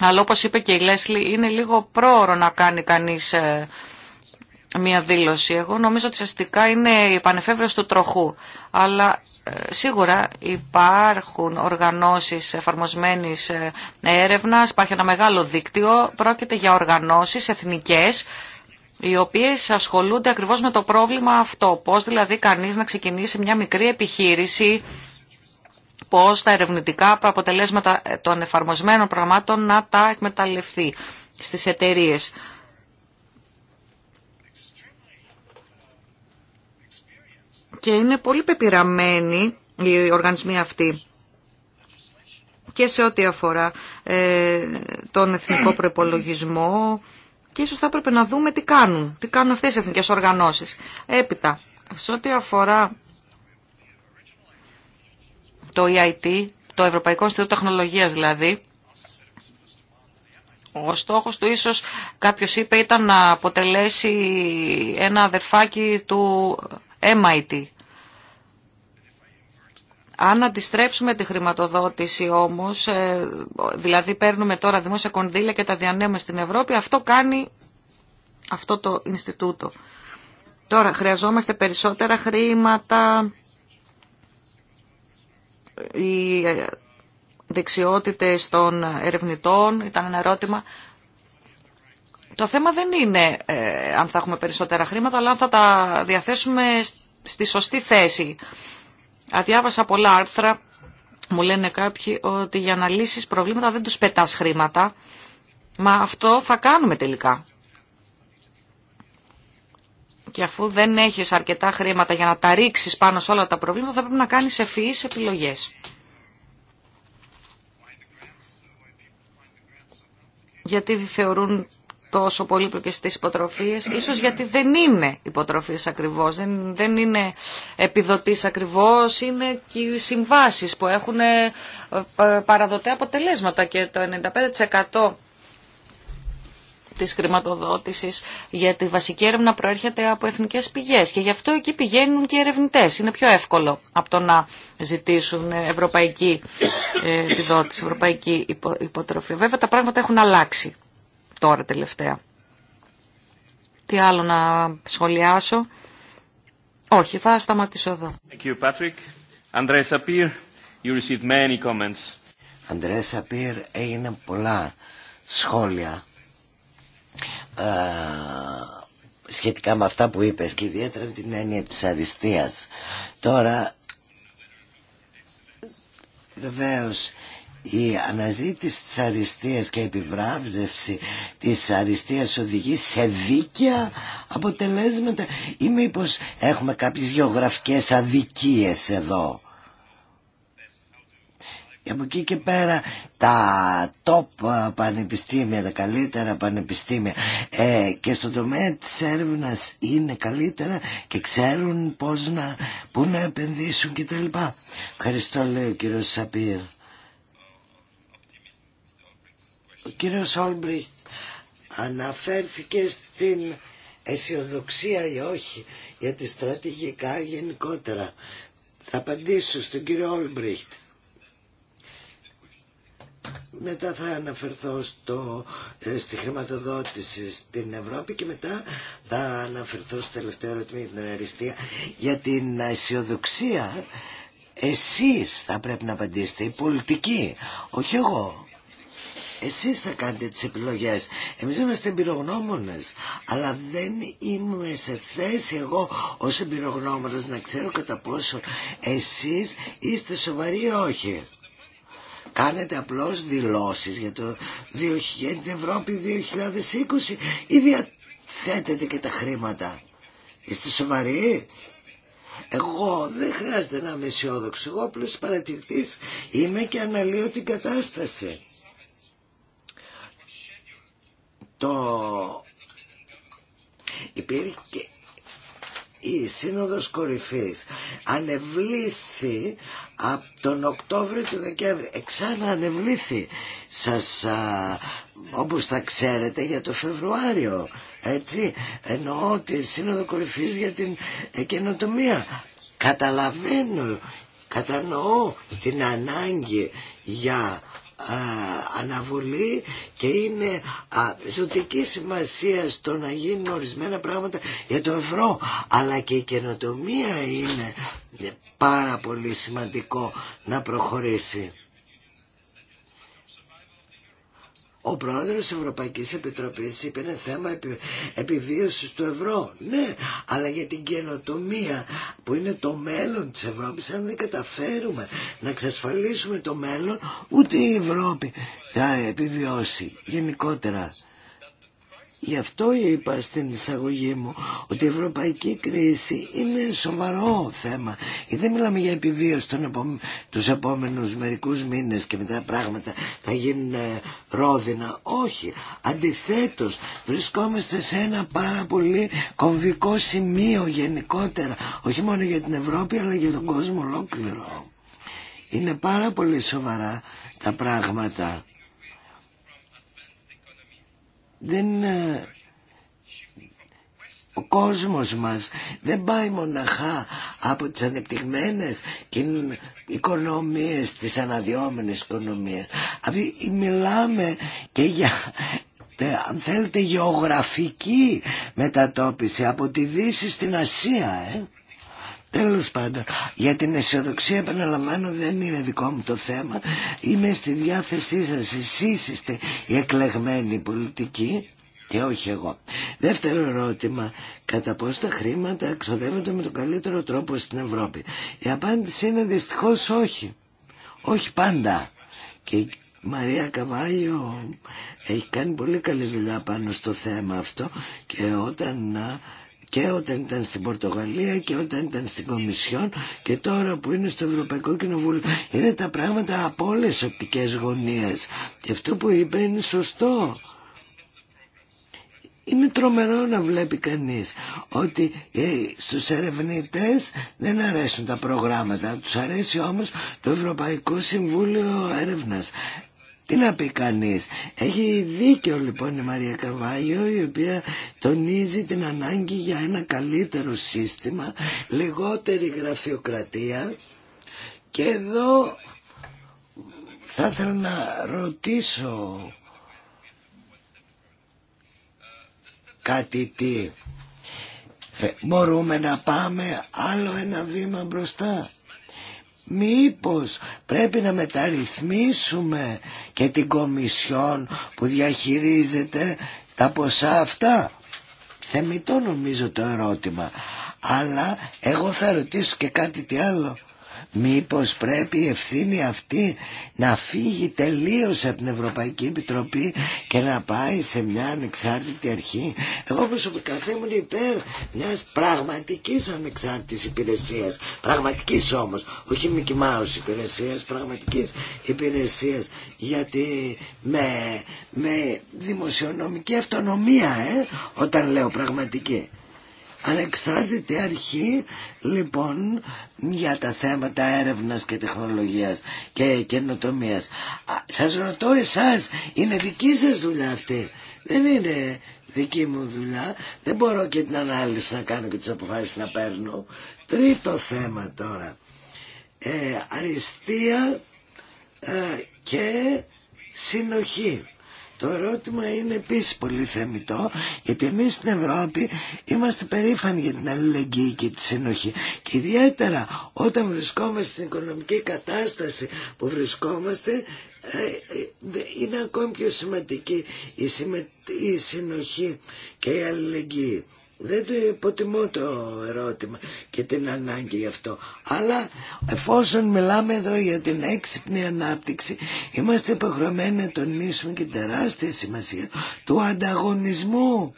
αλλά όπως είπε και η Λέσλι, είναι λίγο πρόωρο να κάνει κανείς ε, μία δήλωση. Εγώ νομίζω ότι ουσιαστικά είναι η επανεφεύρεση του τροχού. Αλλά ε, σίγουρα υπάρχουν οργανώσεις εφαρμοσμένης ε, έρευνας, υπάρχει ένα μεγάλο δίκτυο, πρόκειται για οργανώσεις εθνικές, οι οποίες ασχολούνται ακριβώς με το πρόβλημα αυτό. Πώς δηλαδή κανείς να ξεκινήσει μια μικρή επιχείρηση, πώς τα ερευνητικά αποτελέσματα των εφαρμοσμένων προγραμμάτων να τα εκμεταλλευτεί στις εταιρείες. και είναι πολύ πεπειραμένοι οι οργανισμοί αυτοί και σε ό,τι αφορά ε, τον εθνικό προπολογισμό και ίσως θα έπρεπε να δούμε τι κάνουν, τι κάνουν αυτές οι εθνικές οργανώσεις. Έπειτα, σε ό,τι αφορά το EIT, το Ευρωπαϊκό Ινστιτούτο Τεχνολογίας δηλαδή, ο στόχος του ίσως κάποιος είπε ήταν να αποτελέσει ένα αδερφάκι του MIT. Αν αντιστρέψουμε τη χρηματοδότηση όμως, ε, δηλαδή παίρνουμε τώρα δημόσια κονδύλια και τα διανέμε στην Ευρώπη, αυτό κάνει αυτό το Ινστιτούτο. Τώρα, χρειαζόμαστε περισσότερα χρήματα, οι δεξιότητες των ερευνητών, ήταν ένα ερώτημα. Το θέμα δεν είναι ε, αν θα έχουμε περισσότερα χρήματα, αλλά αν θα τα διαθέσουμε στη σωστή θέση. Αδιάβασα πολλά άρθρα, μου λένε κάποιοι, ότι για να λύσεις προβλήματα δεν τους πετάς χρήματα. Μα αυτό θα κάνουμε τελικά. Και αφού δεν έχεις αρκετά χρήματα για να τα ρίξεις πάνω σε όλα τα προβλήματα, θα πρέπει να κάνεις ευφυείς επιλογές. Γιατί θεωρούν τόσο πολύπλοκες στις υποτροφίες, ίσως γιατί δεν είναι υποτροφίες ακριβώς, δεν, είναι επιδοτής ακριβώς, είναι και οι συμβάσεις που έχουν ε, ε, παραδοτέ αποτελέσματα και το 95% της χρηματοδότησης για τη βασική έρευνα προέρχεται από εθνικές πηγές και γι' αυτό εκεί πηγαίνουν και οι ερευνητές. Είναι πιο εύκολο από το να ζητήσουν ε, ευρωπαϊκή επιδότηση, ευρωπαϊκή υποτροφία. Βέβαια τα πράγματα έχουν αλλάξει τώρα τελευταία. Τι άλλο να σχολιάσω. Όχι, θα σταματήσω εδώ. Thank you, Patrick. πολλά σχόλια ε, σχετικά με αυτά που είπες και ιδιαίτερα με την έννοια της αριστείας. Τώρα, βεβαίως, η αναζήτηση της αριστείας και η επιβράβευση της αριστείας οδηγεί σε δίκαια αποτελέσματα ή μήπω έχουμε κάποιες γεωγραφικές αδικίες εδώ. Και από εκεί και πέρα τα top πανεπιστήμια, τα καλύτερα πανεπιστήμια ε, και στον τομέα της έρευνας είναι καλύτερα και ξέρουν πώς να, πού να επενδύσουν κτλ. Ευχαριστώ λέει ο κύριος Σαπίρ. Ο κύριος Όλμπριχτ αναφέρθηκε στην αισιοδοξία ή όχι για τη στρατηγικά γενικότερα. Θα απαντήσω στον κύριο Όλμπριχτ. Μετά θα αναφερθώ στο, ε, στη χρηματοδότηση στην Ευρώπη και μετά θα αναφερθώ στο τελευταίο ερώτημα για την αριστεία. Για την αισιοδοξία εσείς θα πρέπει να απαντήσετε, η πολιτική, όχι εγώ. Εσείς θα κάνετε τις επιλογές. Εμείς είμαστε εμπειρογνώμονες, αλλά δεν ήμουν σε θέση εγώ ως εμπειρογνώμονας να ξέρω κατά πόσο εσείς είστε σοβαροί ή όχι. Κάνετε απλώς δηλώσεις για, το, για την Ευρώπη 2020 ή διαθέτετε και τα χρήματα. Είστε σοβαροί. Εγώ δεν χρειάζεται να είμαι αισιόδοξο. Εγώ απλώ παρατηρητή είμαι και αναλύω την κατάσταση. Το υπήρχε η Σύνοδος Κορυφής ανεβλήθη από τον Οκτώβριο του Δεκέμβρη εξάνα ανεβλήθη σας όπως θα ξέρετε για το Φεβρουάριο έτσι εννοώ τη Σύνοδο Κορυφής για την καινοτομία καταλαβαίνω κατανοώ την ανάγκη για αναβολή και είναι ζωτική σημασία στο να γίνουν ορισμένα πράγματα για το ευρώ αλλά και η καινοτομία είναι πάρα πολύ σημαντικό να προχωρήσει. Ο πρόεδρος της Ευρωπαϊκής Επιτροπής είπε είναι θέμα επι, επιβίωσης του ευρώ. Ναι, αλλά για την καινοτομία που είναι το μέλλον της Ευρώπης, αν δεν καταφέρουμε να εξασφαλίσουμε το μέλλον, ούτε η Ευρώπη θα επιβιώσει γενικότερα. Γι' αυτό είπα στην εισαγωγή μου ότι η ευρωπαϊκή κρίση είναι σοβαρό θέμα. και δεν μιλάμε για επιβίωση των επόμε... τους επόμενους μερικούς μήνες και μετά πράγματα θα γίνουν ε, ρόδινα. Όχι. Αντιθέτως βρισκόμαστε σε ένα πάρα πολύ κομβικό σημείο γενικότερα. Όχι μόνο για την Ευρώπη αλλά για τον κόσμο ολόκληρο. Είναι πάρα πολύ σοβαρά τα πράγματα δεν ε, ο κόσμος μας δεν πάει μοναχά από τις ανεπτυγμένες και οικονομίες, τις αναδιόμενες οικονομίες. Μιλάμε και για, αν θέλετε, γεωγραφική μετατόπιση από τη Δύση στην Ασία. Ε. Τέλος πάντων, για την αισιοδοξία επαναλαμβάνω δεν είναι δικό μου το θέμα. Είμαι στη διάθεσή σας, εσείς είστε οι εκλεγμένοι πολιτικοί και όχι εγώ. Δεύτερο ερώτημα, κατά πώς τα χρήματα εξοδεύονται με τον καλύτερο τρόπο στην Ευρώπη. Η απάντηση είναι δυστυχώς όχι. Όχι πάντα. Και η Μαρία Καβάγιο έχει κάνει πολύ καλή δουλειά πάνω στο θέμα αυτό και όταν και όταν ήταν στην Πορτογαλία και όταν ήταν στην Κομισιόν και τώρα που είναι στο Ευρωπαϊκό Κοινοβούλιο. Είναι τα πράγματα από όλε τι οπτικέ γωνίε. Και αυτό που είπε είναι σωστό. Είναι τρομερό να βλέπει κανείς ότι ε, στους ερευνητές δεν αρέσουν τα προγράμματα. Τους αρέσει όμως το Ευρωπαϊκό Συμβούλιο Έρευνας. Τι να πει κανείς. Έχει δίκιο λοιπόν η Μαρία Καρβάγιο η οποία τονίζει την ανάγκη για ένα καλύτερο σύστημα, λιγότερη γραφειοκρατία και εδώ θα ήθελα να ρωτήσω κάτι τι. Ε, μπορούμε να πάμε άλλο ένα βήμα μπροστά. Μήπως πρέπει να μεταρρυθμίσουμε και την Κομισιόν που διαχειρίζεται τα ποσά αυτά. Θεμητό νομίζω το ερώτημα. Αλλά εγώ θα ρωτήσω και κάτι τι άλλο. Μήπως πρέπει η ευθύνη αυτή να φύγει τελείως από την Ευρωπαϊκή Επιτροπή και να πάει σε μια ανεξάρτητη αρχή. Εγώ προσωπικά θα ήμουν υπέρ μιας πραγματικής ανεξάρτητης υπηρεσίας. Πραγματικής όμως, όχι Μικη υπηρεσία, υπηρεσίας, πραγματικής Γιατί με, με δημοσιονομική αυτονομία, ε, όταν λέω πραγματική ανεξάρτητη αρχή λοιπόν για τα θέματα έρευνας και τεχνολογίας και καινοτομίας. Σας ρωτώ εσάς, είναι δική σας δουλειά αυτή. Δεν είναι δική μου δουλειά. Δεν μπορώ και την ανάλυση να κάνω και τις αποφάσεις να παίρνω. Τρίτο θέμα τώρα. Ε, αριστεία ε, και συνοχή. Το ερώτημα είναι επίση πολύ θεμητό γιατί εμείς στην Ευρώπη είμαστε περήφανοι για την αλληλεγγύη και τη συνοχή και ιδιαίτερα όταν βρισκόμαστε στην οικονομική κατάσταση που βρισκόμαστε ε, ε, είναι ακόμη πιο σημαντική η, η συνοχή και η αλληλεγγύη. Δεν το υποτιμώ το ερώτημα και την ανάγκη γι' αυτό. Αλλά εφόσον μιλάμε εδώ για την έξυπνη ανάπτυξη, είμαστε υποχρεωμένοι να τονίσουμε και τεράστια σημασία του ανταγωνισμού.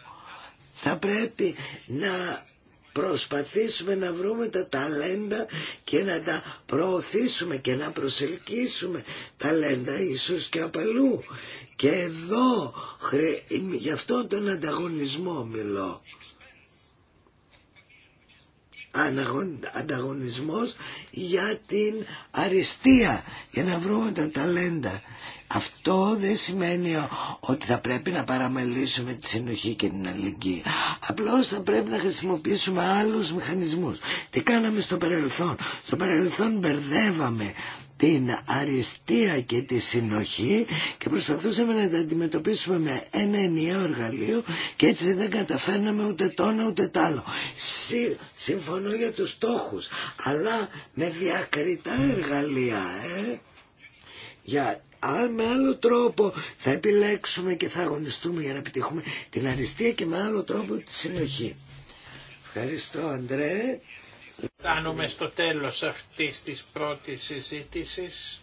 Θα πρέπει να προσπαθήσουμε να βρούμε τα ταλέντα και να τα προωθήσουμε και να προσελκύσουμε ταλέντα ίσως και απαλού. Και εδώ, γι' αυτό τον ανταγωνισμό μιλώ ανταγωνισμός για την αριστεία, για να βρούμε τα ταλέντα. Αυτό δεν σημαίνει ότι θα πρέπει να παραμελήσουμε τη συνοχή και την αλληλεγγύη. Απλώς θα πρέπει να χρησιμοποιήσουμε άλλους μηχανισμούς. Τι κάναμε στο παρελθόν. Στο παρελθόν μπερδεύαμε την αριστεία και τη συνοχή και προσπαθούσαμε να τα αντιμετωπίσουμε με ένα ενιαίο εργαλείο και έτσι δεν καταφέρναμε ούτε τόνο ούτε τ' άλλο. συμφωνώ για τους στόχους, αλλά με διακριτά εργαλεία, ε. Για αν με άλλο τρόπο θα επιλέξουμε και θα αγωνιστούμε για να επιτύχουμε την αριστεία και με άλλο τρόπο τη συνοχή. Ευχαριστώ Αντρέ. Φτάνουμε στο τέλος αυτής της πρώτης συζήτησης.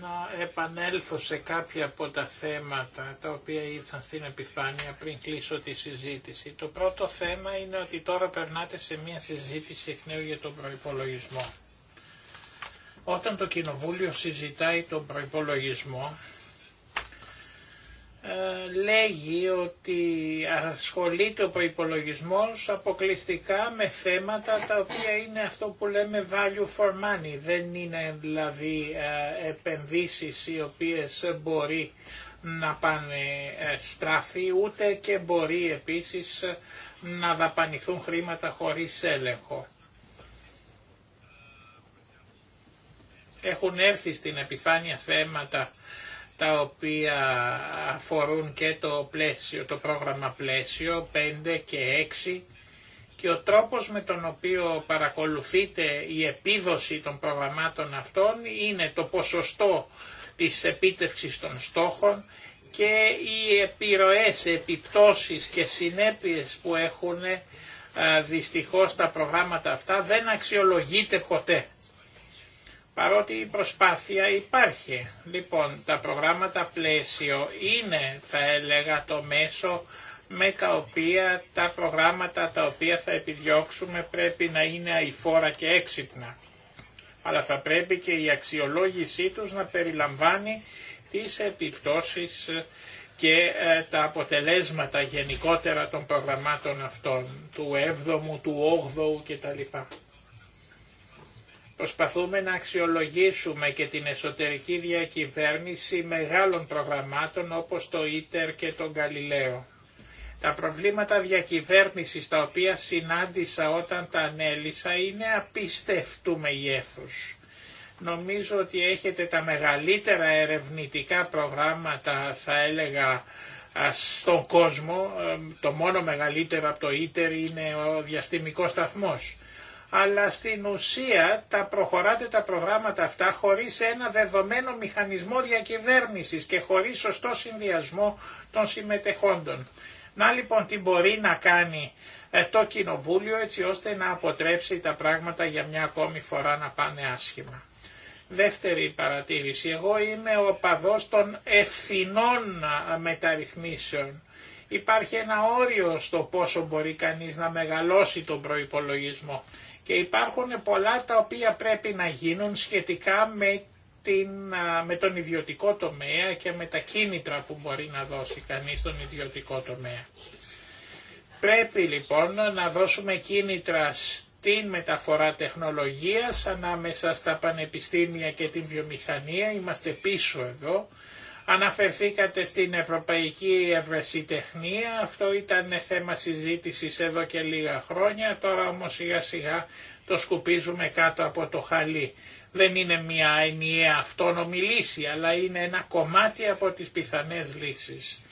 Να επανέλθω σε κάποια από τα θέματα τα οποία ήρθαν στην επιφάνεια πριν κλείσω τη συζήτηση. Το πρώτο θέμα είναι ότι τώρα περνάτε σε μια συζήτηση εκ νέου για τον προϋπολογισμό. Όταν το Κοινοβούλιο συζητάει τον προϋπολογισμό ε, λέγει ότι ασχολείται ο προπολογισμό αποκλειστικά με θέματα τα οποία είναι αυτό που λέμε value for money. Δεν είναι δηλαδή ε, επενδύσεις οι οποίες μπορεί να πάνε ε, στράφη ούτε και μπορεί επίσης να δαπανηθούν χρήματα χωρίς έλεγχο. Έχουν έρθει στην επιφάνεια θέματα τα οποία αφορούν και το, πλαίσιο, το πρόγραμμα πλαίσιο 5 και 6 και ο τρόπος με τον οποίο παρακολουθείται η επίδοση των προγραμμάτων αυτών είναι το ποσοστό της επίτευξης των στόχων και οι επιρροές, επιπτώσεις και συνέπειες που έχουν δυστυχώς τα προγράμματα αυτά δεν αξιολογείται ποτέ παρότι η προσπάθεια υπάρχει. Λοιπόν, τα προγράμματα πλαίσιο είναι, θα έλεγα, το μέσο με τα οποία τα προγράμματα τα οποία θα επιδιώξουμε πρέπει να είναι αηφόρα και έξυπνα. Αλλά θα πρέπει και η αξιολόγησή τους να περιλαμβάνει τις επιπτώσεις και ε, τα αποτελέσματα γενικότερα των προγραμμάτων αυτών, του 7ου, του 8ου κτλ. Προσπαθούμε να αξιολογήσουμε και την εσωτερική διακυβέρνηση μεγάλων προγραμμάτων όπως το ΙΤΕΡ και τον Γαλιλαίο. Τα προβλήματα διακυβέρνησης τα οποία συνάντησα όταν τα ανέλησα είναι απίστευτου μεγέθους. Νομίζω ότι έχετε τα μεγαλύτερα ερευνητικά προγράμματα θα έλεγα στον κόσμο. Ε, το μόνο μεγαλύτερο από το ΙΤΕΡ είναι ο διαστημικός σταθμός αλλά στην ουσία τα προχωράτε τα προγράμματα αυτά χωρίς ένα δεδομένο μηχανισμό διακυβέρνησης και χωρίς σωστό συνδυασμό των συμμετεχόντων. Να λοιπόν τι μπορεί να κάνει ε, το Κοινοβούλιο έτσι ώστε να αποτρέψει τα πράγματα για μια ακόμη φορά να πάνε άσχημα. Δεύτερη παρατήρηση. Εγώ είμαι ο παδός των ευθυνών ε, μεταρρυθμίσεων. Υπάρχει ένα όριο στο πόσο μπορεί κανείς να μεγαλώσει τον προϋπολογισμό. Και υπάρχουν πολλά τα οποία πρέπει να γίνουν σχετικά με, την, με τον ιδιωτικό τομέα και με τα κίνητρα που μπορεί να δώσει κανείς τον ιδιωτικό τομέα. Πρέπει λοιπόν να δώσουμε κίνητρα στην μεταφορά τεχνολογίας ανάμεσα στα πανεπιστήμια και την βιομηχανία, είμαστε πίσω εδώ, Αναφερθήκατε στην Ευρωπαϊκή Ευρεσιτεχνία, αυτό ήταν θέμα συζήτησης εδώ και λίγα χρόνια, τώρα όμως σιγά σιγά το σκουπίζουμε κάτω από το χαλί. Δεν είναι μια ενιαία αυτόνομη λύση, αλλά είναι ένα κομμάτι από τις πιθανές λύσεις.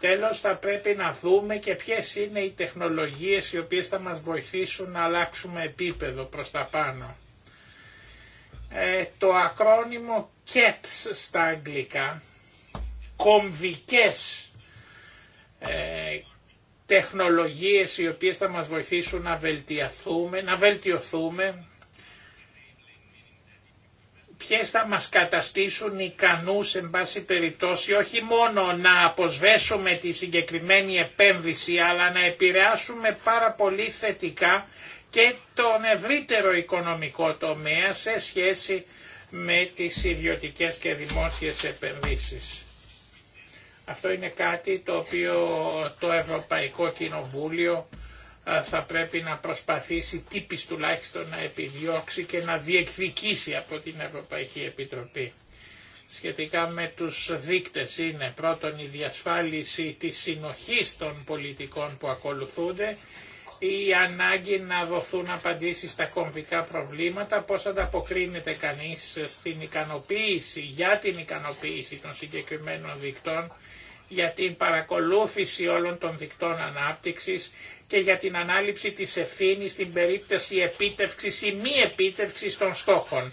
Τέλος θα πρέπει να δούμε και ποιες είναι οι τεχνολογίες οι οποίες θα μας βοηθήσουν να αλλάξουμε επίπεδο προς τα πάνω. Ε, το ακρόνιμο CATS e στα αγγλικά κομβικές ε, τεχνολογίες οι οποίες θα μας βοηθήσουν να βελτιωθούμε, να βελτιωθούμε ποιες θα μας καταστήσουν ικανούς εν πάση περιπτώσει όχι μόνο να αποσβέσουμε τη συγκεκριμένη επένδυση αλλά να επηρεάσουμε πάρα πολύ θετικά και τον ευρύτερο οικονομικό τομέα σε σχέση με τις ιδιωτικές και δημόσιες επενδύσεις. Αυτό είναι κάτι το οποίο το Ευρωπαϊκό Κοινοβούλιο θα πρέπει να προσπαθήσει τύπης τουλάχιστον να επιδιώξει και να διεκδικήσει από την Ευρωπαϊκή Επιτροπή. Σχετικά με τους δείκτες είναι πρώτον η διασφάλιση της συνοχής των πολιτικών που ακολουθούνται η ανάγκη να δοθούν απαντήσεις στα κομβικά προβλήματα, πώς ανταποκρίνεται κανείς στην ικανοποίηση, για την ικανοποίηση των συγκεκριμένων δικτών, για την παρακολούθηση όλων των δικτών ανάπτυξης και για την ανάληψη της ευθύνης στην περίπτωση επίτευξης ή μη επίτευξης των στόχων.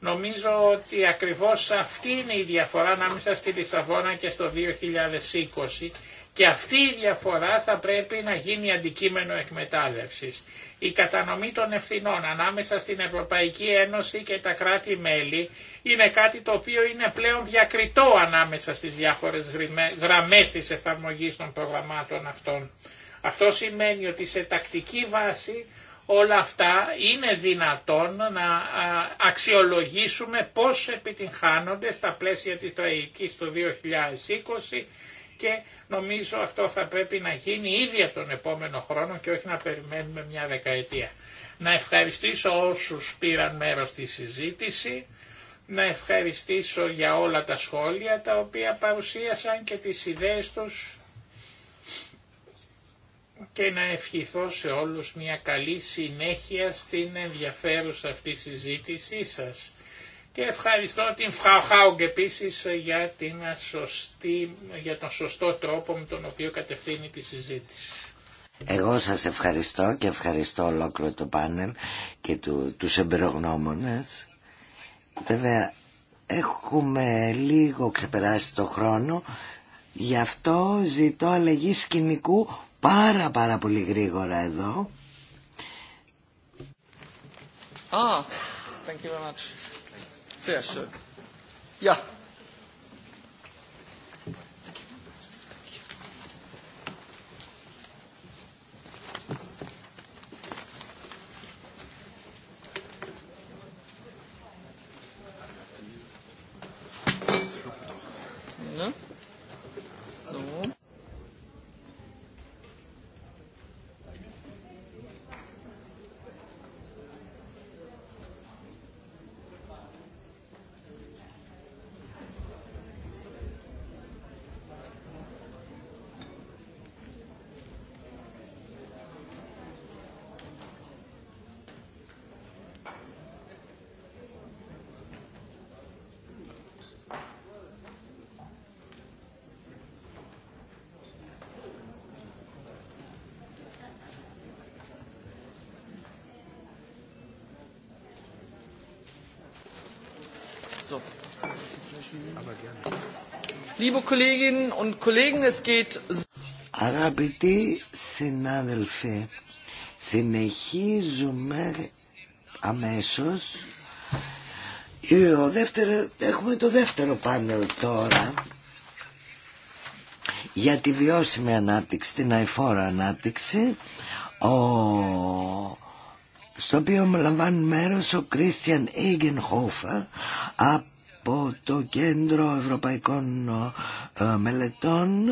Νομίζω ότι ακριβώς αυτή είναι η διαφορά ανάμεσα στη Λισαβόνα και στο 2020 και αυτή η διαφορά θα πρέπει να γίνει αντικείμενο εκμετάλλευσης. Η κατανομή των ευθυνών ανάμεσα στην Ευρωπαϊκή Ένωση και τα κράτη-μέλη είναι κάτι το οποίο είναι πλέον διακριτό ανάμεσα στις διάφορες γραμμές της εφαρμογής των προγραμμάτων αυτών. Αυτό σημαίνει ότι σε τακτική βάση όλα αυτά είναι δυνατόν να αξιολογήσουμε πώς επιτυγχάνονται στα πλαίσια της τραγικής του 2020 Νομίζω αυτό θα πρέπει να γίνει ήδη τον επόμενο χρόνο και όχι να περιμένουμε μια δεκαετία. Να ευχαριστήσω όσους πήραν μέρος στη συζήτηση, να ευχαριστήσω για όλα τα σχόλια τα οποία παρουσίασαν και τις ιδέες τους και να ευχηθώ σε όλους μια καλή συνέχεια στην ενδιαφέρουσα αυτή συζήτησή σας. Και ευχαριστώ την Χάουγκ επίση ε, για, ε, ε, για τον σωστό τρόπο με τον οποίο κατευθύνει τη συζήτηση. Εγώ σας ευχαριστώ και ευχαριστώ ολόκληρο το πάνελ και του, τους εμπειρογνώμονες. Βέβαια έχουμε λίγο ξεπεράσει το χρόνο, γι' αυτό ζητώ αλλαγή σκηνικού πάρα πάρα πολύ γρήγορα εδώ. Α, ah, thank you very much. Sehr schön. Ja, Αγαπητοί συνάδελφοι, συνεχίζουμε αμέσως. Ο έχουμε το δεύτερο πάνελ τώρα για τη βιώσιμη ανάπτυξη, την αηφόρα ανάπτυξη. Ο στο οποίο λαμβάνει μέρο ο Κρίστιαν Ίγγενχόφερ από το Κέντρο Ευρωπαϊκών ε, Μελετών.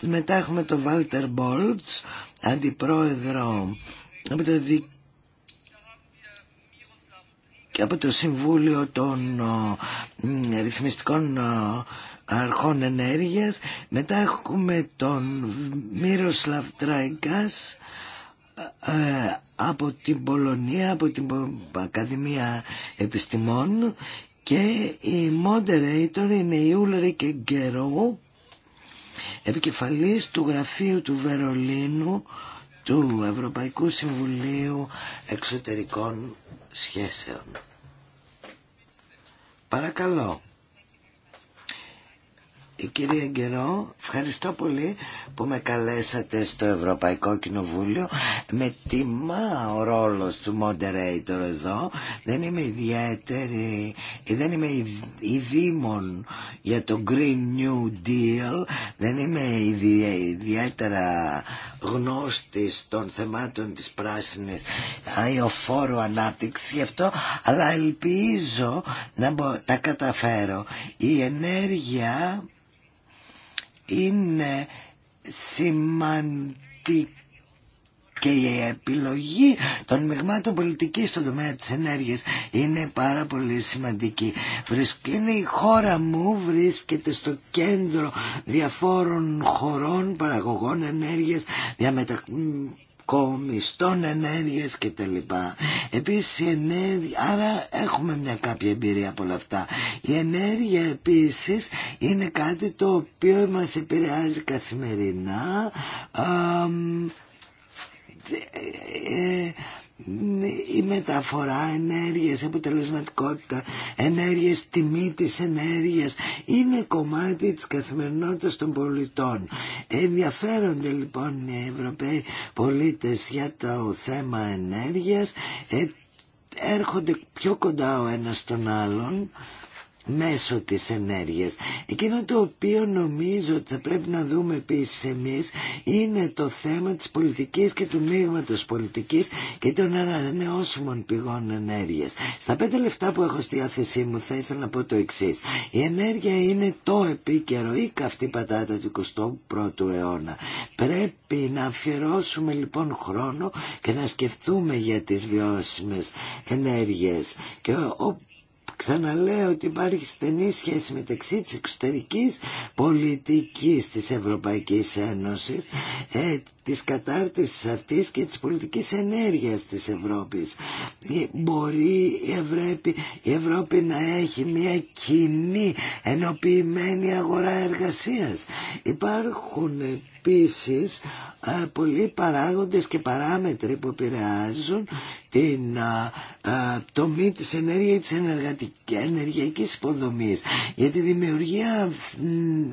Μετά έχουμε τον Βάλτερ Μπόλτς, αντιπρόεδρο από το και από το Συμβούλιο των ε, Ρυθμιστικών ε, Αρχών Ενέργειας. Μετά έχουμε τον Μύροσλαβ Τραϊκάς, από την Πολωνία, από την Ακαδημία Επιστημών και η moderator είναι η Ούλρικε Γκερό επικεφαλής του γραφείου του Βερολίνου του Ευρωπαϊκού Συμβουλίου Εξωτερικών Σχέσεων. Παρακαλώ. Η κυρία Γκερό, ευχαριστώ πολύ που με καλέσατε στο Ευρωπαϊκό Κοινοβούλιο. Με τιμά ο ρόλος του moderator εδώ. Δεν είμαι ιδιαίτερη, ε, δεν είμαι η δημον για το Green New Deal. Δεν είμαι ιδιαίτερα γνώστη των θεμάτων της πράσινης αϊοφόρου ανάπτυξη γι' αυτό, αλλά ελπίζω να τα καταφέρω. Η ενέργεια είναι σημαντική και η επιλογή των μειγμάτων πολιτικής στον τομέα της ενέργειας είναι πάρα πολύ σημαντική. Είναι η χώρα μου βρίσκεται στο κέντρο διαφόρων χωρών παραγωγών ενέργειας, διαμετα στον ενέργειες και τα λοιπά. Επίσης άρα έχουμε μια κάποια εμπειρία από όλα αυτά. Η ενέργεια επίσης είναι κάτι το οποίο μας επηρεάζει καθημερινά. Ε, ε η μεταφορά ενέργειας, αποτελεσματικότητα, ενέργειας, τιμή της ενέργειας είναι κομμάτι της καθημερινότητας των πολιτών. Ενδιαφέρονται λοιπόν οι Ευρωπαίοι πολίτες για το θέμα ενέργειας, ε, έρχονται πιο κοντά ο ένας τον άλλον μέσω της ενέργειας. Εκείνο το οποίο νομίζω ότι θα πρέπει να δούμε επίσης εμείς είναι το θέμα της πολιτικής και του μείγματος πολιτικής και των ανανεώσιμων πηγών ενέργειας. Στα πέντε λεφτά που έχω στη διάθεσή μου θα ήθελα να πω το εξή. Η ενέργεια είναι το επίκαιρο ή καυτή πατάτα του 21ου αιώνα. Πρέπει να αφιερώσουμε λοιπόν χρόνο και να σκεφτούμε για τις βιώσιμες ενέργειες. Και Ξαναλέω ότι υπάρχει στενή σχέση μεταξύ της εξωτερικής πολιτικής της Ευρωπαϊκής Ένωσης, ε, της κατάρτισης αυτής και της πολιτικής ενέργειας της Ευρώπης. Ε, μπορεί η Ευρώπη, η Ευρώπη να έχει μια κοινή ενοποιημένη αγορά εργασίας. Υπάρχουν Επίσης, ε, πολλοί παράγοντες και παράμετροι που επηρεάζουν την ε, ε, τομή της ενέργειας της ενεργειακής υποδομής για τη δημιουργία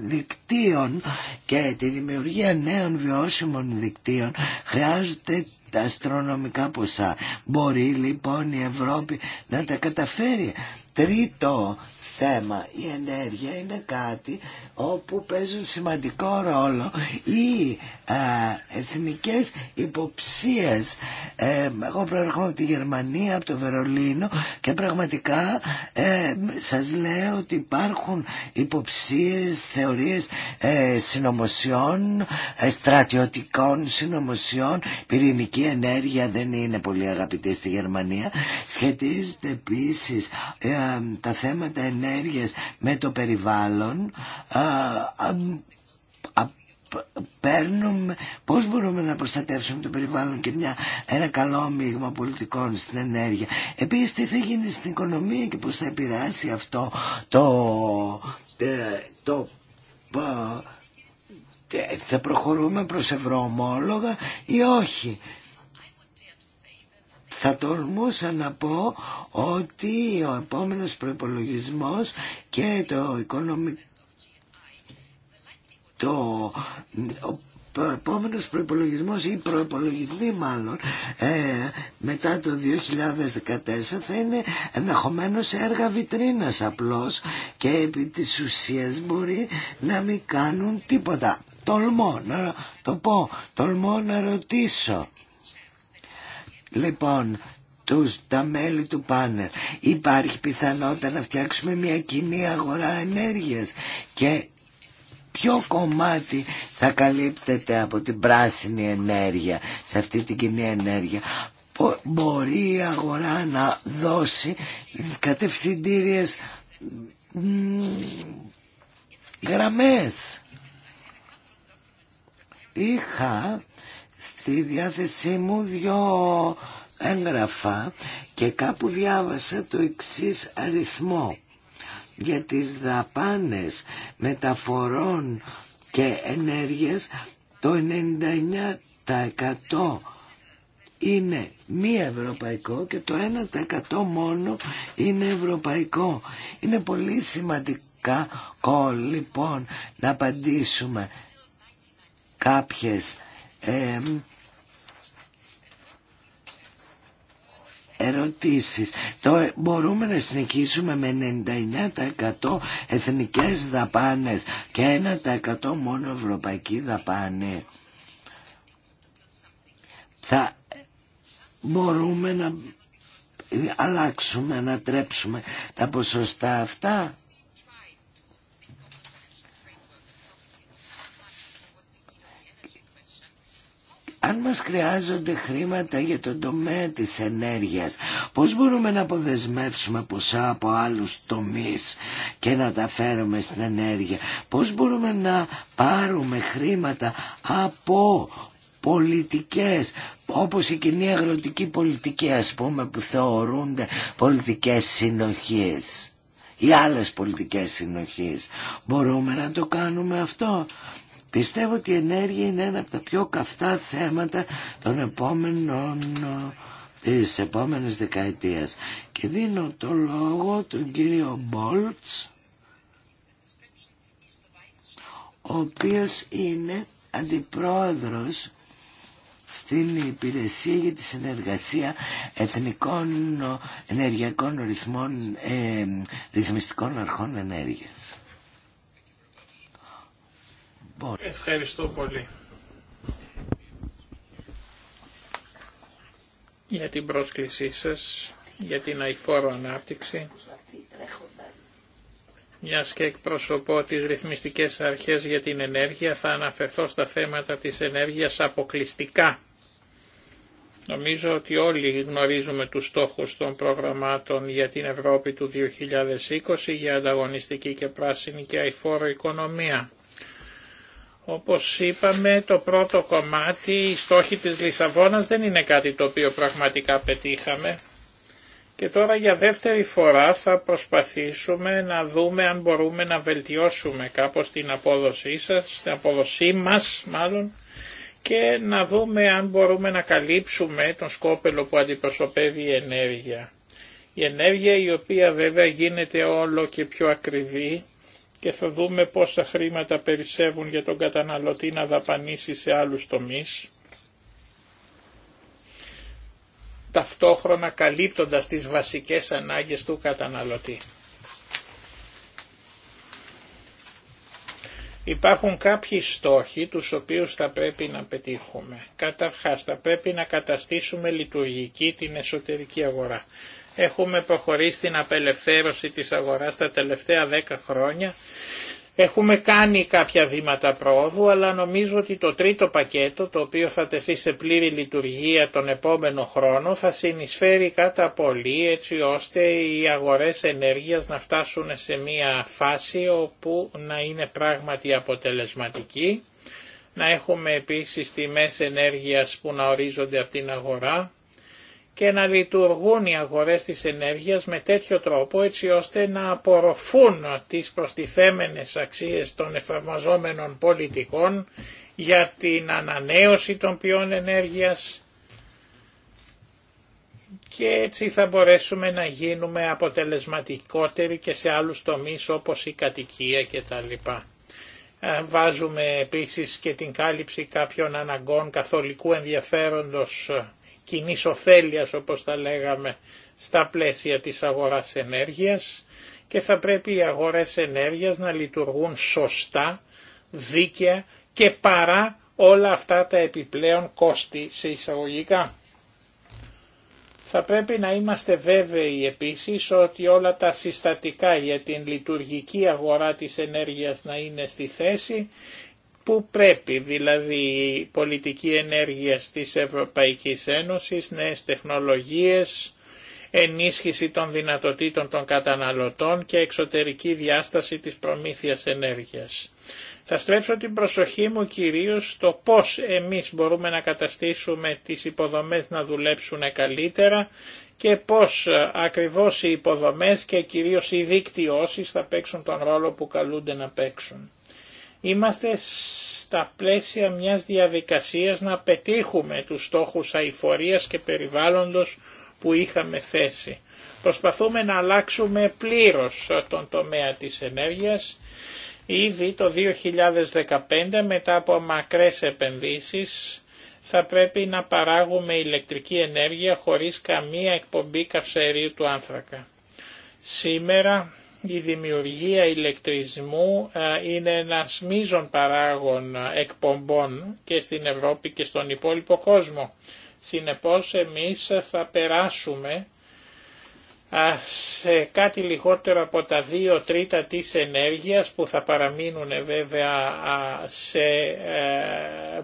δικτύων και τη δημιουργία νέων βιώσιμων δικτύων χρειάζεται τα αστρονομικά ποσά. Μπορεί λοιπόν η Ευρώπη να τα καταφέρει. Τρίτο θέμα, η ενέργεια είναι κάτι όπου παίζουν σημαντικό ρόλο οι α, ε, εθνικές υποψίες. Ε, εγώ προέρχομαι από τη Γερμανία, από το Βερολίνο και πραγματικά ε, σας λέω ότι υπάρχουν υποψίες, θεωρίες ε, συνωμοσιών, ε, στρατιωτικών συνωμοσιών, πυρηνική ενέργεια δεν είναι πολύ αγαπητή στη Γερμανία. Σχετίζονται επίσης ε, τα θέματα ενέργειας με το περιβάλλον α, παίρνουμε, πώς μπορούμε να προστατεύσουμε το περιβάλλον και ένα καλό μείγμα πολιτικών στην ενέργεια. Επίσης τι θα γίνει στην οικονομία και πώς θα επηρεάσει αυτό το, ε, το, ε, θα προχωρούμε προς ευρωομόλογα ή όχι. Θα τολμούσα να πω ότι ο επόμενος προϋπολογισμός και το οικονομικό το, ο επόμενος προϋπολογισμός ή προϋπολογισμοί μάλλον ε, μετά το 2014 θα είναι ενδεχομένω έργα βιτρίνας απλώς και επί της ουσίας μπορεί να μην κάνουν τίποτα. Τολμώ να το πω, τολμώ να ρωτήσω. Λοιπόν, τους, τα μέλη του Πάνερ. Υπάρχει πιθανότητα να φτιάξουμε μια κοινή αγορά ενέργειας και ποιο κομμάτι θα καλύπτεται από την πράσινη ενέργεια, σε αυτή την κοινή ενέργεια. Μπορεί η αγορά να δώσει κατευθυντήριες γραμμές. Είχα στη διάθεσή μου δυο έγγραφα και κάπου διάβασα το εξής αριθμό για τις δαπάνες μεταφορών και ενέργειας το 99% είναι μη ευρωπαϊκό και το 1% μόνο είναι ευρωπαϊκό. Είναι πολύ σημαντικό λοιπόν να απαντήσουμε κάποιες ερωτήσεις. Το μπορούμε να συνεχίσουμε με 99% εθνικές δαπάνες και 1% μόνο ευρωπαϊκή δαπάνη. Θα μπορούμε να αλλάξουμε, να τρέψουμε τα ποσοστά αυτά. αν μας χρειάζονται χρήματα για τον τομέα της ενέργειας, πώς μπορούμε να αποδεσμεύσουμε ποσά από άλλους τομείς και να τα φέρουμε στην ενέργεια. Πώς μπορούμε να πάρουμε χρήματα από πολιτικές όπως η κοινή αγροτική πολιτική ας πούμε που θεωρούνται πολιτικές συνοχές ή άλλες πολιτικές συνοχές μπορούμε να το κάνουμε αυτό Πιστεύω ότι η ενέργεια είναι ένα από τα πιο καυτά θέματα των επόμενων της επόμενης δεκαετίας και δίνω το λόγο του κύριο Μπόλτς ο οποίος είναι αντιπρόεδρος στην Υπηρεσία για τη Συνεργασία Εθνικών Ενεργειακών Ρυθμών, ε, Ρυθμιστικών Αρχών Ενέργειας. Λοιπόν. Ευχαριστώ πολύ για την πρόσκλησή σας, για την αηφόρο ανάπτυξη, μια και εκπροσωπώ τις ρυθμιστικές αρχές για την ενέργεια, θα αναφερθώ στα θέματα της ενέργειας αποκλειστικά. Νομίζω ότι όλοι γνωρίζουμε τους στόχους των προγραμμάτων για την Ευρώπη του 2020 για ανταγωνιστική και πράσινη και αηφόρο οικονομία. Όπως είπαμε, το πρώτο κομμάτι, οι στόχοι της Λισαβόνας δεν είναι κάτι το οποίο πραγματικά πετύχαμε. Και τώρα για δεύτερη φορά θα προσπαθήσουμε να δούμε αν μπορούμε να βελτιώσουμε κάπως την απόδοσή σας, την απόδοσή μας μάλλον, και να δούμε αν μπορούμε να καλύψουμε τον σκόπελο που αντιπροσωπεύει η ενέργεια. Η ενέργεια η οποία βέβαια γίνεται όλο και πιο ακριβή και θα δούμε πόσα χρήματα περισσεύουν για τον καταναλωτή να δαπανίσει σε άλλους τομείς, ταυτόχρονα καλύπτοντας τις βασικές ανάγκες του καταναλωτή. Υπάρχουν κάποιοι στόχοι τους οποίους θα πρέπει να πετύχουμε. Καταρχάς θα πρέπει να καταστήσουμε λειτουργική την εσωτερική αγορά. Έχουμε προχωρήσει στην απελευθέρωση της αγοράς τα τελευταία δέκα χρόνια. Έχουμε κάνει κάποια βήματα προόδου, αλλά νομίζω ότι το τρίτο πακέτο, το οποίο θα τεθεί σε πλήρη λειτουργία τον επόμενο χρόνο, θα συνεισφέρει κατά πολύ έτσι ώστε οι αγορές ενέργειας να φτάσουν σε μια φάση όπου να είναι πράγματι αποτελεσματική, να έχουμε επίσης τιμές ενέργειας που να ορίζονται από την αγορά, και να λειτουργούν οι αγορές της ενέργειας με τέτοιο τρόπο έτσι ώστε να απορροφούν τις προστιθέμενες αξίες των εφαρμοζόμενων πολιτικών για την ανανέωση των ποιών ενέργειας και έτσι θα μπορέσουμε να γίνουμε αποτελεσματικότεροι και σε άλλους τομείς όπως η κατοικία κτλ. Ε, βάζουμε επίσης και την κάλυψη κάποιων αναγκών καθολικού ενδιαφέροντος κοινή ωφέλεια όπως τα λέγαμε στα πλαίσια της αγοράς ενέργειας και θα πρέπει οι αγορές ενέργειας να λειτουργούν σωστά, δίκαια και παρά όλα αυτά τα επιπλέον κόστη σε εισαγωγικά. Θα πρέπει να είμαστε βέβαιοι επίσης ότι όλα τα συστατικά για την λειτουργική αγορά της ενέργειας να είναι στη θέση που πρέπει δηλαδή η πολιτική ενέργεια της Ευρωπαϊκής Ένωσης, νέες τεχνολογίες, ενίσχυση των δυνατοτήτων των καταναλωτών και εξωτερική διάσταση της προμήθειας ενέργειας. Θα στρέψω την προσοχή μου κυρίως στο πώς εμείς μπορούμε να καταστήσουμε τις υποδομές να δουλέψουν καλύτερα και πώς ακριβώς οι υποδομές και κυρίως οι δικτυωσεις θα παίξουν τον ρόλο που καλούνται να παίξουν. Είμαστε στα πλαίσια μιας διαδικασίας να πετύχουμε τους στόχους αηφορίας και περιβάλλοντος που είχαμε θέσει. Προσπαθούμε να αλλάξουμε πλήρως τον τομέα της ενέργειας. Ήδη το 2015 μετά από μακρές επενδύσεις θα πρέπει να παράγουμε ηλεκτρική ενέργεια χωρίς καμία εκπομπή καυσαερίου του άνθρακα. Σήμερα η δημιουργία ηλεκτρισμού ε, είναι ένα μείζον παράγων εκπομπών και στην Ευρώπη και στον υπόλοιπο κόσμο. Συνεπώς εμείς θα περάσουμε σε κάτι λιγότερο από τα δύο τρίτα της ενέργειας που θα παραμείνουν βέβαια σε, ε,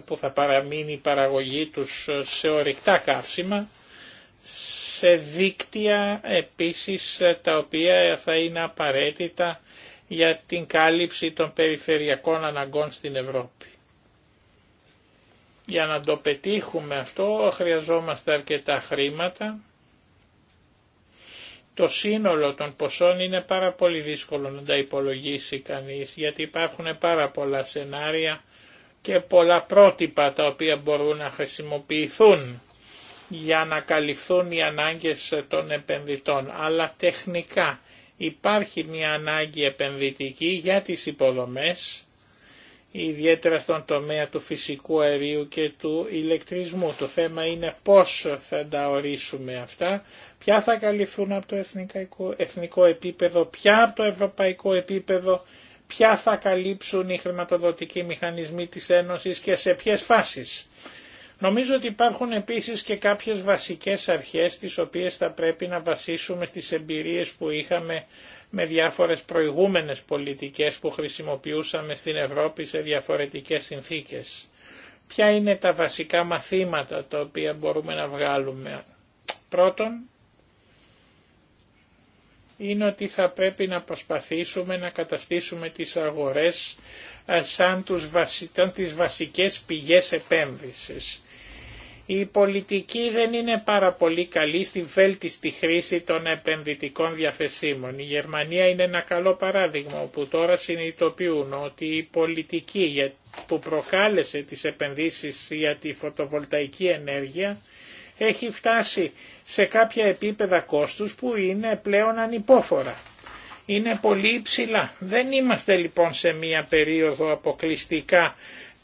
που θα παραμείνει η παραγωγή τους σε ορυκτά καύσιμα σε δίκτυα επίσης ε, τα οποία θα είναι απαραίτητα για την κάλυψη των περιφερειακών αναγκών στην Ευρώπη. Για να το πετύχουμε αυτό χρειαζόμαστε αρκετά χρήματα. Το σύνολο των ποσών είναι πάρα πολύ δύσκολο να τα υπολογίσει κανείς γιατί υπάρχουν πάρα πολλά σενάρια και πολλά πρότυπα τα οποία μπορούν να χρησιμοποιηθούν για να καλυφθούν οι ανάγκες των επενδυτών, αλλά τεχνικά υπάρχει μια ανάγκη επενδυτική για τις υποδομές, ιδιαίτερα στον τομέα του φυσικού αερίου και του ηλεκτρισμού. Το θέμα είναι πώς θα τα ορίσουμε αυτά, ποια θα καλυφθούν από το εθνικό, εθνικό επίπεδο, ποια από το ευρωπαϊκό επίπεδο, ποια θα καλύψουν οι χρηματοδοτικοί μηχανισμοί της Ένωσης και σε ποιες φάσεις. Νομίζω ότι υπάρχουν επίσης και κάποιες βασικές αρχές τις οποίες θα πρέπει να βασίσουμε στις εμπειρίες που είχαμε με διάφορες προηγούμενες πολιτικές που χρησιμοποιούσαμε στην Ευρώπη σε διαφορετικές συνθήκες. Ποια είναι τα βασικά μαθήματα τα οποία μπορούμε να βγάλουμε. Πρώτον, είναι ότι θα πρέπει να προσπαθήσουμε να καταστήσουμε τις αγορές ε, σαν τους, τις βασικές πηγές επένδυσης. Η πολιτική δεν είναι πάρα πολύ καλή στη βέλτιστη χρήση των επενδυτικών διαθεσίμων. Η Γερμανία είναι ένα καλό παράδειγμα που τώρα συνειδητοποιούν ότι η πολιτική που προκάλεσε τις επενδύσεις για τη φωτοβολταϊκή ενέργεια έχει φτάσει σε κάποια επίπεδα κόστους που είναι πλέον ανυπόφορα. Είναι πολύ υψηλά. Δεν είμαστε λοιπόν σε μία περίοδο αποκλειστικά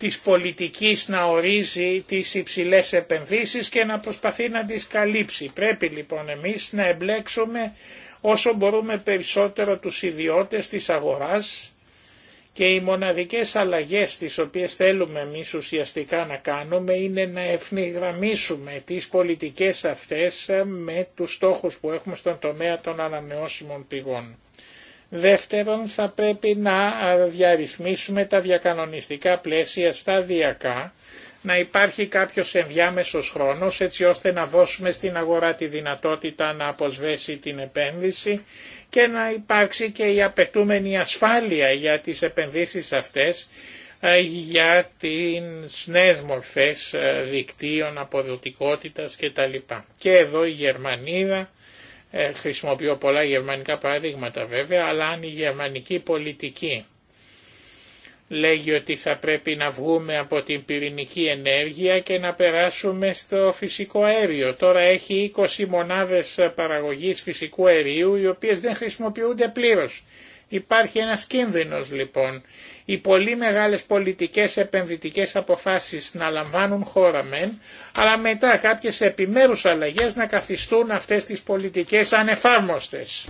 της πολιτικής να ορίζει τις υψηλές επενδύσεις και να προσπαθεί να τις καλύψει. Πρέπει λοιπόν εμείς να εμπλέξουμε όσο μπορούμε περισσότερο τους ιδιώτες της αγοράς και οι μοναδικές αλλαγές τις οποίες θέλουμε εμείς ουσιαστικά να κάνουμε είναι να ευνηγραμμίσουμε τις πολιτικές αυτές με τους στόχους που έχουμε στον τομέα των ανανεώσιμων πηγών. Δεύτερον, θα πρέπει να διαρρυθμίσουμε τα διακανονιστικά πλαίσια σταδιακά, να υπάρχει κάποιος ενδιάμεσος χρόνος έτσι ώστε να δώσουμε στην αγορά τη δυνατότητα να αποσβέσει την επένδυση και να υπάρξει και η απαιτούμενη ασφάλεια για τις επενδύσεις αυτές ε, για τις νέες μορφές ε, δικτύων αποδοτικότητας κτλ. Και εδώ η Γερμανίδα ε, χρησιμοποιώ πολλά γερμανικά παραδείγματα βέβαια, αλλά αν η γερμανική πολιτική λέγει ότι θα πρέπει να βγούμε από την πυρηνική ενέργεια και να περάσουμε στο φυσικό αέριο. Τώρα έχει 20 μονάδες παραγωγής φυσικού αερίου οι οποίες δεν χρησιμοποιούνται πλήρως. Υπάρχει ένας κίνδυνος λοιπόν οι πολύ μεγάλες πολιτικές επενδυτικές αποφάσεις να λαμβάνουν χώρα μεν, αλλά μετά κάποιες επιμέρους αλλαγές να καθιστούν αυτές τις πολιτικές ανεφάρμοστες.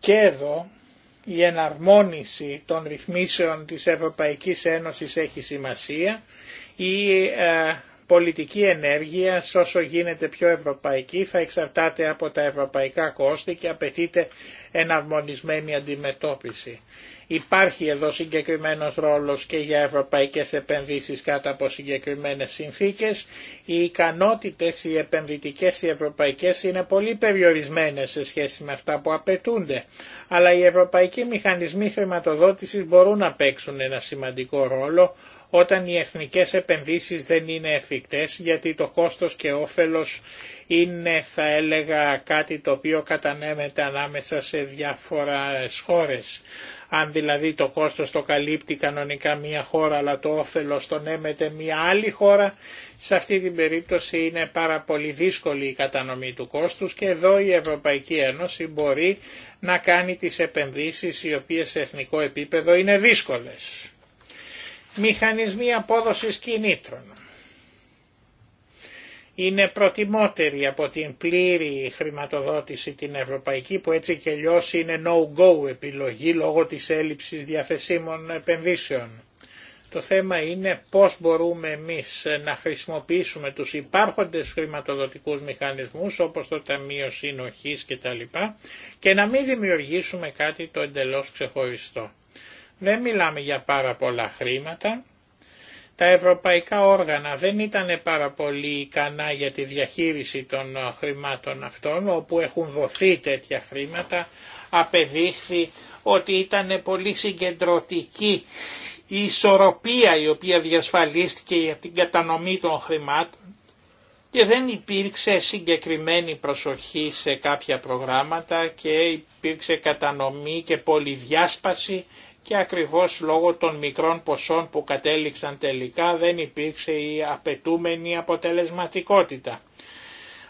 Και εδώ η εναρμόνιση των ρυθμίσεων της Ευρωπαϊκής Ένωσης έχει σημασία, η ε, πολιτική ενέργεια όσο γίνεται πιο ευρωπαϊκή θα εξαρτάται από τα ευρωπαϊκά κόστη και απαιτείται εναρμονισμένη αντιμετώπιση. Υπάρχει εδώ συγκεκριμένος ρόλος και για ευρωπαϊκές επενδύσεις κάτω από συγκεκριμένες συνθήκες. Οι ικανότητες, οι επενδυτικές, οι ευρωπαϊκές είναι πολύ περιορισμένες σε σχέση με αυτά που απαιτούνται. Αλλά οι ευρωπαϊκοί μηχανισμοί χρηματοδότησης μπορούν να παίξουν ένα σημαντικό ρόλο όταν οι εθνικές επενδύσεις δεν είναι εφικτές γιατί το κόστος και όφελος είναι θα έλεγα κάτι το οποίο κατανέμεται ανάμεσα σε διάφορα χώρες. Αν δηλαδή το κόστος το καλύπτει κανονικά μία χώρα αλλά το όφελος τον έμεται μία άλλη χώρα, σε αυτή την περίπτωση είναι πάρα πολύ δύσκολη η κατανομή του κόστους και εδώ η Ευρωπαϊκή Ένωση μπορεί να κάνει τις επενδύσεις οι οποίες σε εθνικό επίπεδο είναι δύσκολες. Μηχανισμοί απόδοσης κινήτρων. Είναι προτιμότερη από την πλήρη χρηματοδότηση την ευρωπαϊκή που έτσι και αλλιώς είναι no-go επιλογή λόγω της έλλειψης διαθεσίμων επενδύσεων. Το θέμα είναι πώς μπορούμε εμείς να χρησιμοποιήσουμε τους υπάρχοντες χρηματοδοτικούς μηχανισμούς όπως το Ταμείο Συνοχής κτλ. Και, και να μην δημιουργήσουμε κάτι το εντελώς ξεχωριστό. Δεν μιλάμε για πάρα πολλά χρήματα. Τα ευρωπαϊκά όργανα δεν ήταν πάρα πολύ ικανά για τη διαχείριση των ε, χρημάτων αυτών, όπου έχουν δοθεί τέτοια χρήματα, απεδείχθη ότι ήταν πολύ συγκεντρωτική η ισορροπία η οποία διασφαλίστηκε για την κατανομή των χρημάτων και δεν υπήρξε συγκεκριμένη προσοχή σε κάποια προγράμματα και υπήρξε κατανομή και πολυδιάσπαση και ακριβώς λόγω των μικρών ποσών που κατέληξαν τελικά δεν υπήρξε η απαιτούμενη αποτελεσματικότητα.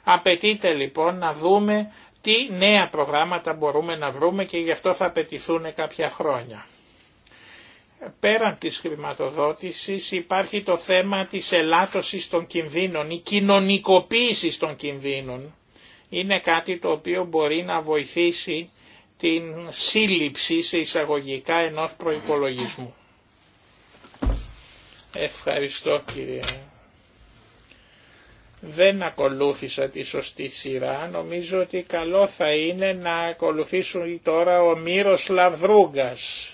Απαιτείται λοιπόν να δούμε τι νέα προγράμματα μπορούμε να βρούμε και γι' αυτό θα απαιτηθούν κάποια χρόνια. Πέραν της χρηματοδότησης υπάρχει το θέμα της ελάττωσης των κινδύνων, η κοινωνικοποίηση των κινδύνων. Είναι κάτι το οποίο μπορεί να βοηθήσει την σύλληψη σε εισαγωγικά ενός προϋπολογισμού. Ευχαριστώ κύριε. Δεν ακολούθησα τη σωστή σειρά. Νομίζω ότι καλό θα είναι να ακολουθήσουν τώρα ο Μύρος Λαβδρούγκας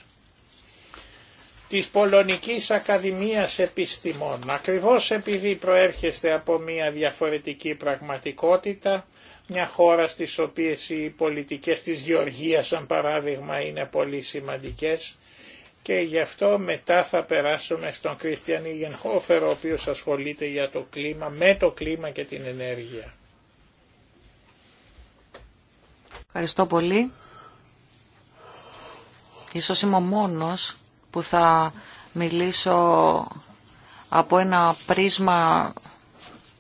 της Πολωνικής Ακαδημίας Επιστημών. Ακριβώς επειδή προέρχεστε από μια διαφορετική πραγματικότητα, μια χώρα στις οποίες οι πολιτικές της Γεωργίας σαν παράδειγμα είναι πολύ σημαντικές και γι' αυτό μετά θα περάσουμε στον Κρίστιαν Ιγενχόφερ ο οποίος ασχολείται για το κλίμα, με το κλίμα και την ενέργεια. Ευχαριστώ πολύ. Ίσως είμαι ο μόνος που θα μιλήσω από ένα πρίσμα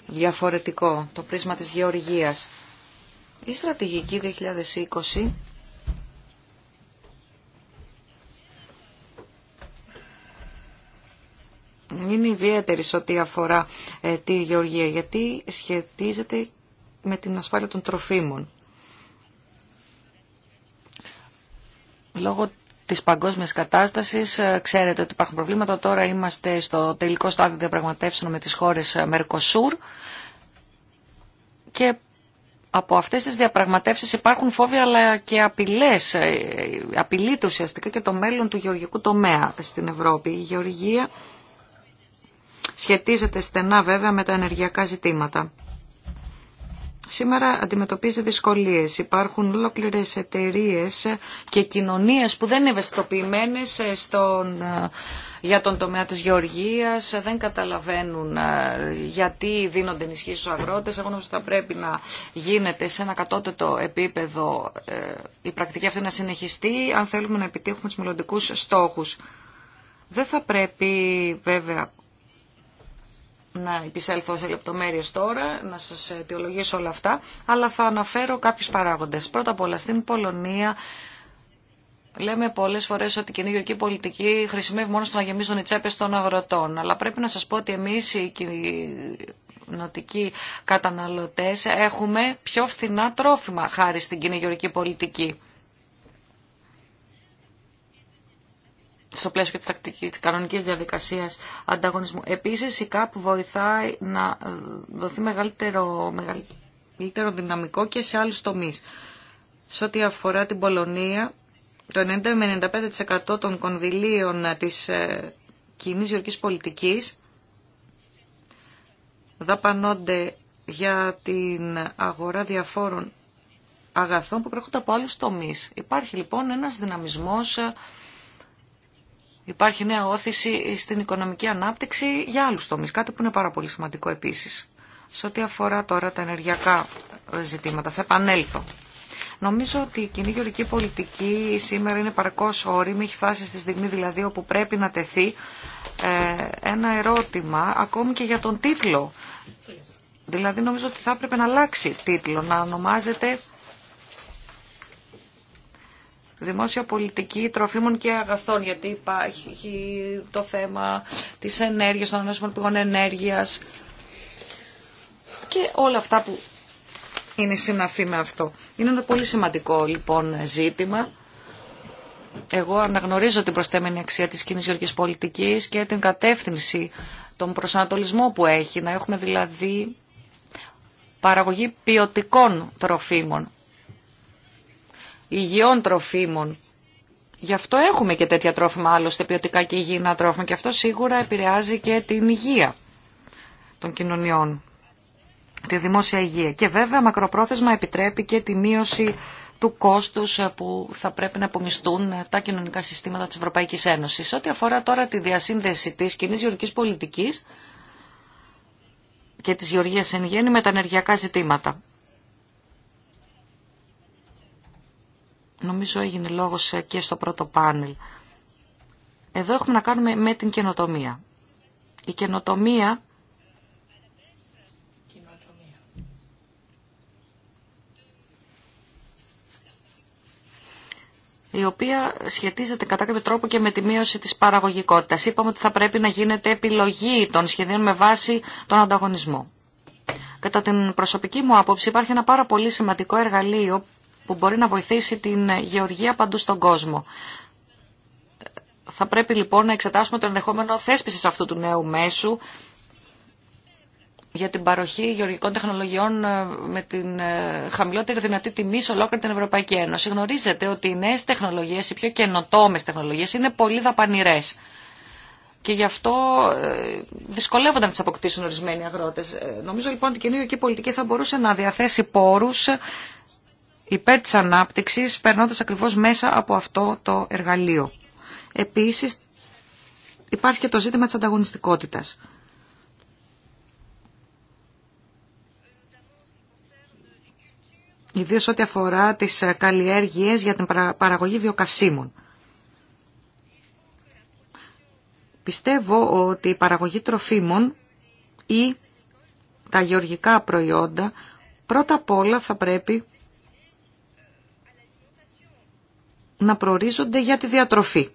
διαφορετικό, το πρίσμα της γεωργίας. Η στρατηγική 2020 είναι ιδιαίτερη σε ό,τι αφορά ε, τη γεωργία, γιατί σχετίζεται με την ασφάλεια των τροφίμων. Λόγω της παγκόσμιας κατάστασης, ε, ξέρετε ότι υπάρχουν προβλήματα. Τώρα είμαστε στο τελικό στάδιο διαπραγματεύσεων με τις χώρες Μερκοσούρ και από αυτές τις διαπραγματεύσεις υπάρχουν φόβοι αλλά και απειλές. Ε, Απειλείται ουσιαστικά και το μέλλον του γεωργικού τομέα στην Ευρώπη. Η γεωργία σχετίζεται στενά βέβαια με τα ενεργειακά ζητήματα. Σήμερα αντιμετωπίζει δυσκολίες. Υπάρχουν ολόκληρες εταιρείε και κοινωνίες που δεν είναι ευαισθητοποιημένες ε, στον ε, για τον τομέα της γεωργίας, δεν καταλαβαίνουν ε, γιατί δίνονται ενισχύσεις στους αγρότες. Εγώ νομίζω ότι θα πρέπει να γίνεται σε ένα κατώτατο επίπεδο ε, η πρακτική αυτή να συνεχιστεί αν θέλουμε να επιτύχουμε τους μελλοντικού στόχους. Δεν θα πρέπει βέβαια να επισέλθω σε λεπτομέρειες τώρα, να σας αιτιολογήσω όλα αυτά, αλλά θα αναφέρω κάποιους παράγοντες. Πρώτα απ' όλα στην Πολωνία Λέμε πολλές φορές ότι η κοινή γεωργική πολιτική χρησιμεύει μόνο στο να γεμίζουν οι τσέπε των αγροτών. Αλλά πρέπει να σας πω ότι εμείς οι κοινοτικοί καταναλωτές έχουμε πιο φθηνά τρόφιμα χάρη στην κοινή γεωργική πολιτική. στο πλαίσιο και της κανονικής διαδικασίας ανταγωνισμού. Επίσης, η ΚΑΠ βοηθάει να δοθεί μεγαλύτερο, μεγαλύτερο δυναμικό και σε άλλους τομείς. Σε ό,τι αφορά την Πολωνία, το 90-95% των κονδυλίων της ε, κοινή γεωργικής πολιτικής δαπανώνται για την αγορά διαφόρων αγαθών που προέρχονται από άλλους τομείς. Υπάρχει λοιπόν ένας δυναμισμός, ε, υπάρχει νέα όθηση στην οικονομική ανάπτυξη για άλλους τομείς, κάτι που είναι πάρα πολύ σημαντικό επίσης. Σε ό,τι αφορά τώρα τα ενεργειακά ζητήματα, θα επανέλθω. Νομίζω ότι η κοινή γεωρική πολιτική σήμερα είναι παρκώ όρημη, έχει φτάσει στη στιγμή δηλαδή όπου πρέπει να τεθεί ε, ένα ερώτημα ακόμη και για τον τίτλο. Δηλαδή νομίζω ότι θα έπρεπε να αλλάξει τίτλο, να ονομάζεται δημόσια πολιτική τροφίμων και αγαθών, γιατί υπάρχει το θέμα της ενέργειας, των ανανεώσιμων πηγών ενέργειας και όλα αυτά που είναι συναφή με αυτό. Είναι ένα πολύ σημαντικό λοιπόν ζήτημα. Εγώ αναγνωρίζω την προστέμενη αξία της κοινής γεωργικής πολιτικής και την κατεύθυνση, τον προσανατολισμό που έχει, να έχουμε δηλαδή παραγωγή ποιοτικών τροφίμων, υγιών τροφίμων. Γι' αυτό έχουμε και τέτοια τρόφιμα, άλλωστε ποιοτικά και υγιεινά τρόφιμα και αυτό σίγουρα επηρεάζει και την υγεία των κοινωνιών τη δημόσια υγεία. Και βέβαια μακροπρόθεσμα επιτρέπει και τη μείωση του κόστους ε, που θα πρέπει να απομιστούν ε, τα κοινωνικά συστήματα της Ευρωπαϊκής Ένωσης. Ό,τι αφορά τώρα τη διασύνδεση της κοινή γεωργικής πολιτικής και της γεωργίας εν γέννη με τα ενεργειακά ζητήματα. Νομίζω έγινε λόγος ε, και στο πρώτο πάνελ. Εδώ έχουμε να κάνουμε με την καινοτομία. Η καινοτομία η οποία σχετίζεται κατά κάποιο τρόπο και με τη μείωση της παραγωγικότητας. Είπαμε ότι θα πρέπει να γίνεται επιλογή των σχεδίων με βάση τον ανταγωνισμό. Κατά την προσωπική μου άποψη υπάρχει ένα πάρα πολύ σημαντικό εργαλείο που μπορεί να βοηθήσει την γεωργία παντού στον κόσμο. Θα πρέπει λοιπόν να εξετάσουμε το ενδεχόμενο θέσπισης αυτού του νέου μέσου για την παροχή γεωργικών τεχνολογιών ε, με την ε, χαμηλότερη δυνατή τιμή σε ολόκληρη την Ευρωπαϊκή Ένωση. Γνωρίζετε ότι οι νέε τεχνολογίε, οι πιο καινοτόμε τεχνολογίε είναι πολύ δαπανηρέ. Και γι' αυτό ε, δυσκολεύονται να τι αποκτήσουν ορισμένοι αγρότε. Νομίζω λοιπόν ότι η καινούργια πολιτική θα μπορούσε να διαθέσει πόρου υπέρ τη ανάπτυξη, περνώντα ακριβώ μέσα από αυτό το εργαλείο. Επίση, υπάρχει και το ζήτημα τη ανταγωνιστικότητα. ιδίως ό,τι αφορά τις ε, καλλιέργειες για την παραγωγή βιοκαυσίμων. Πιστεύω ότι η παραγωγή τροφίμων ή τα γεωργικά προϊόντα πρώτα απ' όλα θα πρέπει να προορίζονται για τη διατροφή.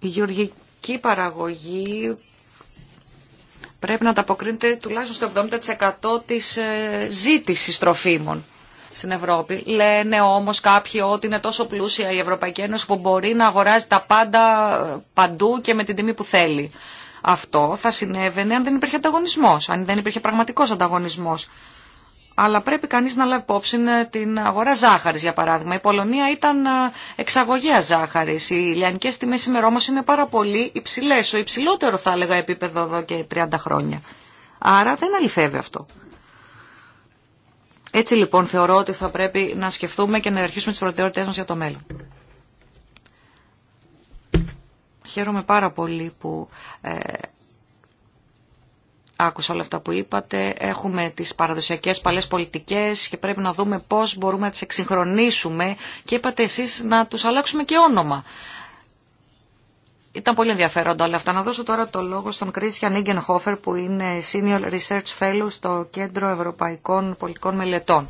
Η γεωργική παραγωγή πρέπει να ανταποκρίνεται τουλάχιστον στο 70% της ε, ζήτησης τροφίμων στην Ευρώπη. Λένε όμως κάποιοι ότι είναι τόσο πλούσια η Ευρωπαϊκή Ένωση που μπορεί να αγοράζει τα πάντα ε, παντού και με την τιμή που θέλει. Αυτό θα συνέβαινε αν δεν υπήρχε ανταγωνισμός, αν δεν υπήρχε πραγματικός ανταγωνισμός αλλά πρέπει κανείς να λάβει υπόψη ε, την αγορά ζάχαρης, για παράδειγμα. Η Πολωνία ήταν ε, εξαγωγέα ζάχαρης. Οι λιανικές τιμές σήμερα όμως είναι πάρα πολύ υψηλές, ο υψηλότερο θα έλεγα επίπεδο εδώ και 30 χρόνια. Άρα δεν αληθεύει αυτό. Έτσι λοιπόν θεωρώ ότι θα πρέπει να σκεφτούμε και να αρχίσουμε τις προτεραιότητες μας για το μέλλον. Χαίρομαι πάρα πολύ που ε, άκουσα όλα αυτά που είπατε. Έχουμε τις παραδοσιακές παλές πολιτικές και πρέπει να δούμε πώς μπορούμε να τις εξυγχρονίσουμε και είπατε εσεί να τους αλλάξουμε και όνομα. Ήταν πολύ ενδιαφέροντα όλα αυτά. Να δώσω τώρα το λόγο στον Κρίστιαν Ίγκενχόφερ που είναι Senior Research Fellow στο Κέντρο Ευρωπαϊκών Πολιτικών Μελετών.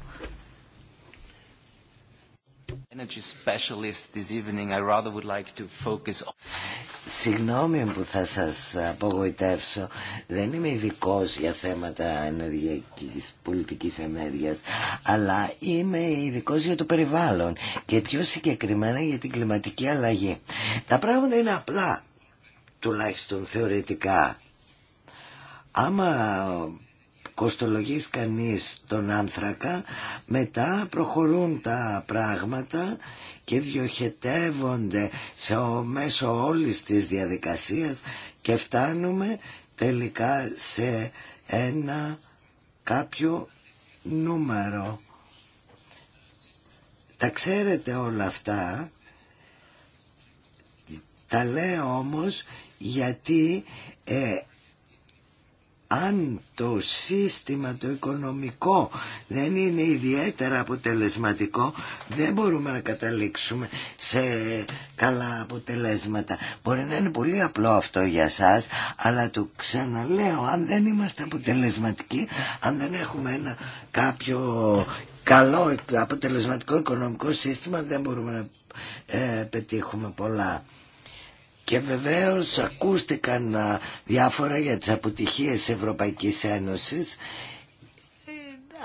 Συγγνώμη που θα σας απογοητεύσω, δεν είμαι ειδικό για θέματα ενεργειακής, πολιτικής ενέργειας, αλλά είμαι ειδικό για το περιβάλλον και πιο συγκεκριμένα για την κλιματική αλλαγή. Τα πράγματα είναι απλά, τουλάχιστον θεωρητικά. Άμα κοστολογείς κανείς τον άνθρακα, μετά προχωρούν τα πράγματα και διοχετεύονται σε μέσω όλης της διαδικασίας και φτάνουμε τελικά σε ένα κάποιο νούμερο. Τα ξέρετε όλα αυτά, τα λέω όμως γιατί ε, αν το σύστημα το οικονομικό δεν είναι ιδιαίτερα αποτελεσματικό δεν μπορούμε να καταλήξουμε σε καλά αποτελέσματα μπορεί να είναι πολύ απλό αυτό για σας αλλά το ξαναλέω αν δεν είμαστε αποτελεσματικοί αν δεν έχουμε ένα κάποιο καλό αποτελεσματικό οικονομικό σύστημα δεν μπορούμε να ε, πετύχουμε πολλά και βεβαίως ακούστηκαν διάφορα για τις αποτυχίες Ευρωπαϊκής Ένωσης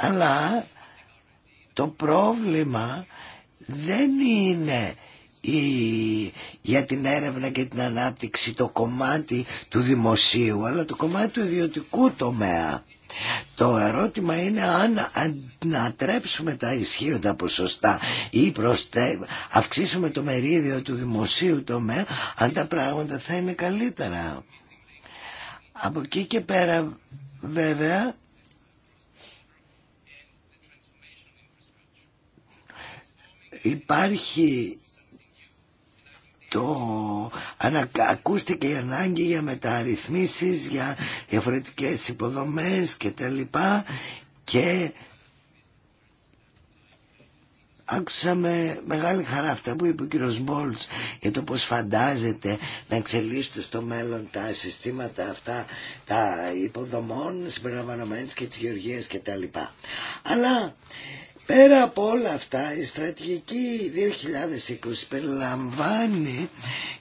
αλλά το πρόβλημα δεν είναι η, για την έρευνα και την ανάπτυξη το κομμάτι του δημοσίου αλλά το κομμάτι του ιδιωτικού τομέα. Το ερώτημα είναι αν ανατρέψουμε τα ισχύοντα ποσοστά ή προστε... αυξήσουμε το μερίδιο του δημοσίου τομέα, αν τα πράγματα θα είναι καλύτερα. Από εκεί και πέρα βέβαια υπάρχει το ανα, ακούστηκε η ανάγκη για μεταρρυθμίσεις, για διαφορετικές υποδομές και τα και άκουσα με μεγάλη χαρά αυτά που είπε ο κ. Μπόλτς για το πως φαντάζεται να εξελίσσονται στο μέλλον τα συστήματα αυτά τα υποδομών συμπεριλαμβανομένες και τις γεωργίας και τα Αλλά Πέρα από όλα αυτά η στρατηγική 2020 περιλαμβάνει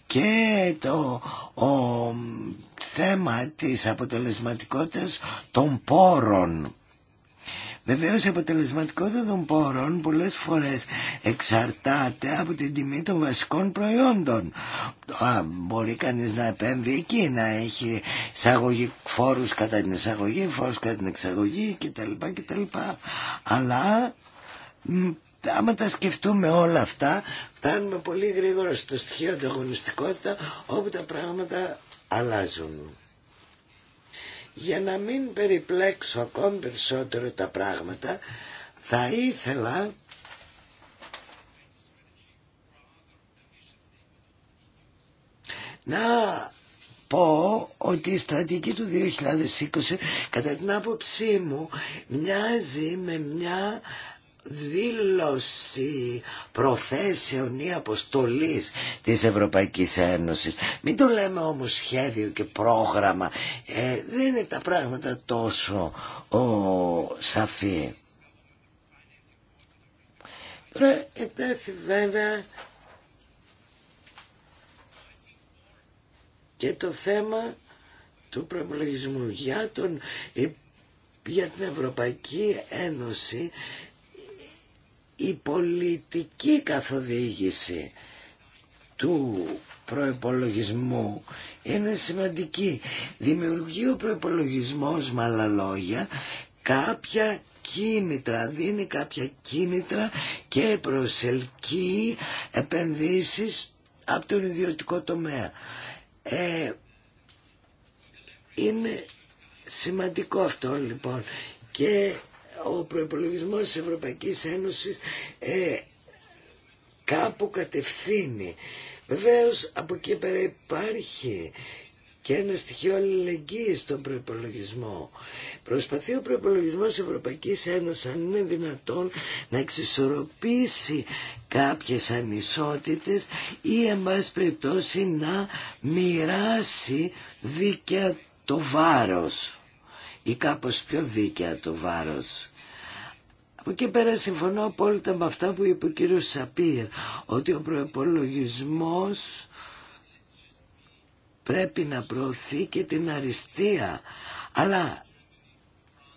και το ο, θέμα της αποτελεσματικότητας των πόρων. Βεβαίω η αποτελεσματικότητα των πόρων πολλές φορές εξαρτάται από την τιμή των βασικών προϊόντων. μπορεί κανείς να επέμβει εκεί, να έχει εισαγωγή, φόρους κατά την εισαγωγή, φόρους κατά την εξαγωγή κτλ. Αλλά άμα τα σκεφτούμε όλα αυτά φτάνουμε πολύ γρήγορα στο στοιχείο ανταγωνιστικότητα όπου τα πράγματα αλλάζουν. Για να μην περιπλέξω ακόμη περισσότερο τα πράγματα θα ήθελα να πω ότι η στρατηγική του 2020 κατά την άποψή μου μοιάζει με μια δήλωση προθέσεων ή αποστολής της Ευρωπαϊκής Ένωσης. Μην το λέμε όμως σχέδιο και πρόγραμμα. Ε, δεν είναι τα πράγματα τόσο ο, σαφή. Τώρα ετέθη βέβαια και το θέμα του προεπλογισμού για, για την Ευρωπαϊκή Ένωση η πολιτική καθοδήγηση του προϋπολογισμού είναι σημαντική. Δημιουργεί ο προϋπολογισμός με άλλα λόγια κάποια κίνητρα, δίνει κάποια κίνητρα και προσελκύει επενδύσεις από τον ιδιωτικό τομέα. Ε, είναι σημαντικό αυτό λοιπόν και ο προϋπολογισμός της Ευρωπαϊκής Ένωσης ε, κάπου κατευθύνει. Βεβαίως από εκεί πέρα υπάρχει και ένα στοιχείο αλληλεγγύη στον προπολογισμό. Προσπαθεί ο προπολογισμό τη Ευρωπαϊκής Ένωσης, αν είναι δυνατόν, να εξισορροπήσει κάποιες ανισότητες ή, εν περιπτώσει, να μοιράσει δίκαια το βάρος ή κάπως πιο δίκαια το βάρος. Από εκεί πέρα συμφωνώ απόλυτα με αυτά που είπε ο κύριος Σαπίρ, ότι ο προεπολογισμός πρέπει να προωθεί και την αριστεία. Αλλά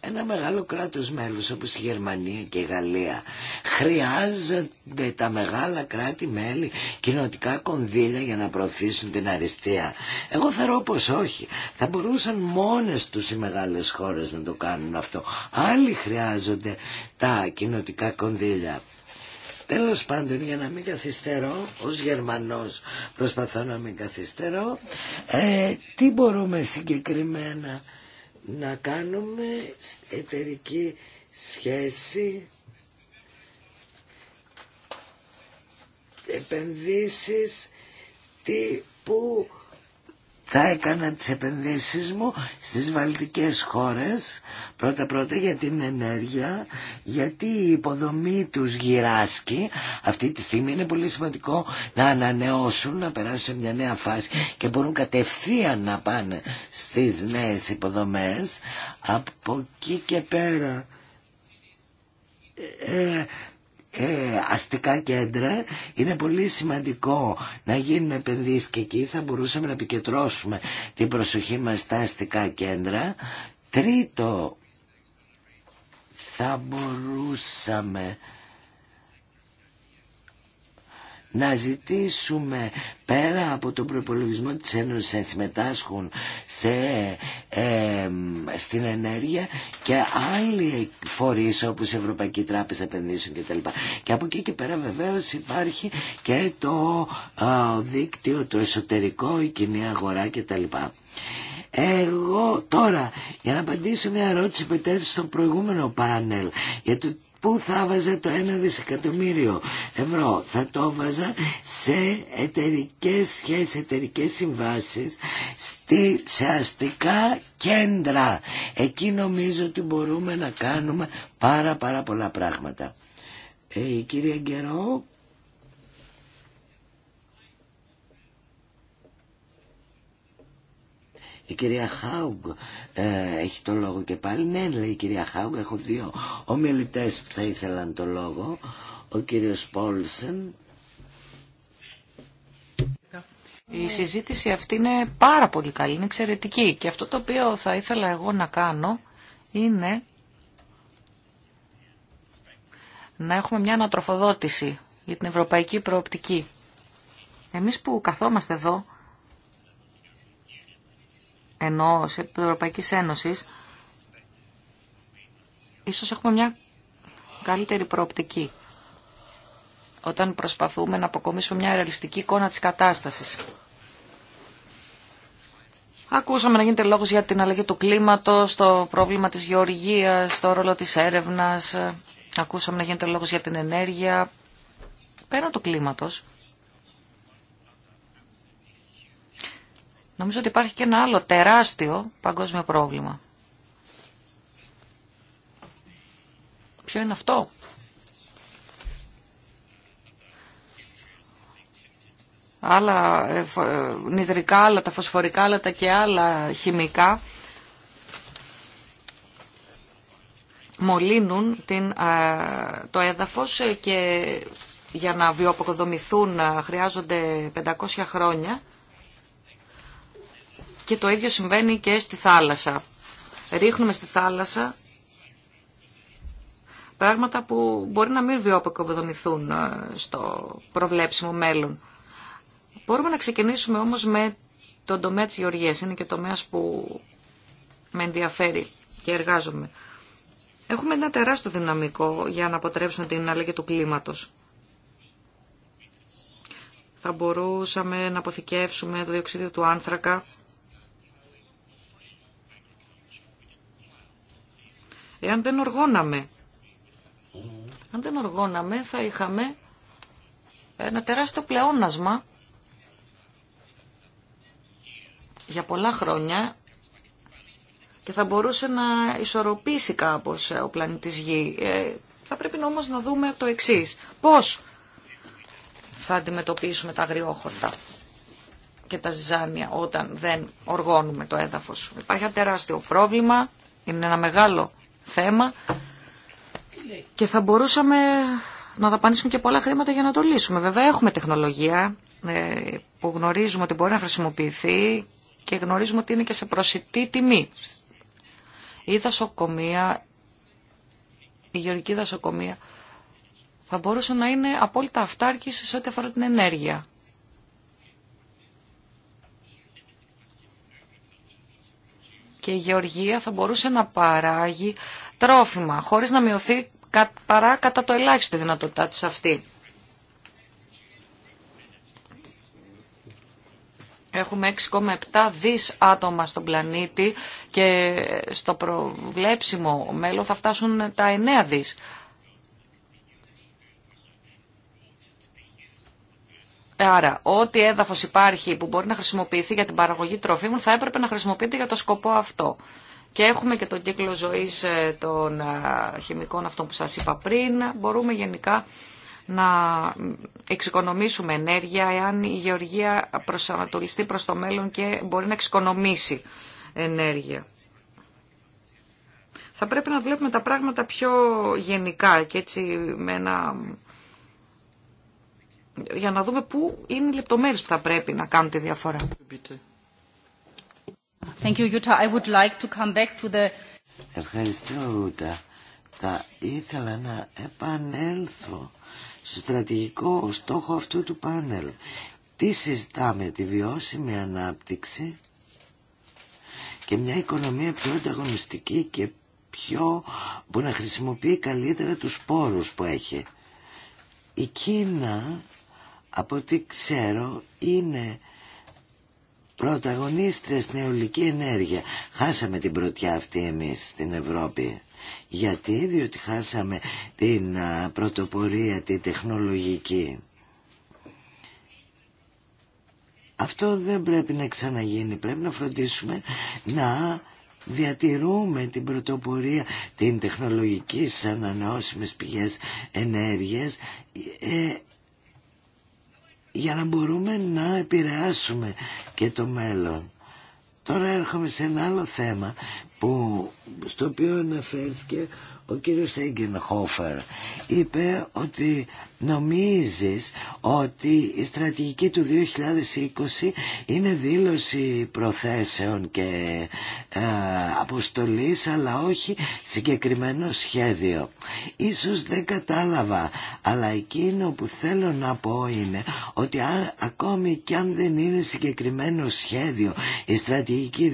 ένα μεγάλο κράτος μέλος όπως η Γερμανία και η Γαλλία χρειάζονται τα μεγάλα κράτη-μέλη κοινοτικά κονδύλια για να προωθήσουν την αριστεία. Εγώ θεωρώ πως όχι. Θα μπορούσαν μόνες τους οι μεγάλες χώρες να το κάνουν αυτό. Άλλοι χρειάζονται τα κοινοτικά κονδύλια. Τέλος πάντων για να μην καθυστερώ ως Γερμανός προσπαθώ να μην καθυστερώ ε, τι μπορούμε συγκεκριμένα να κάνουμε εταιρική σχέση επενδύσεις τι, που θα έκανα τις επενδύσεις μου στις βαλτικές χώρες πρώτα πρώτα για την ενέργεια γιατί η υποδομή τους γυράσκει αυτή τη στιγμή είναι πολύ σημαντικό να ανανεώσουν να περάσουν σε μια νέα φάση και μπορούν κατευθείαν να πάνε στις νέες υποδομές από εκεί και πέρα ε, ε, αστικά κέντρα είναι πολύ σημαντικό να γίνουν επενδύσεις και εκεί θα μπορούσαμε να επικεντρώσουμε την προσοχή μας στα αστικά κέντρα τρίτο θα μπορούσαμε να ζητήσουμε πέρα από τον προπολογισμό της Ένωσης να συμμετάσχουν σε, στην ενέργεια και άλλοι φορείς όπως η Ευρωπαϊκή Τράπεζα Επενδύσεων κτλ. Και από εκεί και πέρα βεβαίως υπάρχει και το ε, δίκτυο, το εσωτερικό, η κοινή αγορά κτλ. Εγώ τώρα για να απαντήσω μια ερώτηση που ετέθη στο προηγούμενο πάνελ για το Πού θα βάζα το ένα δισεκατομμύριο ευρώ. Θα το βάζα σε εταιρικές σχέσεις, εταιρικές συμβάσεις, στη, σε αστικά κέντρα. Εκεί νομίζω ότι μπορούμε να κάνουμε πάρα πάρα πολλά πράγματα. Ε, η κυρία Γκερό Η κυρία Χάουγκ ε, έχει το λόγο και πάλι. Ναι, λέει η κυρία Χάουγκ, έχω δύο ομιλητέ που θα ήθελαν το λόγο. Ο κύριος Πόλσεν. Η συζήτηση αυτή είναι πάρα πολύ καλή, είναι εξαιρετική. Και αυτό το οποίο θα ήθελα εγώ να κάνω είναι να έχουμε μια ανατροφοδότηση για την ευρωπαϊκή προοπτική. Εμείς που καθόμαστε εδώ ενώ σε Ευρωπαϊκή Ένωση, ίσως έχουμε μια καλύτερη προοπτική όταν προσπαθούμε να αποκομίσουμε μια ρεαλιστική εικόνα της κατάστασης. Ακούσαμε να γίνεται λόγος για την αλλαγή του κλίματος, το πρόβλημα της γεωργίας, το ρόλο της έρευνας. Ακούσαμε να γίνεται λόγος για την ενέργεια. Πέραν του κλίματος, Νομίζω ότι υπάρχει και ένα άλλο τεράστιο παγκόσμιο πρόβλημα. Ποιο είναι αυτό? Άλλα ε, ε, νητρικά, άλλα τα φωσφορικά, άλλα τα και άλλα χημικά μολύνουν την, το έδαφος και για να βιοποκοδομηθούν χρειάζονται 500 χρόνια και το ίδιο συμβαίνει και στη θάλασσα. Ρίχνουμε στη θάλασσα πράγματα που μπορεί να μην βιοποικοδομηθούν ε, στο προβλέψιμο μέλλον. Μπορούμε να ξεκινήσουμε όμως με τον τομέα της γεωργίας. Είναι και τομέας που με ενδιαφέρει και εργάζομαι. Έχουμε ένα τεράστιο δυναμικό για να αποτρέψουμε την αλλαγή του κλίματος. Θα μπορούσαμε να αποθηκεύσουμε το διοξίδιο του άνθρακα εάν δεν οργώναμε. Αν δεν οργώναμε θα είχαμε ένα τεράστιο πλεόνασμα για πολλά χρόνια και θα μπορούσε να ισορροπήσει κάπως ε, ο πλανήτης Γη. Ε, θα πρέπει όμως να δούμε το εξής. Πώς θα αντιμετωπίσουμε τα αγριόχορτα και τα ζυζάνια όταν δεν οργώνουμε το έδαφος. Υπάρχει ένα τεράστιο πρόβλημα, είναι ένα μεγάλο θέμα και θα μπορούσαμε να δαπανίσουμε και πολλά χρήματα για να το λύσουμε. Βέβαια έχουμε τεχνολογία ε, που γνωρίζουμε ότι μπορεί να χρησιμοποιηθεί και γνωρίζουμε ότι είναι και σε προσιτή τιμή. Η δασοκομεία, η γεωργική δασοκομεία θα μπορούσε να είναι απόλυτα αυτάρκηση σε ό,τι αφορά την ενέργεια. και η γεωργία θα μπορούσε να παράγει τρόφιμα χωρίς να μειωθεί παρά κατά το ελάχιστο δυνατότητά της αυτή. Έχουμε 6,7 δις άτομα στον πλανήτη και στο προβλέψιμο μέλλον θα φτάσουν τα 9 δις. Άρα, ό,τι έδαφος υπάρχει που μπορεί να χρησιμοποιηθεί για την παραγωγή τροφίμων θα έπρεπε να χρησιμοποιείται για το σκοπό αυτό. Και έχουμε και τον κύκλο ζωής ε, των ε, χημικών αυτών που σας είπα πριν. Μπορούμε γενικά να εξοικονομήσουμε ενέργεια εάν η γεωργία προσανατολιστεί προς το μέλλον και μπορεί να εξοικονομήσει ενέργεια. Θα πρέπει να βλέπουμε τα πράγματα πιο γενικά και έτσι με ένα για να δούμε πού είναι οι λεπτομέρειες που θα πρέπει να κάνουν τη διαφορά. Thank you, I would like to come back to the... Ευχαριστώ, Ούτα. Θα ήθελα να επανέλθω στο στρατηγικό στόχο αυτού του πάνελ. Τι συζητάμε, τη βιώσιμη ανάπτυξη και μια οικονομία πιο ανταγωνιστική και πιο που να χρησιμοποιεί καλύτερα τους πόρους που έχει. Η Κίνα από ό,τι ξέρω είναι πρωταγωνίστρια στην αιωλική ενέργεια. Χάσαμε την πρωτιά αυτή εμείς στην Ευρώπη. Γιατί, διότι χάσαμε την πρωτοπορία, τη τεχνολογική. Αυτό δεν πρέπει να ξαναγίνει. Πρέπει να φροντίσουμε να διατηρούμε την πρωτοπορία, την τεχνολογική σαν ανανεώσιμες πηγές ενέργειας, ε, για να μπορούμε να επηρεάσουμε και το μέλλον. Τώρα έρχομαι σε ένα άλλο θέμα που, στο οποίο αναφέρθηκε ο κύριος Έγκενχόφερ είπε ότι νομίζεις ότι η στρατηγική του 2020 είναι δήλωση προθέσεων και ε, αποστολής αλλά όχι συγκεκριμένο σχέδιο. Ίσως δεν κατάλαβα αλλά εκείνο που θέλω να πω είναι ότι ακόμη κι αν δεν είναι συγκεκριμένο σχέδιο η στρατηγική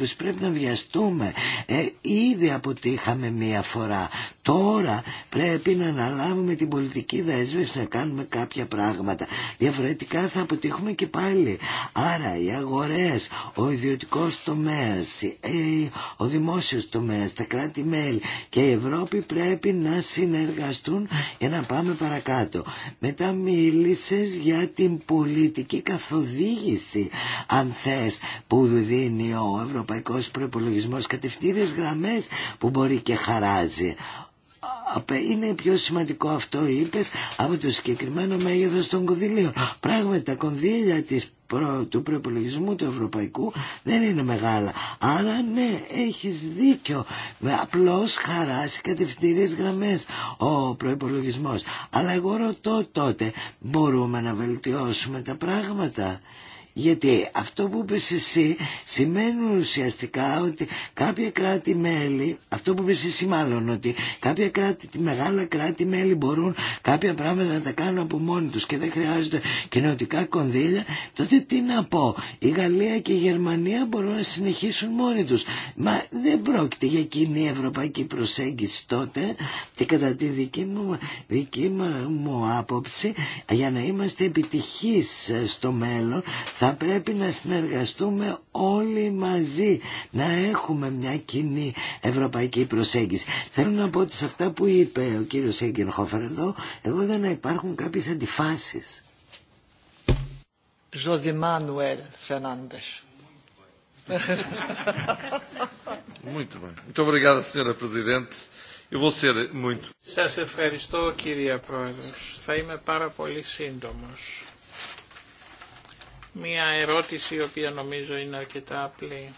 2020 πρέπει να βιαστούμε. Ε, ήδη αποτύχαμε μία διαφορά. Τώρα πρέπει να αναλάβουμε την πολιτική δέσμευση να κάνουμε κάποια πράγματα. Διαφορετικά θα αποτύχουμε και πάλι. Άρα οι αγορές, ο ιδιωτικός τομέας, ε, ο δημόσιος τομέας, τα κράτη-μέλη και η Ευρώπη πρέπει να συνεργαστούν για να πάμε παρακάτω. Μετά μίλησες για την πολιτική καθοδήγηση, αν θες, που δίνει ο Ευρωπαϊκός Προπολογισμό κατευθύνες γραμμές που μπορεί και χαρά αλλάζει. Είναι πιο σημαντικό αυτό, είπε, από το συγκεκριμένο μέγεθο των κονδυλίων. Πράγματι, τα κονδύλια της προ... του προπολογισμού του ευρωπαϊκού δεν είναι μεγάλα. Άρα, ναι, έχει δίκιο. Απλώ χαράσει κατευθυντήριε γραμμέ ο προπολογισμό. Αλλά εγώ ρωτώ τότε, μπορούμε να βελτιώσουμε τα πράγματα. Γιατί αυτό που είπες εσύ σημαίνει ουσιαστικά ότι κάποια κράτη-μέλη, αυτό που είπες εσύ μάλλον, ότι κάποια κράτη, μεγάλα κράτη-μέλη μπορούν κάποια πράγματα να τα κάνουν από μόνοι τους και δεν χρειάζονται κοινωτικά κονδύλια, τότε τι να πω. Η Γαλλία και η Γερμανία μπορούν να συνεχίσουν μόνοι τους. Μα δεν πρόκειται για κοινή ευρωπαϊκή προσέγγιση τότε και κατά τη δική μου, άποψη για να είμαστε επιτυχεί στο μέλλον θα πρέπει να συνεργαστούμε όλοι μαζί, να έχουμε μια κοινή ευρωπαϊκή προσέγγιση. Θέλω να πω ότι σε αυτά που είπε ο κύριος Έγκενχόφερ εδώ, εγώ δεν να υπάρχουν κάποιες αντιφάσεις. José Eu vou ser muito. Σας ευχαριστώ, κύριε Πρόεδρος. Θα είμαι πάρα πολύ σύντομος. Μία ερώτηση η οποία νομίζω είναι αρκετά απλή.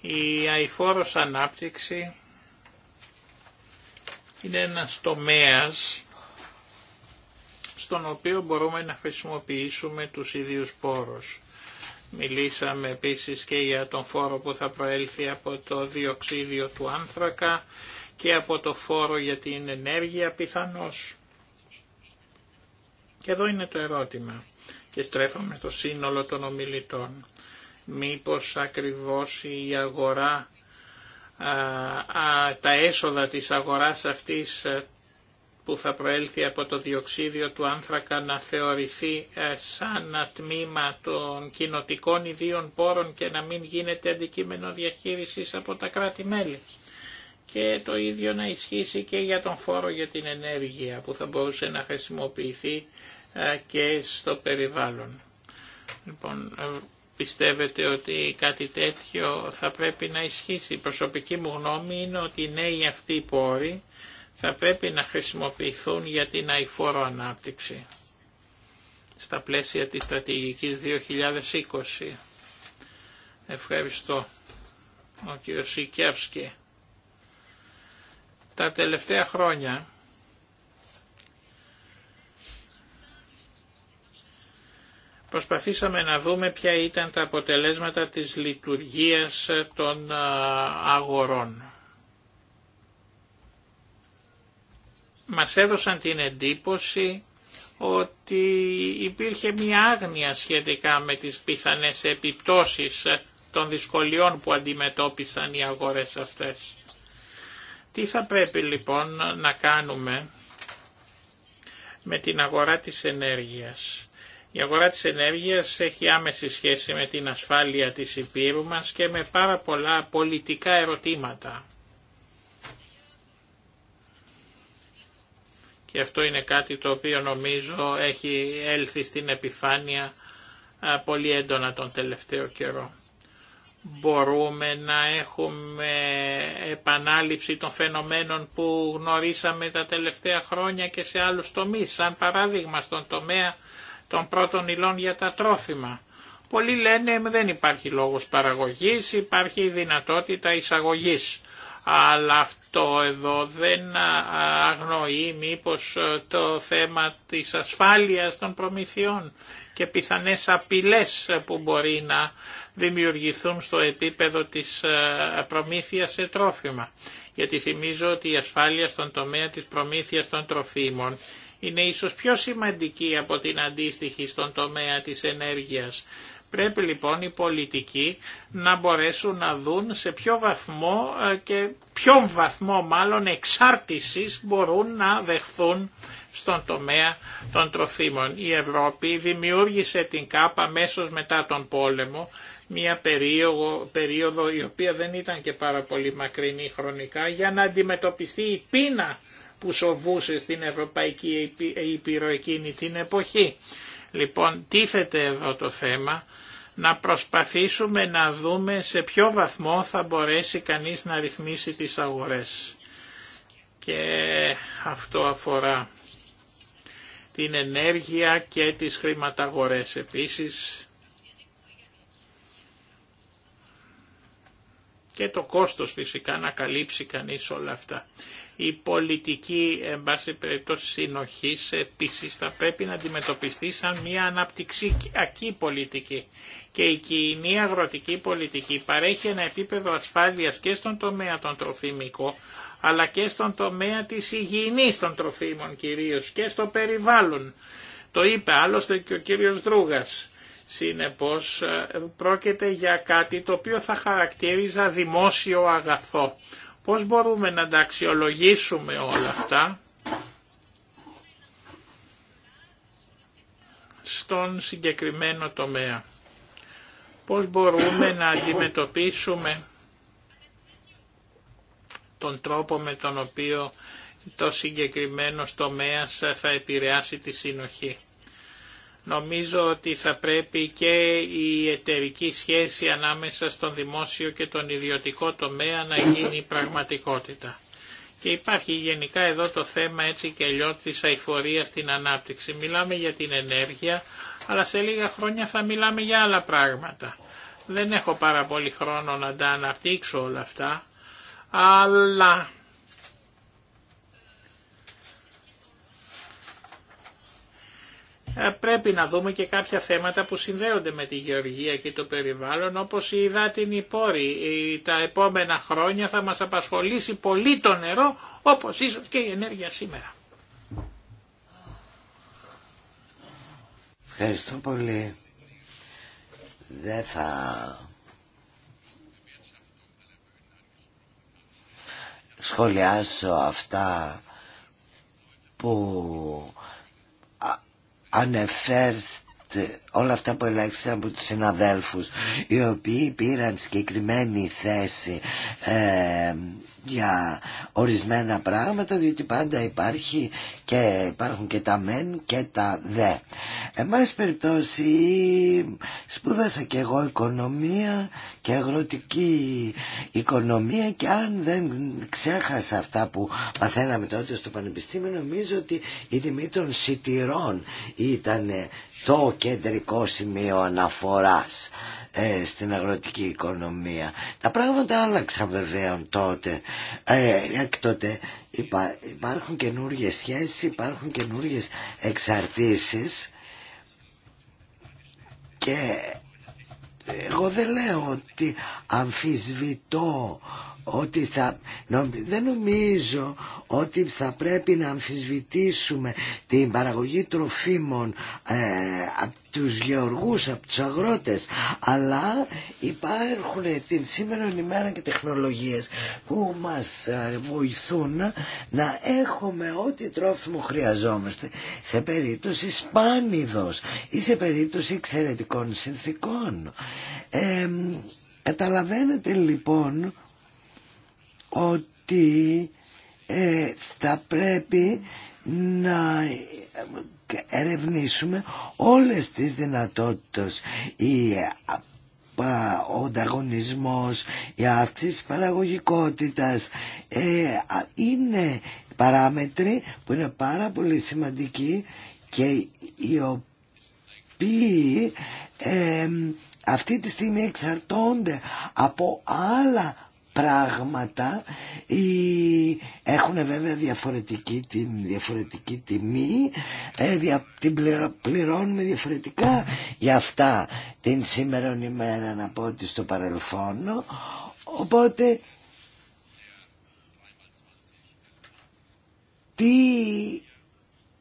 Η αηφόρος ανάπτυξη είναι ένας τομέας στον οποίο μπορούμε να χρησιμοποιήσουμε τους ίδιους πόρους. Μιλήσαμε επίσης και για τον φόρο που θα προέλθει από το διοξίδιο του άνθρακα και από το φόρο για την ενέργεια πιθανώς. Και εδώ είναι το ερώτημα και στρέφομαι στο σύνολο των ομιλητών. Μήπως ακριβώς η αγορά, α, τα έσοδα της αγοράς αυτής ε, που θα προέλθει από το διοξίδιο του άνθρακα να θεωρηθεί ε, σαν τμήμα των κοινοτικών ιδίων πόρων και να μην γίνεται αντικείμενο διαχείρισης από τα κράτη-μέλη. Και το ίδιο να ισχύσει και για τον φόρο για την ενέργεια που θα μπορούσε να χρησιμοποιηθεί ε, και στο περιβάλλον. Λοιπόν, ε, πιστεύετε ότι κάτι τέτοιο θα πρέπει να ισχύσει. Η προσωπική μου γνώμη είναι ότι οι νέοι αυτοί πόροι θα πρέπει να χρησιμοποιηθούν για την αηφόρο ανάπτυξη στα πλαίσια της στρατηγικής 2020. Ευχαριστώ. Ο κύριος Σικεύσκη. Τα τελευταία χρόνια Προσπαθήσαμε να δούμε ποια ήταν τα αποτελέσματα της λειτουργίας των αγορών. Μας έδωσαν την εντύπωση ότι υπήρχε μια άγνοια σχετικά με τις πιθανές επιπτώσεις των δυσκολιών που αντιμετώπισαν οι αγορές αυτές. Τι θα πρέπει λοιπόν να κάνουμε με την αγορά της ενέργειας. Η αγορά της ενέργειας έχει άμεση σχέση με την ασφάλεια της υπήρου μας και με πάρα πολλά πολιτικά ερωτήματα. Και αυτό είναι κάτι το οποίο νομίζω έχει έλθει στην επιφάνεια πολύ έντονα τον τελευταίο καιρό. Μπορούμε να έχουμε επανάληψη των φαινομένων που γνωρίσαμε τα τελευταία χρόνια και σε άλλους τομείς, σαν παράδειγμα στον τομέα των πρώτων υλών για τα τρόφιμα. Πολλοί λένε δεν υπάρχει λόγος παραγωγής, υπάρχει η δυνατότητα εισαγωγής. Αλλά αυτό εδώ δεν αγνοεί μήπως το θέμα της ασφάλειας των προμηθειών και πιθανές απειλές που μπορεί να δημιουργηθούν στο επίπεδο της προμήθειας σε τρόφιμα. Γιατί θυμίζω ότι η ασφάλεια στον τομέα της προμήθειας των τροφίμων είναι ίσως πιο σημαντική από την αντίστοιχη στον τομέα της ενέργειας. Πρέπει λοιπόν οι πολιτικοί να μπορέσουν να δουν σε ποιο βαθμό ε, και ποιον βαθμό μάλλον εξάρτησης μπορούν να δεχθούν στον τομέα των τροφίμων. Η Ευρώπη δημιούργησε την ΚΑΠ αμέσω μετά τον πόλεμο, μια περίοδο, περίοδο η οποία δεν ήταν και πάρα πολύ μακρινή χρονικά, για να αντιμετωπιστεί η πείνα που σοβούσε στην Ευρωπαϊκή Ήπειρο την εποχή. Λοιπόν, τίθεται εδώ το θέμα να προσπαθήσουμε να δούμε σε ποιο βαθμό θα μπορέσει κανείς να ρυθμίσει τις αγορές. Και αυτό αφορά την ενέργεια και τις χρηματαγορές επίσης και το κόστος φυσικά να καλύψει κανείς όλα αυτά. Η πολιτική, εν πάση περιπτώσει, συνοχής επίσης θα πρέπει να αντιμετωπιστεί σαν μια αναπτυξιακή πολιτική. Και η κοινή αγροτική πολιτική παρέχει ένα επίπεδο ασφάλειας και στον τομέα των τροφίμικων αλλά και στον τομέα της υγιεινής των τροφίμων κυρίως και στο περιβάλλον. Το είπε άλλωστε και ο κύριος Δρούγας Συνεπώς ε, πρόκειται για κάτι το οποίο θα χαρακτήριζα δημόσιο αγαθό. Πώς μπορούμε να τα αξιολογήσουμε όλα αυτά στον συγκεκριμένο τομέα. Πώς μπορούμε να αντιμετωπίσουμε τον τρόπο με τον οποίο το συγκεκριμένο τομέα θα επηρεάσει τη συνοχή. Νομίζω ότι θα πρέπει και η εταιρική σχέση ανάμεσα στον δημόσιο και τον ιδιωτικό τομέα να γίνει πραγματικότητα. Και υπάρχει γενικά εδώ το θέμα έτσι και αλλιώ τη αηφορία στην ανάπτυξη. Μιλάμε για την ενέργεια, αλλά σε λίγα χρόνια θα μιλάμε για άλλα πράγματα. Δεν έχω πάρα πολύ χρόνο να τα αναπτύξω όλα αυτά, αλλά Ε, πρέπει να δούμε και κάποια θέματα που συνδέονται με τη γεωργία και το περιβάλλον όπως η υδάτινη πόρη. Τα επόμενα χρόνια θα μας απασχολήσει πολύ το νερό όπως ίσως και η ενέργεια σήμερα. Ευχαριστώ πολύ. Δεν θα σχολιάσω αυτά που ανεφέρθη όλα αυτά που ελέγχθησαν από τους συναδέλφους οι οποίοι πήραν συγκεκριμένη θέση ε, για ορισμένα πράγματα διότι πάντα υπάρχει και υπάρχουν και τα μεν και τα δε. Εμάς περιπτώσει σπούδασα και εγώ οικονομία και αγροτική οικονομία και αν δεν ξέχασα αυτά που μαθαίναμε τότε στο Πανεπιστήμιο νομίζω ότι η τιμή των σιτηρών ήταν το κεντρικό σημείο αναφοράς ε, στην αγροτική οικονομία. Τα πράγματα άλλαξαν βεβαίω τότε. Ε, τότε υπάρχουν καινούργιες σχέσεις, υπάρχουν καινούργιες εξαρτήσεις και εγώ δεν λέω ότι αμφισβητώ ότι θα, δεν νομίζω ότι θα πρέπει να αμφισβητήσουμε την παραγωγή τροφίμων ε, από τους γεωργούς, από τους αγρότες αλλά υπάρχουν την σήμερα ημέρα και τεχνολογίες που μας ε, βοηθούν να έχουμε ό,τι τρόφιμο χρειαζόμαστε σε περίπτωση σπάνιδος ή σε περίπτωση εξαιρετικών συνθήκων. Ε, καταλαβαίνετε λοιπόν ότι ε, θα πρέπει να ερευνήσουμε όλες τις δυνατότητες η, ο ανταγωνισμός η αύξηση παραγωγικότητας ε, είναι παράμετροι που είναι πάρα πολύ σημαντικοί και οι οποίοι ε, αυτή τη στιγμή εξαρτώνται από άλλα πράγματα ή έχουν βέβαια διαφορετική, την διαφορετική τιμή ε, δια, την πληρω, πληρώνουμε διαφορετικά για αυτά την σήμερα ημέρα να πω ότι στο παρελθόν οπότε τι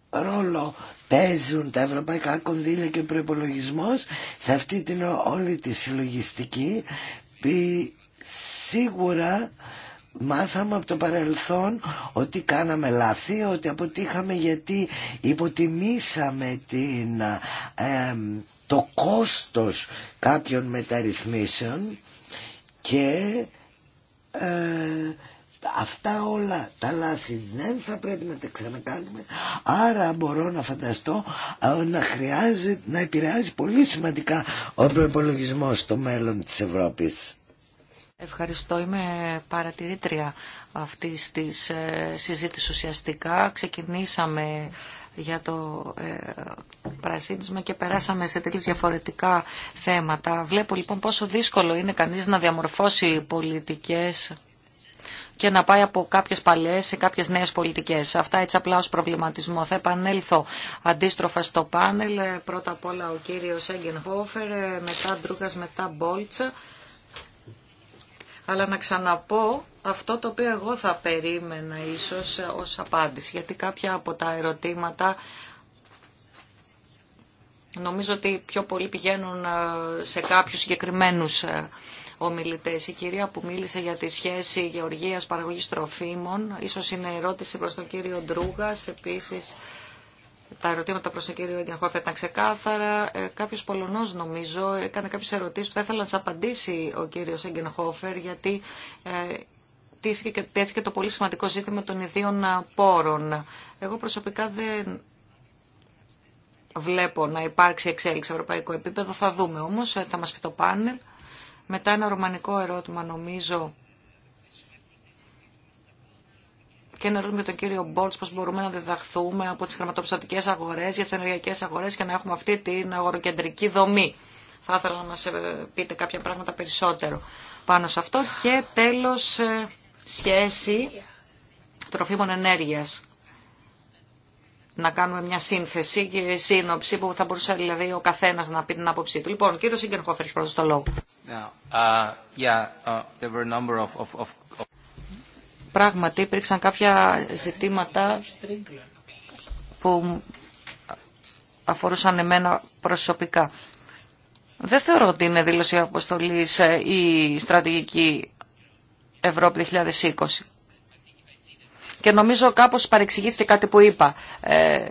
ρόλο παίζουν τα ευρωπαϊκά κονδύλια και ο προπολογισμό σε αυτή την όλη τη συλλογιστική σίγουρα μάθαμε από το παρελθόν ότι κάναμε λάθη, ότι αποτύχαμε γιατί υποτιμήσαμε την, το κόστος κάποιων μεταρρυθμίσεων και ε, αυτά όλα τα λάθη δεν θα πρέπει να τα ξανακάνουμε άρα μπορώ να φανταστώ ε, να χρειάζεται να επηρεάζει πολύ σημαντικά ο προπολογισμό στο μέλλον της Ευρώπης Ευχαριστώ. Είμαι παρατηρήτρια αυτή της ε, συζήτησης ουσιαστικά. Ξεκινήσαμε για το ε, πρασίνισμα και περάσαμε σε τέτοιες διαφορετικά θέματα. Βλέπω λοιπόν πόσο δύσκολο είναι κανείς να διαμορφώσει πολιτικές και να πάει από κάποιες παλιές σε κάποιες νέες πολιτικές. Αυτά έτσι απλά ως προβληματισμό. Θα επανέλθω αντίστροφα στο πάνελ. Πρώτα απ' όλα ο κύριος Έγγενχόφερ, ε, μετά Ντρούκας, μετά Μπόλτσα αλλά να ξαναπώ αυτό το οποίο εγώ θα περίμενα ίσως ως απάντηση, γιατί κάποια από τα ερωτήματα νομίζω ότι πιο πολύ πηγαίνουν ε, σε κάποιους συγκεκριμένους ε, ομιλητές. Η κυρία που μίλησε για τη σχέση γεωργίας παραγωγής τροφίμων, ίσως είναι ερώτηση προς τον κύριο Ντρούγας, επίσης τα ερωτήματα προ τον κύριο Εγγενχόφερ ήταν ξεκάθαρα. Ε, κάποιος Πολωνός νομίζω έκανε κάποιε ερωτήσει που θα ήθελα να τι απαντήσει ο κύριο Γκενχόφερ, γιατί ε, τέθηκε, το πολύ σημαντικό ζήτημα των ιδίων πόρων. Εγώ προσωπικά δεν βλέπω να υπάρξει εξέλιξη σε ευρωπαϊκό επίπεδο. Θα δούμε όμω, ε, θα μα πει το πάνελ. Μετά ένα ρωμανικό ερώτημα νομίζω και να ρωτήσουμε τον κύριο Μπόλτ πώ μπορούμε να διδαχθούμε από τι χρηματοπιστωτικέ αγορέ για τι ενεργειακέ αγορέ και να έχουμε αυτή την αγοροκεντρική δομή. Θα ήθελα να μα ε, πείτε κάποια πράγματα περισσότερο πάνω σε αυτό. Και τέλο, ε, σχέση τροφίμων ενέργεια. Να κάνουμε μια σύνθεση και σύνοψη που θα μπορούσε δηλαδή ο καθένα να πει την άποψή του. Λοιπόν, κύριο Σίγκενχόφερ, πρώτο το λόγο. Uh, yeah, uh, yeah, there were a number of, of... Πράγματι υπήρξαν κάποια ζητήματα που αφορούσαν εμένα προσωπικά. Δεν θεωρώ ότι είναι δήλωση αποστολή ε, η στρατηγική Ευρώπη 2020. Και νομίζω κάπως παρεξηγήθηκε κάτι που είπα. Ε,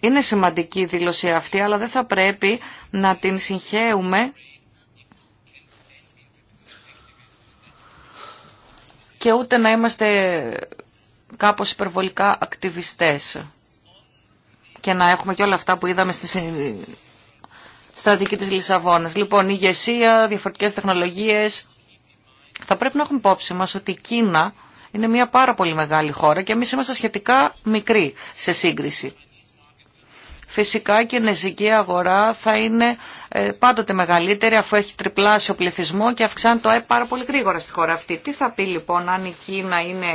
είναι σημαντική η δήλωση αυτή, αλλά δεν θα πρέπει να την συγχαίουμε και ούτε να είμαστε κάπως υπερβολικά ακτιβιστές και να έχουμε και όλα αυτά που είδαμε στη στρατική της Λισαβόνας. Λοιπόν, ηγεσία, διαφορετικές τεχνολογίες. Θα πρέπει να έχουμε υπόψη μας ότι η Κίνα είναι μια πάρα πολύ μεγάλη χώρα και εμείς είμαστε σχετικά μικροί σε σύγκριση. Φυσικά και η νεζική αγορά θα είναι ε, πάντοτε μεγαλύτερη αφού έχει τριπλάσιο πληθυσμό και αυξάνει το ΑΕΠ πάρα πολύ γρήγορα στη χώρα αυτή. Τι θα πει λοιπόν αν η Κίνα είναι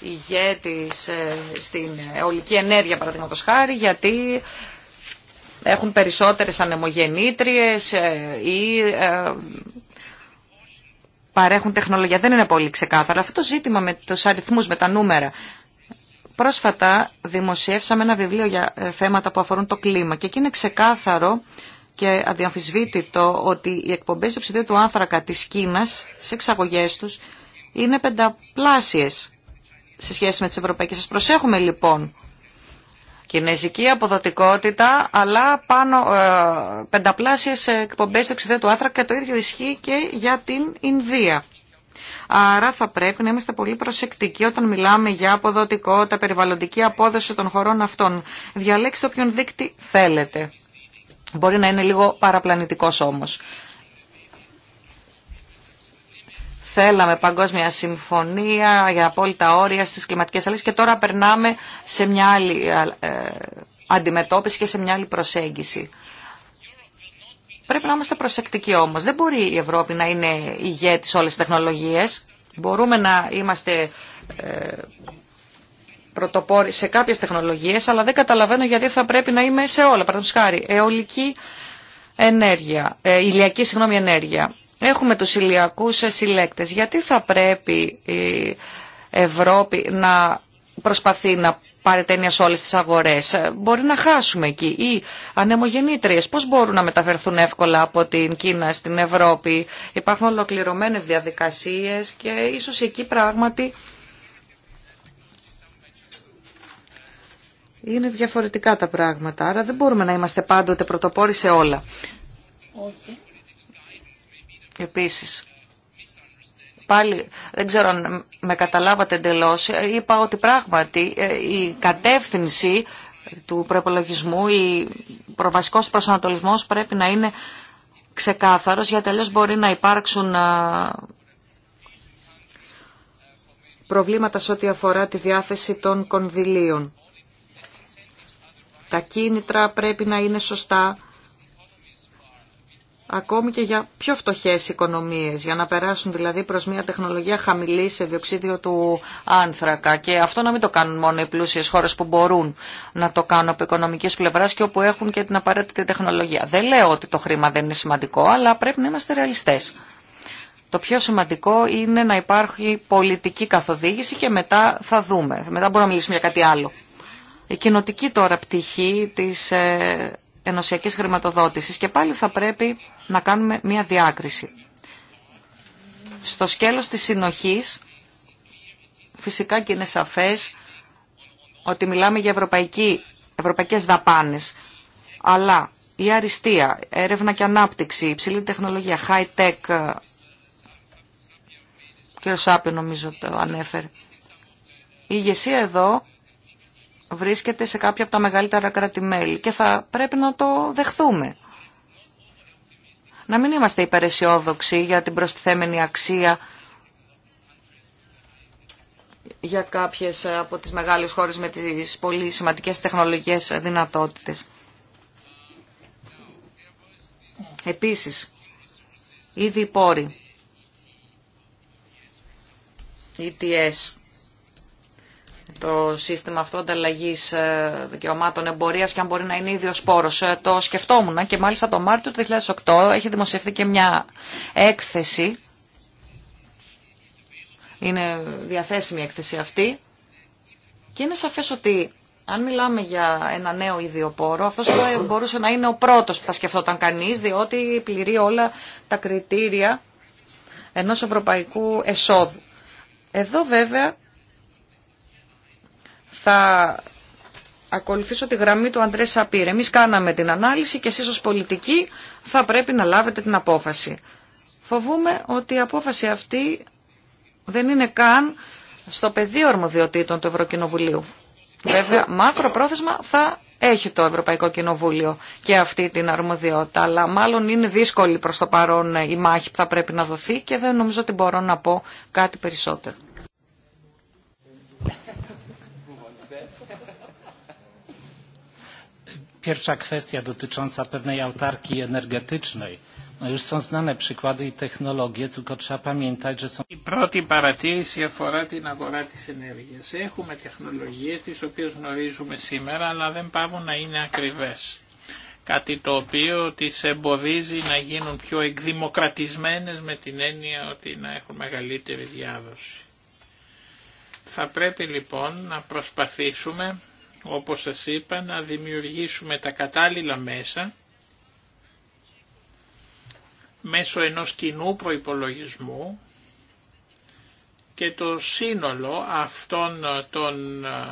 ηγέτης ε, στην αιωλική ενέργεια παραδείγματος χάρη γιατί έχουν περισσότερες ανεμογεννήτριες ε, ή παρέχουν τεχνολογία. Δεν είναι πολύ ξεκάθαρα. Αυτό το ζήτημα με τους αριθμούς, με τα νούμερα Πρόσφατα δημοσιεύσαμε ένα βιβλίο για ε, θέματα που αφορούν το κλίμα και εκεί είναι ξεκάθαρο και αδιαμφισβήτητο ότι οι εκπομπές του του άνθρακα της Κίνας σε εξαγωγές τους είναι πενταπλάσιες σε σχέση με τις ευρωπαϊκές. Σας προσέχουμε λοιπόν κινέζικη αποδοτικότητα, αλλά πάνω ε, πενταπλάσιες εκπομπές του του άνθρακα και το ίδιο ισχύει και για την Ινδία. Άρα θα πρέπει να είμαστε πολύ προσεκτικοί όταν μιλάμε για αποδοτικότητα, περιβαλλοντική απόδοση των χωρών αυτών. Διαλέξτε όποιον δείκτη θέλετε. Μπορεί να είναι λίγο παραπλανητικός όμως. θέλαμε παγκόσμια συμφωνία για απόλυτα όρια στις κλιματικές αλλαγές και τώρα περνάμε σε μια άλλη ε, αντιμετώπιση και σε μια άλλη προσέγγιση. Πρέπει να είμαστε προσεκτικοί όμως. Δεν μπορεί η Ευρώπη να είναι ηγέτης όλες τις τεχνολογίες. Μπορούμε να είμαστε ε, πρωτοπόροι σε κάποιες τεχνολογίες, αλλά δεν καταλαβαίνω γιατί θα πρέπει να είμαι σε όλα. Παραδείγματος χάρη, αιωλική ενέργεια, ε, ηλιακή συγγνώμη, ενέργεια. Έχουμε τους ηλιακούς ε, συλλέκτες. Γιατί θα πρέπει η Ευρώπη να προσπαθεί να πάρει ταινία σε όλες τις αγορές. Ε, μπορεί να χάσουμε εκεί. Ή ανεμογεννήτριες πώς μπορούν να μεταφερθούν εύκολα από την Κίνα στην Ευρώπη. Υπάρχουν ολοκληρωμένες διαδικασίες και ίσως εκεί πράγματι είναι διαφορετικά τα πράγματα. Άρα δεν μπορούμε να είμαστε πάντοτε πρωτοπόροι σε όλα. Όχι. Επίσης, πάλι δεν ξέρω αν με καταλάβατε εντελώ, είπα ότι πράγματι ε, η κατεύθυνση του προπολογισμού, η προβασικός προσανατολισμό πρέπει να είναι ξεκάθαρος, γιατί αλλιώ μπορεί να υπάρξουν ε, προβλήματα σε ό,τι αφορά τη διάθεση των κονδυλίων. Τα κίνητρα πρέπει να είναι σωστά ακόμη και για πιο φτωχές οικονομίες, για να περάσουν δηλαδή προς μια τεχνολογία χαμηλή σε διοξίδιο του άνθρακα. Και αυτό να μην το κάνουν μόνο οι πλούσιες χώρες που μπορούν να το κάνουν από οικονομικής πλευράς και όπου έχουν και την απαραίτητη τεχνολογία. Δεν λέω ότι το χρήμα δεν είναι σημαντικό, αλλά πρέπει να είμαστε ρεαλιστές. Το πιο σημαντικό είναι να υπάρχει πολιτική καθοδήγηση και μετά θα δούμε. Μετά μπορούμε να μιλήσουμε για κάτι άλλο. Η κοινοτική τώρα πτυχή της ε, ενωσιακής χρηματοδότησης και πάλι θα πρέπει να κάνουμε μία διάκριση. Στο σκέλος της συνοχής, φυσικά και είναι σαφές ότι μιλάμε για ευρωπαϊκή, ευρωπαϊκές δαπάνες, αλλά η αριστεία, έρευνα και ανάπτυξη, υψηλή τεχνολογία, high tech, ε, ο Σάπη νομίζω το ανέφερε, η ηγεσία εδώ βρίσκεται σε κάποια από τα μεγαλύτερα κράτη-μέλη και θα πρέπει να το δεχθούμε να μην είμαστε υπεραισιόδοξοι για την προστιθέμενη αξία για κάποιες από τις μεγάλες χώρες με τις πολύ σημαντικές τεχνολογικές δυνατότητες. Επίσης, ήδη οι πόροι, ETS, το σύστημα αυτό ανταλλαγή ε, δικαιωμάτων εμπορία και αν μπορεί να είναι ίδιο πόρο. Ε, το σκεφτόμουν και μάλιστα το Μάρτιο του 2008 έχει δημοσιευθεί και μια έκθεση. Είναι διαθέσιμη η έκθεση αυτή. Και είναι σαφέ ότι αν μιλάμε για ένα νέο πόρο, αυτό μπορούσε να είναι ο πρώτο που θα σκεφτόταν κανεί, διότι πληρεί όλα τα κριτήρια ενό ευρωπαϊκού εσόδου. Εδώ βέβαια θα ακολουθήσω τη γραμμή του Αντρέ Σαπίρ. Εμεί κάναμε την ανάλυση και εσείς ως πολιτικοί θα πρέπει να λάβετε την απόφαση. Φοβούμε ότι η απόφαση αυτή δεν είναι καν στο πεδίο αρμοδιοτήτων του Ευρωκοινοβουλίου. Βέβαια, μακροπρόθεσμα θα έχει το Ευρωπαϊκό Κοινοβούλιο και αυτή την αρμοδιότητα, αλλά μάλλον είναι δύσκολη προς το παρόν η μάχη που θα πρέπει να δοθεί και δεν νομίζω ότι μπορώ να πω κάτι περισσότερο. Pierwsza kwestia dotycząca pewnej autarki energetycznej. Η πρώτη παρατήρηση αφορά την αγορά της ενέργειας. Έχουμε τεχνολογίες τις οποίες γνωρίζουμε σήμερα, αλλά δεν πάβουν να είναι ακριβές. Κάτι το οποίο τις εμποδίζει να γίνουν πιο εκδημοκρατισμένες με την έννοια ότι να έχουν μεγαλύτερη διάδοση. Θα πρέπει λοιπόν να προσπαθήσουμε όπως σας είπα, να δημιουργήσουμε τα κατάλληλα μέσα μέσω ενός κοινού προϋπολογισμού και το σύνολο αυτών των ε,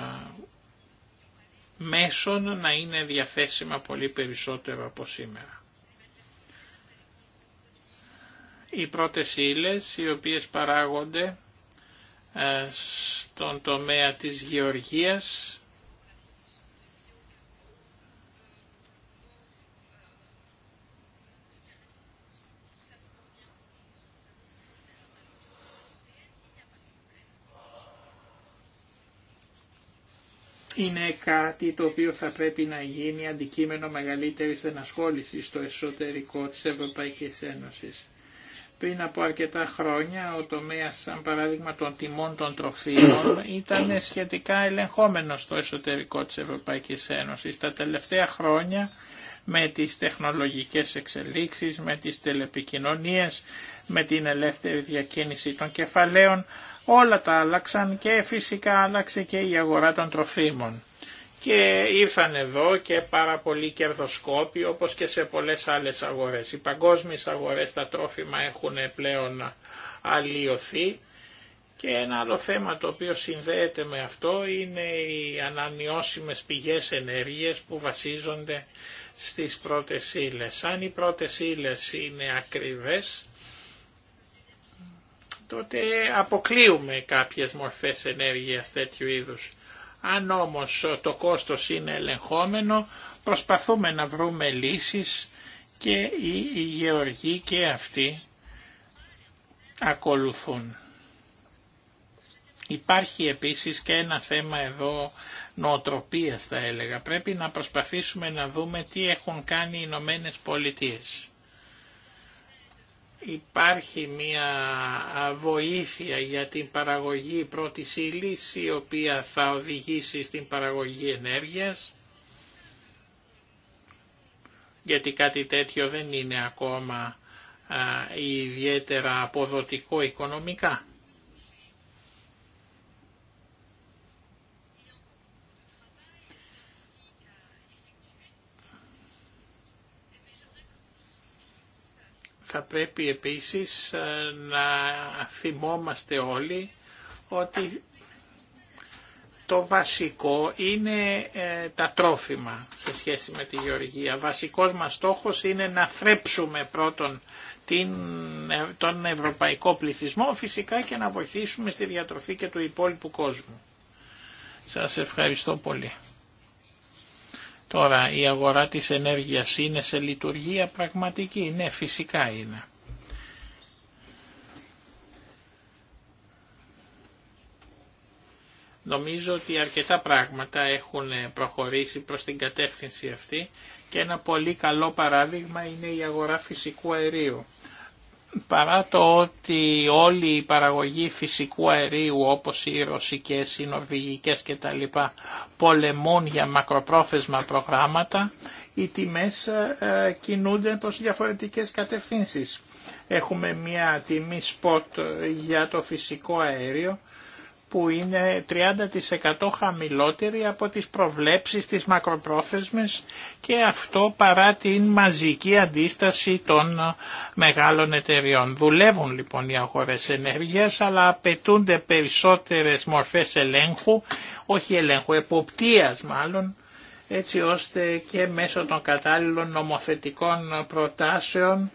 μέσων να είναι διαθέσιμα πολύ περισσότερο από σήμερα. Οι πρώτες ύλε, οι οποίες παράγονται ε, στον τομέα της γεωργίας είναι κάτι το οποίο θα πρέπει να γίνει αντικείμενο μεγαλύτερης ενασχόλησης στο εσωτερικό της Ευρωπαϊκής Ένωσης. Πριν από αρκετά χρόνια ο τομέας, σαν παράδειγμα των τιμών των τροφίμων, ήταν σχετικά ελεγχόμενος στο εσωτερικό της Ευρωπαϊκής Ένωσης. Τα τελευταία χρόνια με τις τεχνολογικές εξελίξεις, με τις τελεπικοινωνίες, με την ελεύθερη διακίνηση των κεφαλαίων, Όλα τα άλλαξαν και φυσικά άλλαξε και η αγορά των τροφίμων. Και ήρθαν εδώ και πάρα πολλοί κερδοσκόποι όπως και σε πολλές άλλες αγορές. Οι παγκόσμιες αγορές τα τρόφιμα έχουν πλέον αλλοιωθεί και ένα άλλο θέμα το οποίο συνδέεται με αυτό είναι οι ανανιώσιμες πηγές ενέργειας που βασίζονται στις πρώτες ύλες. Αν οι πρώτες είναι ακριβές, τότε αποκλείουμε κάποιες μορφές ενέργειας τέτοιου είδους. Αν όμως το κόστος είναι ελεγχόμενο, προσπαθούμε να βρούμε λύσεις και οι γεωργοί και αυτοί ακολουθούν. Υπάρχει επίσης και ένα θέμα εδώ νοοτροπίας θα έλεγα. Πρέπει να προσπαθήσουμε να δούμε τι έχουν κάνει οι Ηνωμένε Πολιτείες υπάρχει μια βοήθεια για την παραγωγή πρώτης ύλης η οποία θα οδηγήσει στην παραγωγή ενέργειας γιατί κάτι τέτοιο δεν είναι ακόμα ιδιαίτερα αποδοτικό οικονομικά. Θα πρέπει επίσης ε, να θυμόμαστε όλοι ότι το βασικό είναι ε, τα τρόφιμα σε σχέση με τη γεωργία. Βασικός μας στόχος είναι να θρέψουμε πρώτον την, ε, τον ευρωπαϊκό πληθυσμό φυσικά και να βοηθήσουμε στη διατροφή και του υπόλοιπου κόσμου. Σας ευχαριστώ πολύ. Τώρα η αγορά της ενέργειας είναι σε λειτουργία πραγματική. Ναι, φυσικά είναι. Νομίζω ότι αρκετά πράγματα έχουν προχωρήσει προς την κατεύθυνση αυτή και ένα πολύ καλό παράδειγμα είναι η αγορά φυσικού αερίου παρά το ότι όλη η παραγωγή φυσικού αερίου όπως οι ρωσικές, οι νορβηγικές κτλ πολεμούν για μακροπρόθεσμα προγράμματα, οι τιμές ε, κινούνται προς διαφορετικές κατευθύνσεις. Έχουμε μια τιμή σποτ για το φυσικό αέριο που είναι 30% χαμηλότερη από τις προβλέψεις της μακροπρόθεσμες και αυτό παρά την μαζική αντίσταση των ε, μεγάλων εταιριών. Δουλεύουν λοιπόν οι αγορές ενέργειας αλλά απαιτούνται περισσότερες μορφές ελέγχου, όχι ελέγχου, εποπτείας μάλλον, έτσι ώστε και μέσω των κατάλληλων νομοθετικών προτάσεων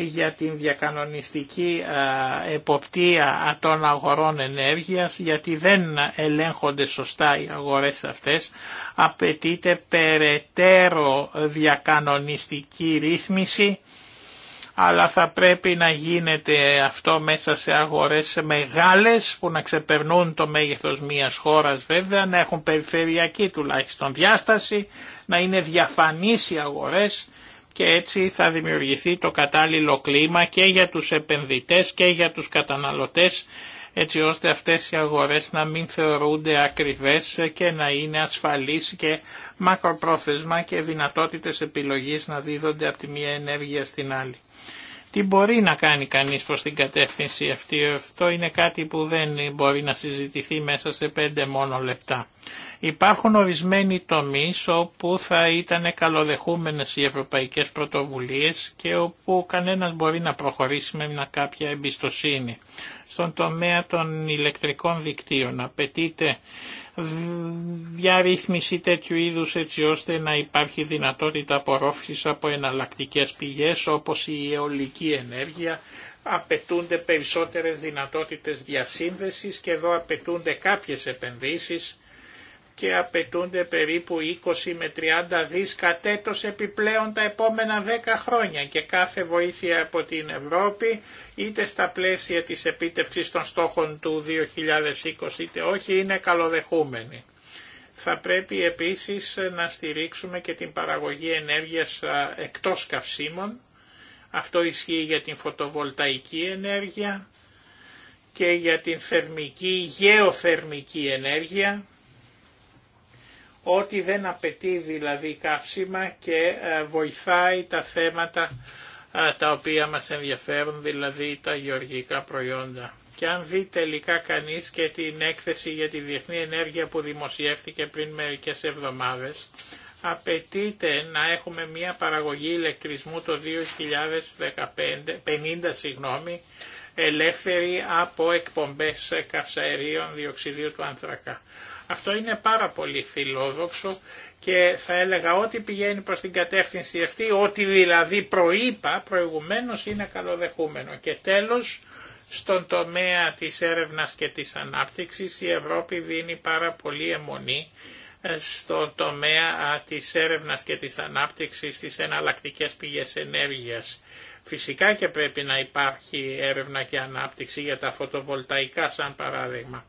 για την διακανονιστική εποπτεία των αγορών ενέργειας γιατί δεν ελέγχονται σωστά οι αγορές αυτές απαιτείται περαιτέρω διακανονιστική ρύθμιση αλλά θα πρέπει να γίνεται αυτό μέσα σε αγορές μεγάλες που να ξεπερνούν το μέγεθος μιας χώρας βέβαια, να έχουν περιφερειακή τουλάχιστον διάσταση, να είναι διαφανείς οι αγορές και έτσι θα δημιουργηθεί το κατάλληλο κλίμα και για τους επενδυτές και για τους καταναλωτές έτσι ώστε αυτές οι αγορές να μην θεωρούνται ακριβές και να είναι ασφαλείς και μακροπρόθεσμα και δυνατότητες επιλογής να δίδονται από τη μία ενέργεια στην άλλη. Τι μπορεί να κάνει κανείς προς την κατεύθυνση αυτή, αυτό είναι κάτι που δεν μπορεί να συζητηθεί μέσα σε πέντε μόνο λεπτά. Υπάρχουν ορισμένοι τομείς όπου θα ήταν καλοδεχούμενες οι ευρωπαϊκές πρωτοβουλίες και όπου κανένας μπορεί να προχωρήσει με μια κάποια εμπιστοσύνη. Στον τομέα των ηλεκτρικών δικτύων απαιτείται διαρρύθμιση τέτοιου είδους έτσι ώστε να υπάρχει δυνατότητα απορρόφησης από εναλλακτικέ πηγές όπως η αιωλική ενέργεια, απαιτούνται περισσότερες δυνατότητες διασύνδεσης και εδώ απαιτούνται κάποιες επενδύσεις και απαιτούνται περίπου 20 με 30 δις κατέτος επιπλέον τα επόμενα 10 χρόνια και κάθε βοήθεια από την Ευρώπη είτε στα πλαίσια της επίτευξης των στόχων του 2020 είτε όχι είναι καλοδεχούμενη. Θα πρέπει επίσης να στηρίξουμε και την παραγωγή ενέργειας εκτός καυσίμων. Αυτό ισχύει για την φωτοβολταϊκή ενέργεια και για την θερμική, γεωθερμική ενέργεια ότι δεν απαιτεί δηλαδή καύσιμα και ε, βοηθάει τα θέματα ε, τα οποία μας ενδιαφέρουν, δηλαδή τα γεωργικά προϊόντα. Και αν δει τελικά κανείς και την έκθεση για τη διεθνή ενέργεια που δημοσιεύτηκε πριν μερικές εβδομάδες, απαιτείται να έχουμε μια παραγωγή ηλεκτρισμού το 2050 συγγνώμη, ελεύθερη από εκπομπές καυσαερίων διοξιδίου του άνθρακα. Αυτό είναι πάρα πολύ φιλόδοξο και θα έλεγα ότι πηγαίνει προς την κατεύθυνση αυτή, ότι δηλαδή προείπα προηγουμένως είναι καλοδεχούμενο. Και τέλος, στον τομέα της έρευνας και της ανάπτυξης η Ευρώπη δίνει πάρα πολύ αιμονή ε, στον τομέα της έρευνας και της ανάπτυξης στις εναλλακτικές πηγές ενέργειας. Φυσικά και πρέπει να υπάρχει έρευνα και ανάπτυξη για τα φωτοβολταϊκά σαν παράδειγμα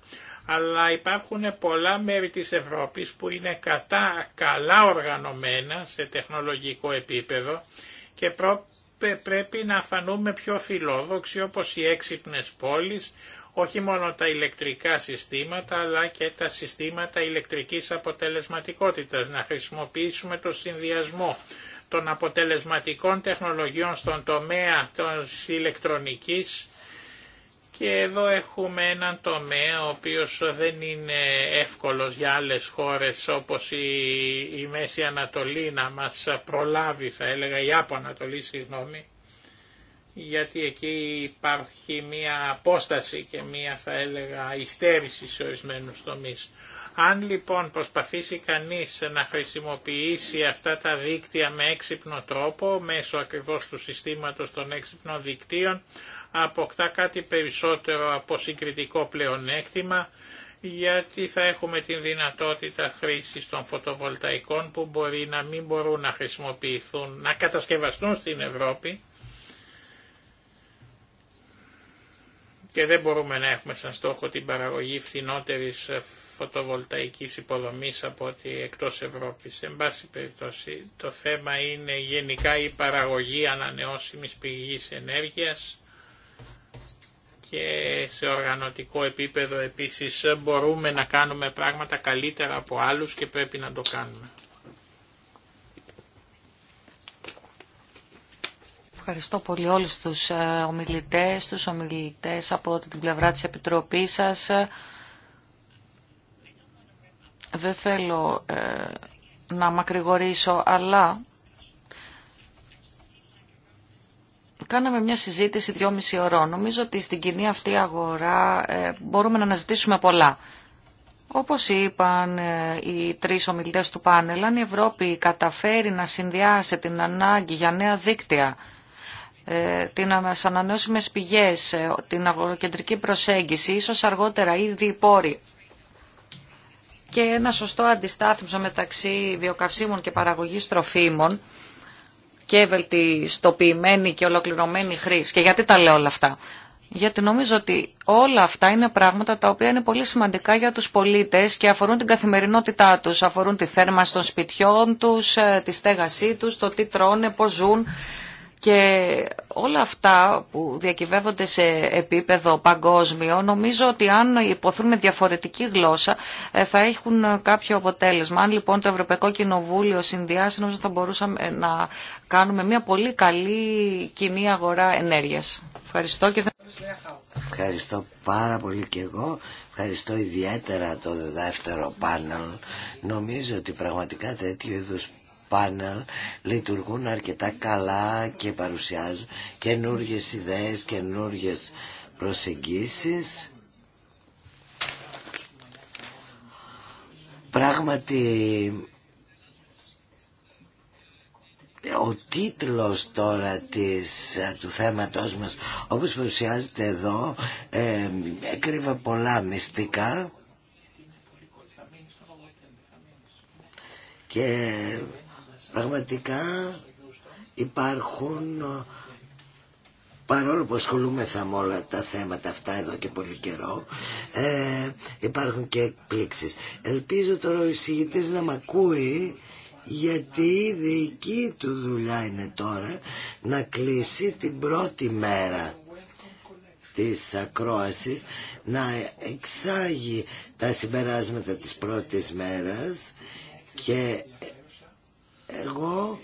αλλά υπάρχουν πολλά μέρη της Ευρώπης που είναι κατά καλά οργανωμένα σε τεχνολογικό επίπεδο και πρέπει να φανούμε πιο φιλόδοξοι όπως οι έξυπνες πόλεις, όχι μόνο τα ηλεκτρικά συστήματα αλλά και τα συστήματα ηλεκτρικής αποτελεσματικότητας, να χρησιμοποιήσουμε το συνδυασμό των αποτελεσματικών τεχνολογιών στον τομέα της ηλεκτρονικής και εδώ έχουμε έναν τομέα ο οποίος δεν είναι εύκολος για άλλες χώρες όπως η, Μέση Ανατολή να μας προλάβει θα έλεγα, η Άπο Ανατολή συγγνώμη, γιατί εκεί υπάρχει μία απόσταση και μία θα έλεγα υστέρηση σε ορισμένου τομεί. Αν λοιπόν προσπαθήσει κανείς να χρησιμοποιήσει αυτά τα δίκτυα με έξυπνο τρόπο, μέσω ακριβώς του συστήματος των έξυπνων δικτύων, αποκτά κάτι περισσότερο από συγκριτικό πλεονέκτημα γιατί θα έχουμε την δυνατότητα χρήσης των φωτοβολταϊκών που μπορεί να μην μπορούν να χρησιμοποιηθούν, να κατασκευαστούν στην Ευρώπη και δεν μπορούμε να έχουμε σαν στόχο την παραγωγή φθηνότερης φωτοβολταϊκής υποδομής από ότι εκτός Ευρώπης. Εν πάση περιπτώσει το θέμα είναι γενικά η παραγωγή ανανεώσιμης πηγής ενέργειας και σε οργανωτικό επίπεδο επίσης μπορούμε να κάνουμε πράγματα καλύτερα από άλλους και πρέπει να το κάνουμε. Ευχαριστώ πολύ όλους τους ε, ομιλητές, τους ομιλητές από την πλευρά της Επιτροπής σας. Δεν θέλω ε, να μακρηγορήσω, αλλά Κάναμε μια συζήτηση δυόμιση ωρών. Νομίζω ότι στην κοινή αυτή αγορά ε, μπορούμε να αναζητήσουμε πολλά. Όπως είπαν ε, οι τρεις ομιλητές του πάνελ, αν η Ευρώπη καταφέρει να συνδυάσει την ανάγκη για νέα δίκτυα, ε, την ανανεώσιμες πηγές, την αγοροκεντρική προσέγγιση, ίσως αργότερα ήδη οι και ένα σωστό αντιστάθμισμα μεταξύ βιοκαυσίμων και παραγωγής τροφίμων, και βελτιστοποιημένη και ολοκληρωμένη χρήση. Και γιατί τα λέω όλα αυτά. Γιατί νομίζω ότι όλα αυτά είναι πράγματα τα οποία είναι πολύ σημαντικά για τους πολίτες και αφορούν την καθημερινότητά τους, αφορούν τη θέρμανση των σπιτιών τους, ε, τη στέγασή τους, το τι τρώνε, πώς ζουν. Και όλα αυτά που διακυβεύονται σε επίπεδο παγκόσμιο, νομίζω ότι αν υποθούν με διαφορετική γλώσσα ε, θα έχουν κάποιο αποτέλεσμα. Αν λοιπόν το Ευρωπαϊκό Κοινοβούλιο συνδυάσει, νομίζω θα μπορούσαμε να κάνουμε μια πολύ καλή κοινή αγορά ενέργειας. Ευχαριστώ και θα... Ευχαριστώ πάρα πολύ και εγώ. Ευχαριστώ ιδιαίτερα το δεύτερο πάνελ. Νομίζω ότι πραγματικά τέτοιου είδους πάνελ λειτουργούν αρκετά καλά και παρουσιάζουν καινούργιες ιδέες, καινούργιες προσεγγίσεις. Πράγματι ο τίτλος τώρα της, του θέματός μας όπως παρουσιάζεται εδώ ε, έκρυβε πολλά μυστικά και Πραγματικά υπάρχουν, ε, παρόλο που ασχολούμεθα με όλα τα θέματα αυτά εδώ και πολύ καιρό, ε, υπάρχουν και εκπλήξεις. Ελπίζω τώρα ο εισηγητής να μ' ακούει, γιατί η δική του δουλειά είναι τώρα να κλείσει την πρώτη μέρα της ακρόασης να εξάγει τα συμπεράσματα της πρώτης μέρας και εγώ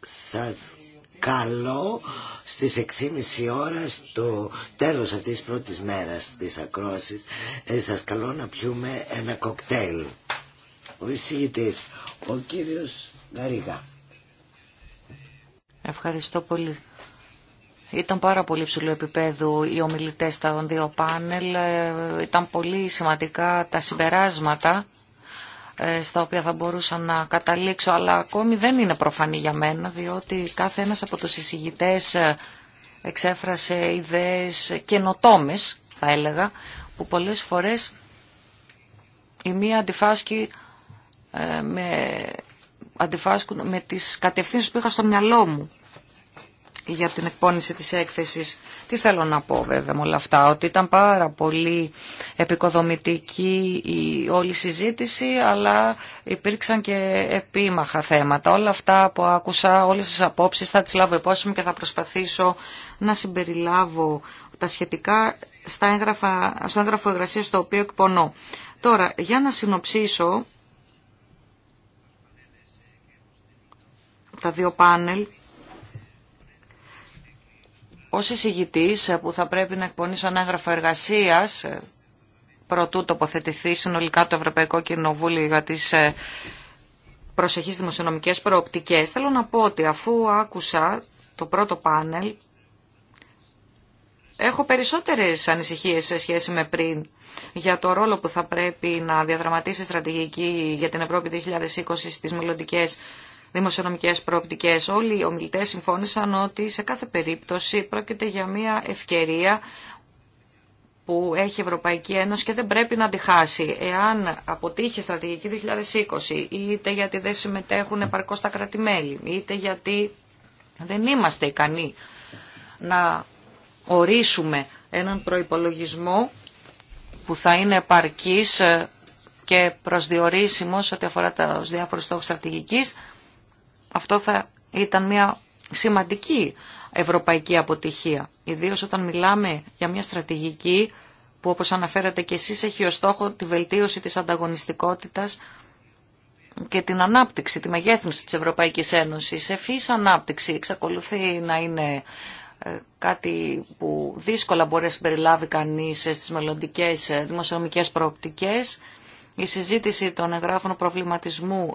σας καλώ στις 6.30 ώρα στο τέλος αυτής της πρώτης μέρας της ακρόασης ε, σας καλώ να πιούμε ένα κοκτέιλ ο εισηγητής ο κύριος Γαρίγα Ευχαριστώ πολύ ήταν πάρα πολύ ψηλού επίπεδου οι ομιλητές στα δύο πάνελ. Ε, ήταν πολύ σημαντικά τα συμπεράσματα ε, στα οποία θα μπορούσα να καταλήξω, αλλά ακόμη δεν είναι προφανή για μένα, διότι κάθε ένας από τους εισηγητές ε, εξέφρασε ιδέες καινοτόμε, θα έλεγα, που πολλές φορές η μία αντιφάσκει ε, με, με τις κατευθύνσεις που είχα στο μυαλό μου για την εκπόνηση της έκθεσης. Τι θέλω να πω βέβαια με όλα αυτά, ότι ήταν πάρα πολύ επικοδομητική η όλη συζήτηση, αλλά υπήρξαν και επίμαχα θέματα. Όλα αυτά που άκουσα, όλες τις απόψεις θα τις λάβω υπόψη και θα προσπαθήσω να συμπεριλάβω τα σχετικά στα έγγραφα, στο έγγραφο εργασία στο οποίο εκπονώ. Τώρα, για να συνοψίσω τα δύο πάνελ ως εισηγητής ε, που θα πρέπει να εκπονήσω ένα έγγραφο εργασίας ε, προτού τοποθετηθεί συνολικά το Ευρωπαϊκό Κοινοβούλιο για τις ε, προσεχείς δημοσιονομικές προοπτικές. Θέλω να πω ότι αφού άκουσα το πρώτο πάνελ, έχω περισσότερες ανησυχίες σε σχέση με πριν για το ρόλο που θα πρέπει να διαδραματίσει η στρατηγική για την Ευρώπη 2020 στις μελλοντικέ δημοσιονομικές προοπτικέ. Όλοι οι ομιλητές συμφώνησαν ότι σε κάθε περίπτωση πρόκειται για μια ευκαιρία που έχει η Ευρωπαϊκή Ένωση και δεν πρέπει να αντιχάσει Εάν αποτύχει η στρατηγική 2020, είτε γιατί δεν συμμετέχουν επαρκώ τα κράτη-μέλη, είτε γιατί δεν είμαστε ικανοί να ορίσουμε έναν προϋπολογισμό που θα είναι επαρκής και προσδιορίσιμος ό,τι αφορά τους διάφορους στόχους στρατηγικής, αυτό θα ήταν μια σημαντική ευρωπαϊκή αποτυχία, ιδίως όταν μιλάμε για μια στρατηγική που όπως αναφέρατε και εσείς έχει ως στόχο τη βελτίωση της ανταγωνιστικότητας και την ανάπτυξη, τη μεγέθυνση της Ευρωπαϊκής Ένωσης. Εφή ανάπτυξη εξακολουθεί να είναι ε, κάτι που δύσκολα μπορεί να συμπεριλάβει κανείς ε, στις μελλοντικές ε, δημοσιονομικές προοπτικές. Η συζήτηση των εγγράφων προβληματισμού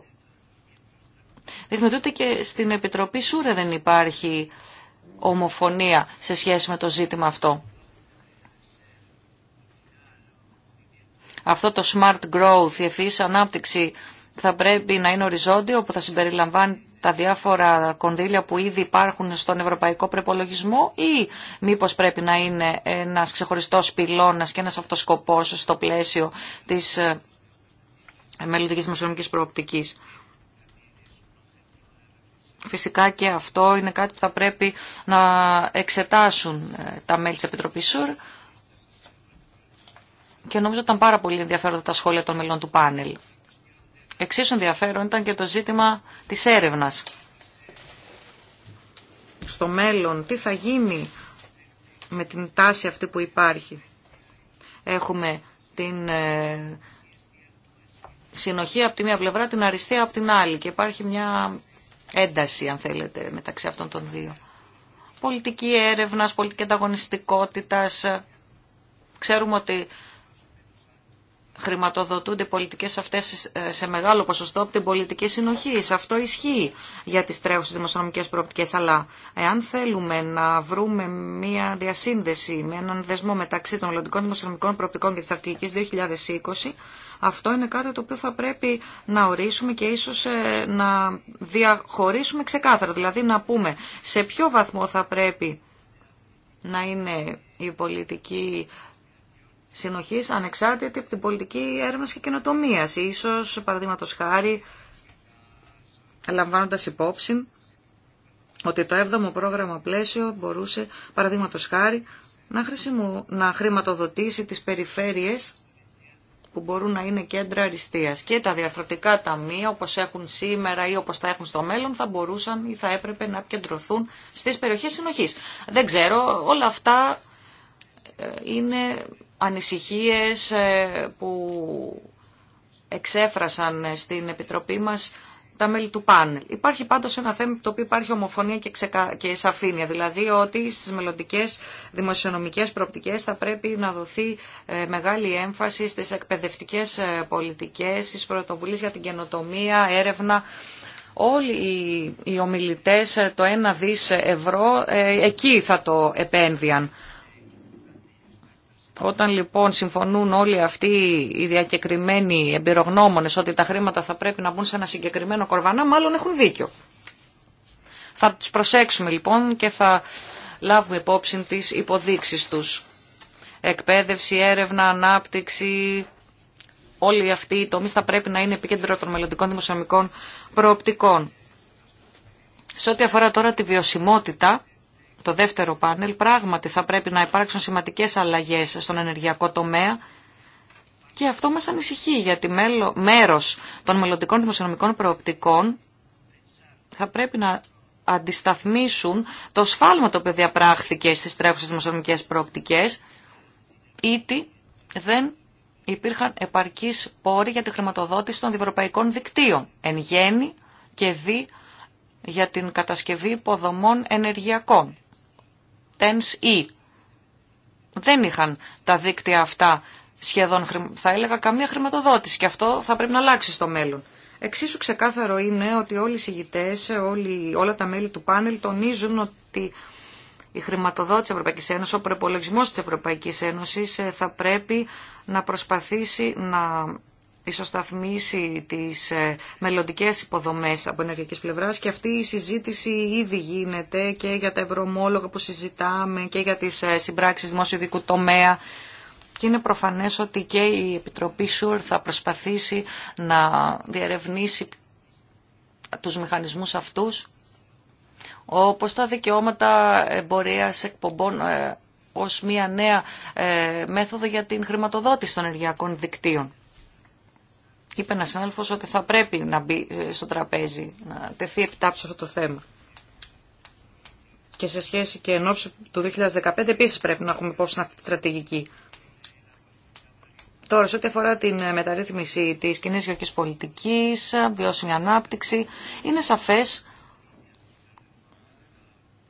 Δείχνει ότι ούτε και στην Επιτροπή Σούρε δεν υπάρχει ομοφωνία σε σχέση με το ζήτημα αυτό. Αυτό το smart growth, η ευφυής ανάπτυξη θα πρέπει να είναι οριζόντιο που θα συμπεριλαμβάνει τα διάφορα κονδύλια που ήδη υπάρχουν στον ευρωπαϊκό προπολογισμό ή μήπως πρέπει να είναι ένας ξεχωριστός πυλώνας και ένας αυτοσκοπός στο πλαίσιο της ε, μελλοντικής μουσουλμικής προοπτικής. Φυσικά και αυτό είναι κάτι που θα πρέπει να εξετάσουν ε, τα μέλη της Επιτροπής ΣΟΥΡ και νομίζω ήταν πάρα πολύ ενδιαφέροντα τα σχόλια των μελών του πάνελ. Εξίσου ενδιαφέρον ήταν και το ζήτημα της έρευνας. Στο μέλλον, τι θα γίνει με την τάση αυτή που υπάρχει. Έχουμε την ε, συνοχή από τη μία πλευρά, την αριστεία από την άλλη και υπάρχει μια ένταση, αν θέλετε, μεταξύ αυτών των δύο. Πολιτική έρευνας, πολιτική ανταγωνιστικότητας. Ξέρουμε ότι χρηματοδοτούνται πολιτικές αυτές ε, σε μεγάλο ποσοστό από την πολιτική συνοχή. Αυτό ισχύει για τις τρέχουσες δημοσιονομικές προοπτικές, αλλά εάν θέλουμε να βρούμε μια διασύνδεση με έναν δεσμό μεταξύ των ολοντικών δημοσιονομικών προοπτικών και της στρατηγικής 2020, αυτό είναι κάτι το οποίο θα πρέπει να ορίσουμε και ίσως ε, να διαχωρίσουμε ξεκάθαρα. Δηλαδή να πούμε σε ποιο βαθμό θα πρέπει να είναι η πολιτική συνοχή ανεξάρτητη από την πολιτική έρευνα και καινοτομία. σω, παραδείγματο χάρη, λαμβάνοντα υπόψη ότι το 7ο πρόγραμμα πλαίσιο μπορούσε, παραδείγματο χάρη, να, χρησιμο... να χρηματοδοτήσει τι περιφέρειες που μπορούν να είναι κέντρα αριστεία Και τα διαρθρωτικά ταμεία, όπω έχουν σήμερα ή όπω θα έχουν στο μέλλον, θα μπορούσαν ή θα έπρεπε να επικεντρωθούν στι περιοχέ συνοχή. Δεν ξέρω, όλα αυτά ε, είναι ανησυχίες ε, που εξέφρασαν στην Επιτροπή μας τα μέλη του πάνελ. Υπάρχει πάντως ένα θέμα το οποίο υπάρχει ομοφωνία και, και σαφήνεια, δηλαδή ότι στις μελλοντικέ δημοσιονομικές προοπτικές θα πρέπει να δοθεί ε, μεγάλη έμφαση στις εκπαιδευτικές ε, πολιτικές, στις πρωτοβουλίες για την καινοτομία, έρευνα, όλοι οι, οι ομιλητές το ένα δις ευρώ εκεί θα το επένδυαν. Όταν λοιπόν συμφωνούν όλοι αυτοί οι διακεκριμένοι εμπειρογνώμονες ότι τα χρήματα θα πρέπει να μπουν σε ένα συγκεκριμένο κορβανά, μάλλον έχουν δίκιο. Θα τους προσέξουμε λοιπόν και θα λάβουμε υπόψη τις υποδείξεις τους. Εκπαίδευση, έρευνα, ανάπτυξη, όλοι αυτοί οι τομείς θα πρέπει να είναι επίκεντρο των μελλοντικών δημοσιονομικών προοπτικών. Σε ό,τι αφορά τώρα τη βιωσιμότητα, το δεύτερο πάνελ, πράγματι θα πρέπει να υπάρξουν σημαντικές αλλαγές στον ενεργειακό τομέα και αυτό μας ανησυχεί γιατί μέρος των μελλοντικών δημοσιονομικών προοπτικών θα πρέπει να αντισταθμίσουν το σφάλμα το οποίο διαπράχθηκε στις τρέχουσες δημοσιονομικές προοπτικές ήτι δεν υπήρχαν επαρκείς πόροι για τη χρηματοδότηση των διευρωπαϊκών δικτύων εν γέννη και δι για την κατασκευή υποδομών ενεργειακών tens η Δεν είχαν τα δίκτυα αυτά σχεδόν, θα έλεγα, καμία χρηματοδότηση και αυτό θα πρέπει να αλλάξει στο μέλλον. Εξίσου ξεκάθαρο είναι ότι όλοι οι συγητές, όλοι, όλα τα μέλη του πάνελ τονίζουν ότι η χρηματοδότηση της Ευρωπαϊκής Ένωσης, ο προπολογισμό της Ευρωπαϊκής Ένωσης ε, θα πρέπει να προσπαθήσει να ισοσταθμίσει τις ε, μελλοντικές υποδομές από ενεργειακής πλευράς και αυτή η συζήτηση ήδη γίνεται και για τα ευρωομόλογα που συζητάμε και για τις ε, συμπράξεις δημοσιοδικού τομέα και είναι προφανές ότι και η Επιτροπή ΣΟΥΡ θα προσπαθήσει να διερευνήσει τους μηχανισμούς αυτούς όπως τα δικαιώματα εμπορίας εκπομπών ε, ως μια νέα μέθοδο για την χρηματοδότηση των ενεργειακών δικτύων. Είπε ένα συνάδελφο ότι θα πρέπει να μπει ε, στο τραπέζι, να τεθεί επιτάψη αυτό το θέμα. Και σε σχέση και εν ώψη του 2015 επίσης πρέπει να έχουμε υπόψη αυτή τη στρατηγική. Τώρα, σε ό,τι αφορά την ε, μεταρρύθμιση της κοινή γεωργικής πολιτικής, ε, βιώσιμη ανάπτυξη, είναι σαφές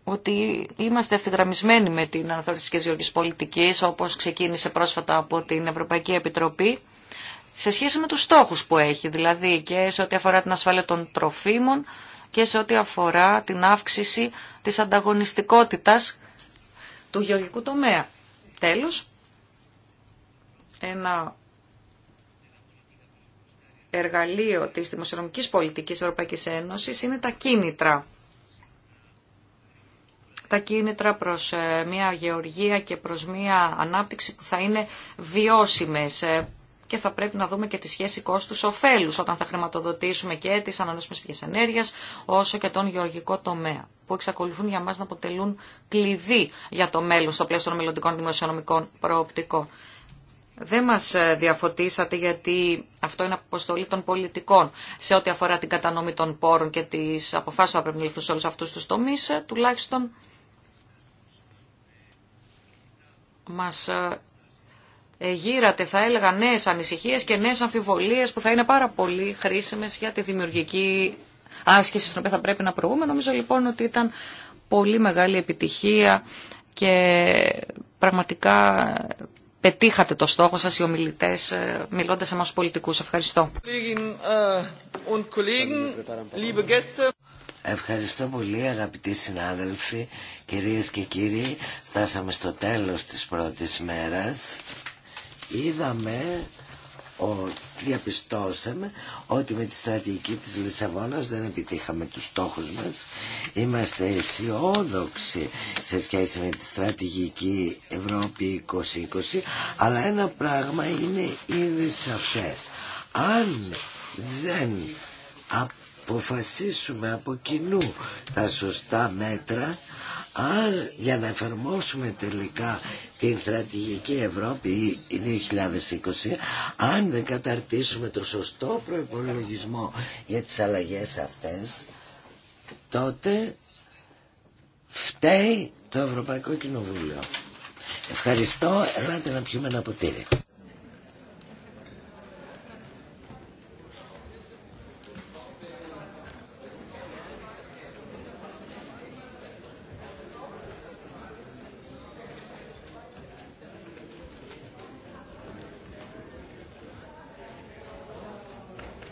ότι είμαστε ευθυγραμμισμένοι με την αναθεώρηση της γεωργική πολιτική, όπω ξεκίνησε πρόσφατα από την Ευρωπαϊκή Επιτροπή σε σχέση με τους στόχους που έχει, δηλαδή και σε ό,τι αφορά την ασφάλεια των τροφίμων και σε ό,τι αφορά την αύξηση της ανταγωνιστικότητας του γεωργικού τομέα. Τέλος, ένα εργαλείο της δημοσιονομικής πολιτικής Ευρωπαϊκής Ένωσης είναι τα κίνητρα. Τα κίνητρα προς ε, μια γεωργία και προς μια ανάπτυξη που θα είναι βιώσιμες, ε, και θα πρέπει να δούμε και τη σχέση κόστους-οφέλους όταν θα χρηματοδοτήσουμε και τις ανανεώσιμες πηγές ενέργειας όσο και τον γεωργικό τομέα που εξακολουθούν για μας να αποτελούν κλειδί για το μέλλον στο πλαίσιο των μελλοντικών δημοσιονομικών προοπτικών. Δεν μας ε, διαφωτίσατε γιατί αυτό είναι αποστολή των πολιτικών σε ό,τι αφορά την κατανομή των πόρων και τις αποφάσεις που πρέπει να ληφθούν σε όλους αυτούς τους τομείς, ε, τουλάχιστον μας ε, ε, γύρατε, θα έλεγα, νέε ανησυχίε και νέε αμφιβολίε που θα είναι πάρα πολύ χρήσιμες για τη δημιουργική άσκηση στην οποία θα πρέπει να προβούμε. Νομίζω λοιπόν ότι ήταν πολύ μεγάλη επιτυχία και πραγματικά πετύχατε το στόχο σας οι ομιλητές ε, μιλώντας σε εμάς πολιτικούς. Ευχαριστώ. Ε, Ευχαριστώ πολύ αγαπητοί συνάδελφοι, κυρίες και κύριοι. Φτάσαμε στο τέλος της πρώτης μέρας είδαμε ότι διαπιστώσαμε ότι με τη στρατηγική της Λισαβόνας δεν επιτύχαμε τους στόχους μας. Είμαστε αισιόδοξοι σε σχέση με τη στρατηγική Ευρώπη 2020, αλλά ένα πράγμα είναι ήδη σαφές. Αν δεν αποφασίσουμε από κοινού τα σωστά μέτρα, αν για να εφαρμόσουμε τελικά την στρατηγική Ευρώπη 2020, αν δεν καταρτήσουμε το σωστό προϋπολογισμό για τις αλλαγές αυτές, τότε φταίει το Ευρωπαϊκό Κοινοβούλιο. Ευχαριστώ, ελάτε να πιούμε ένα ποτήρι.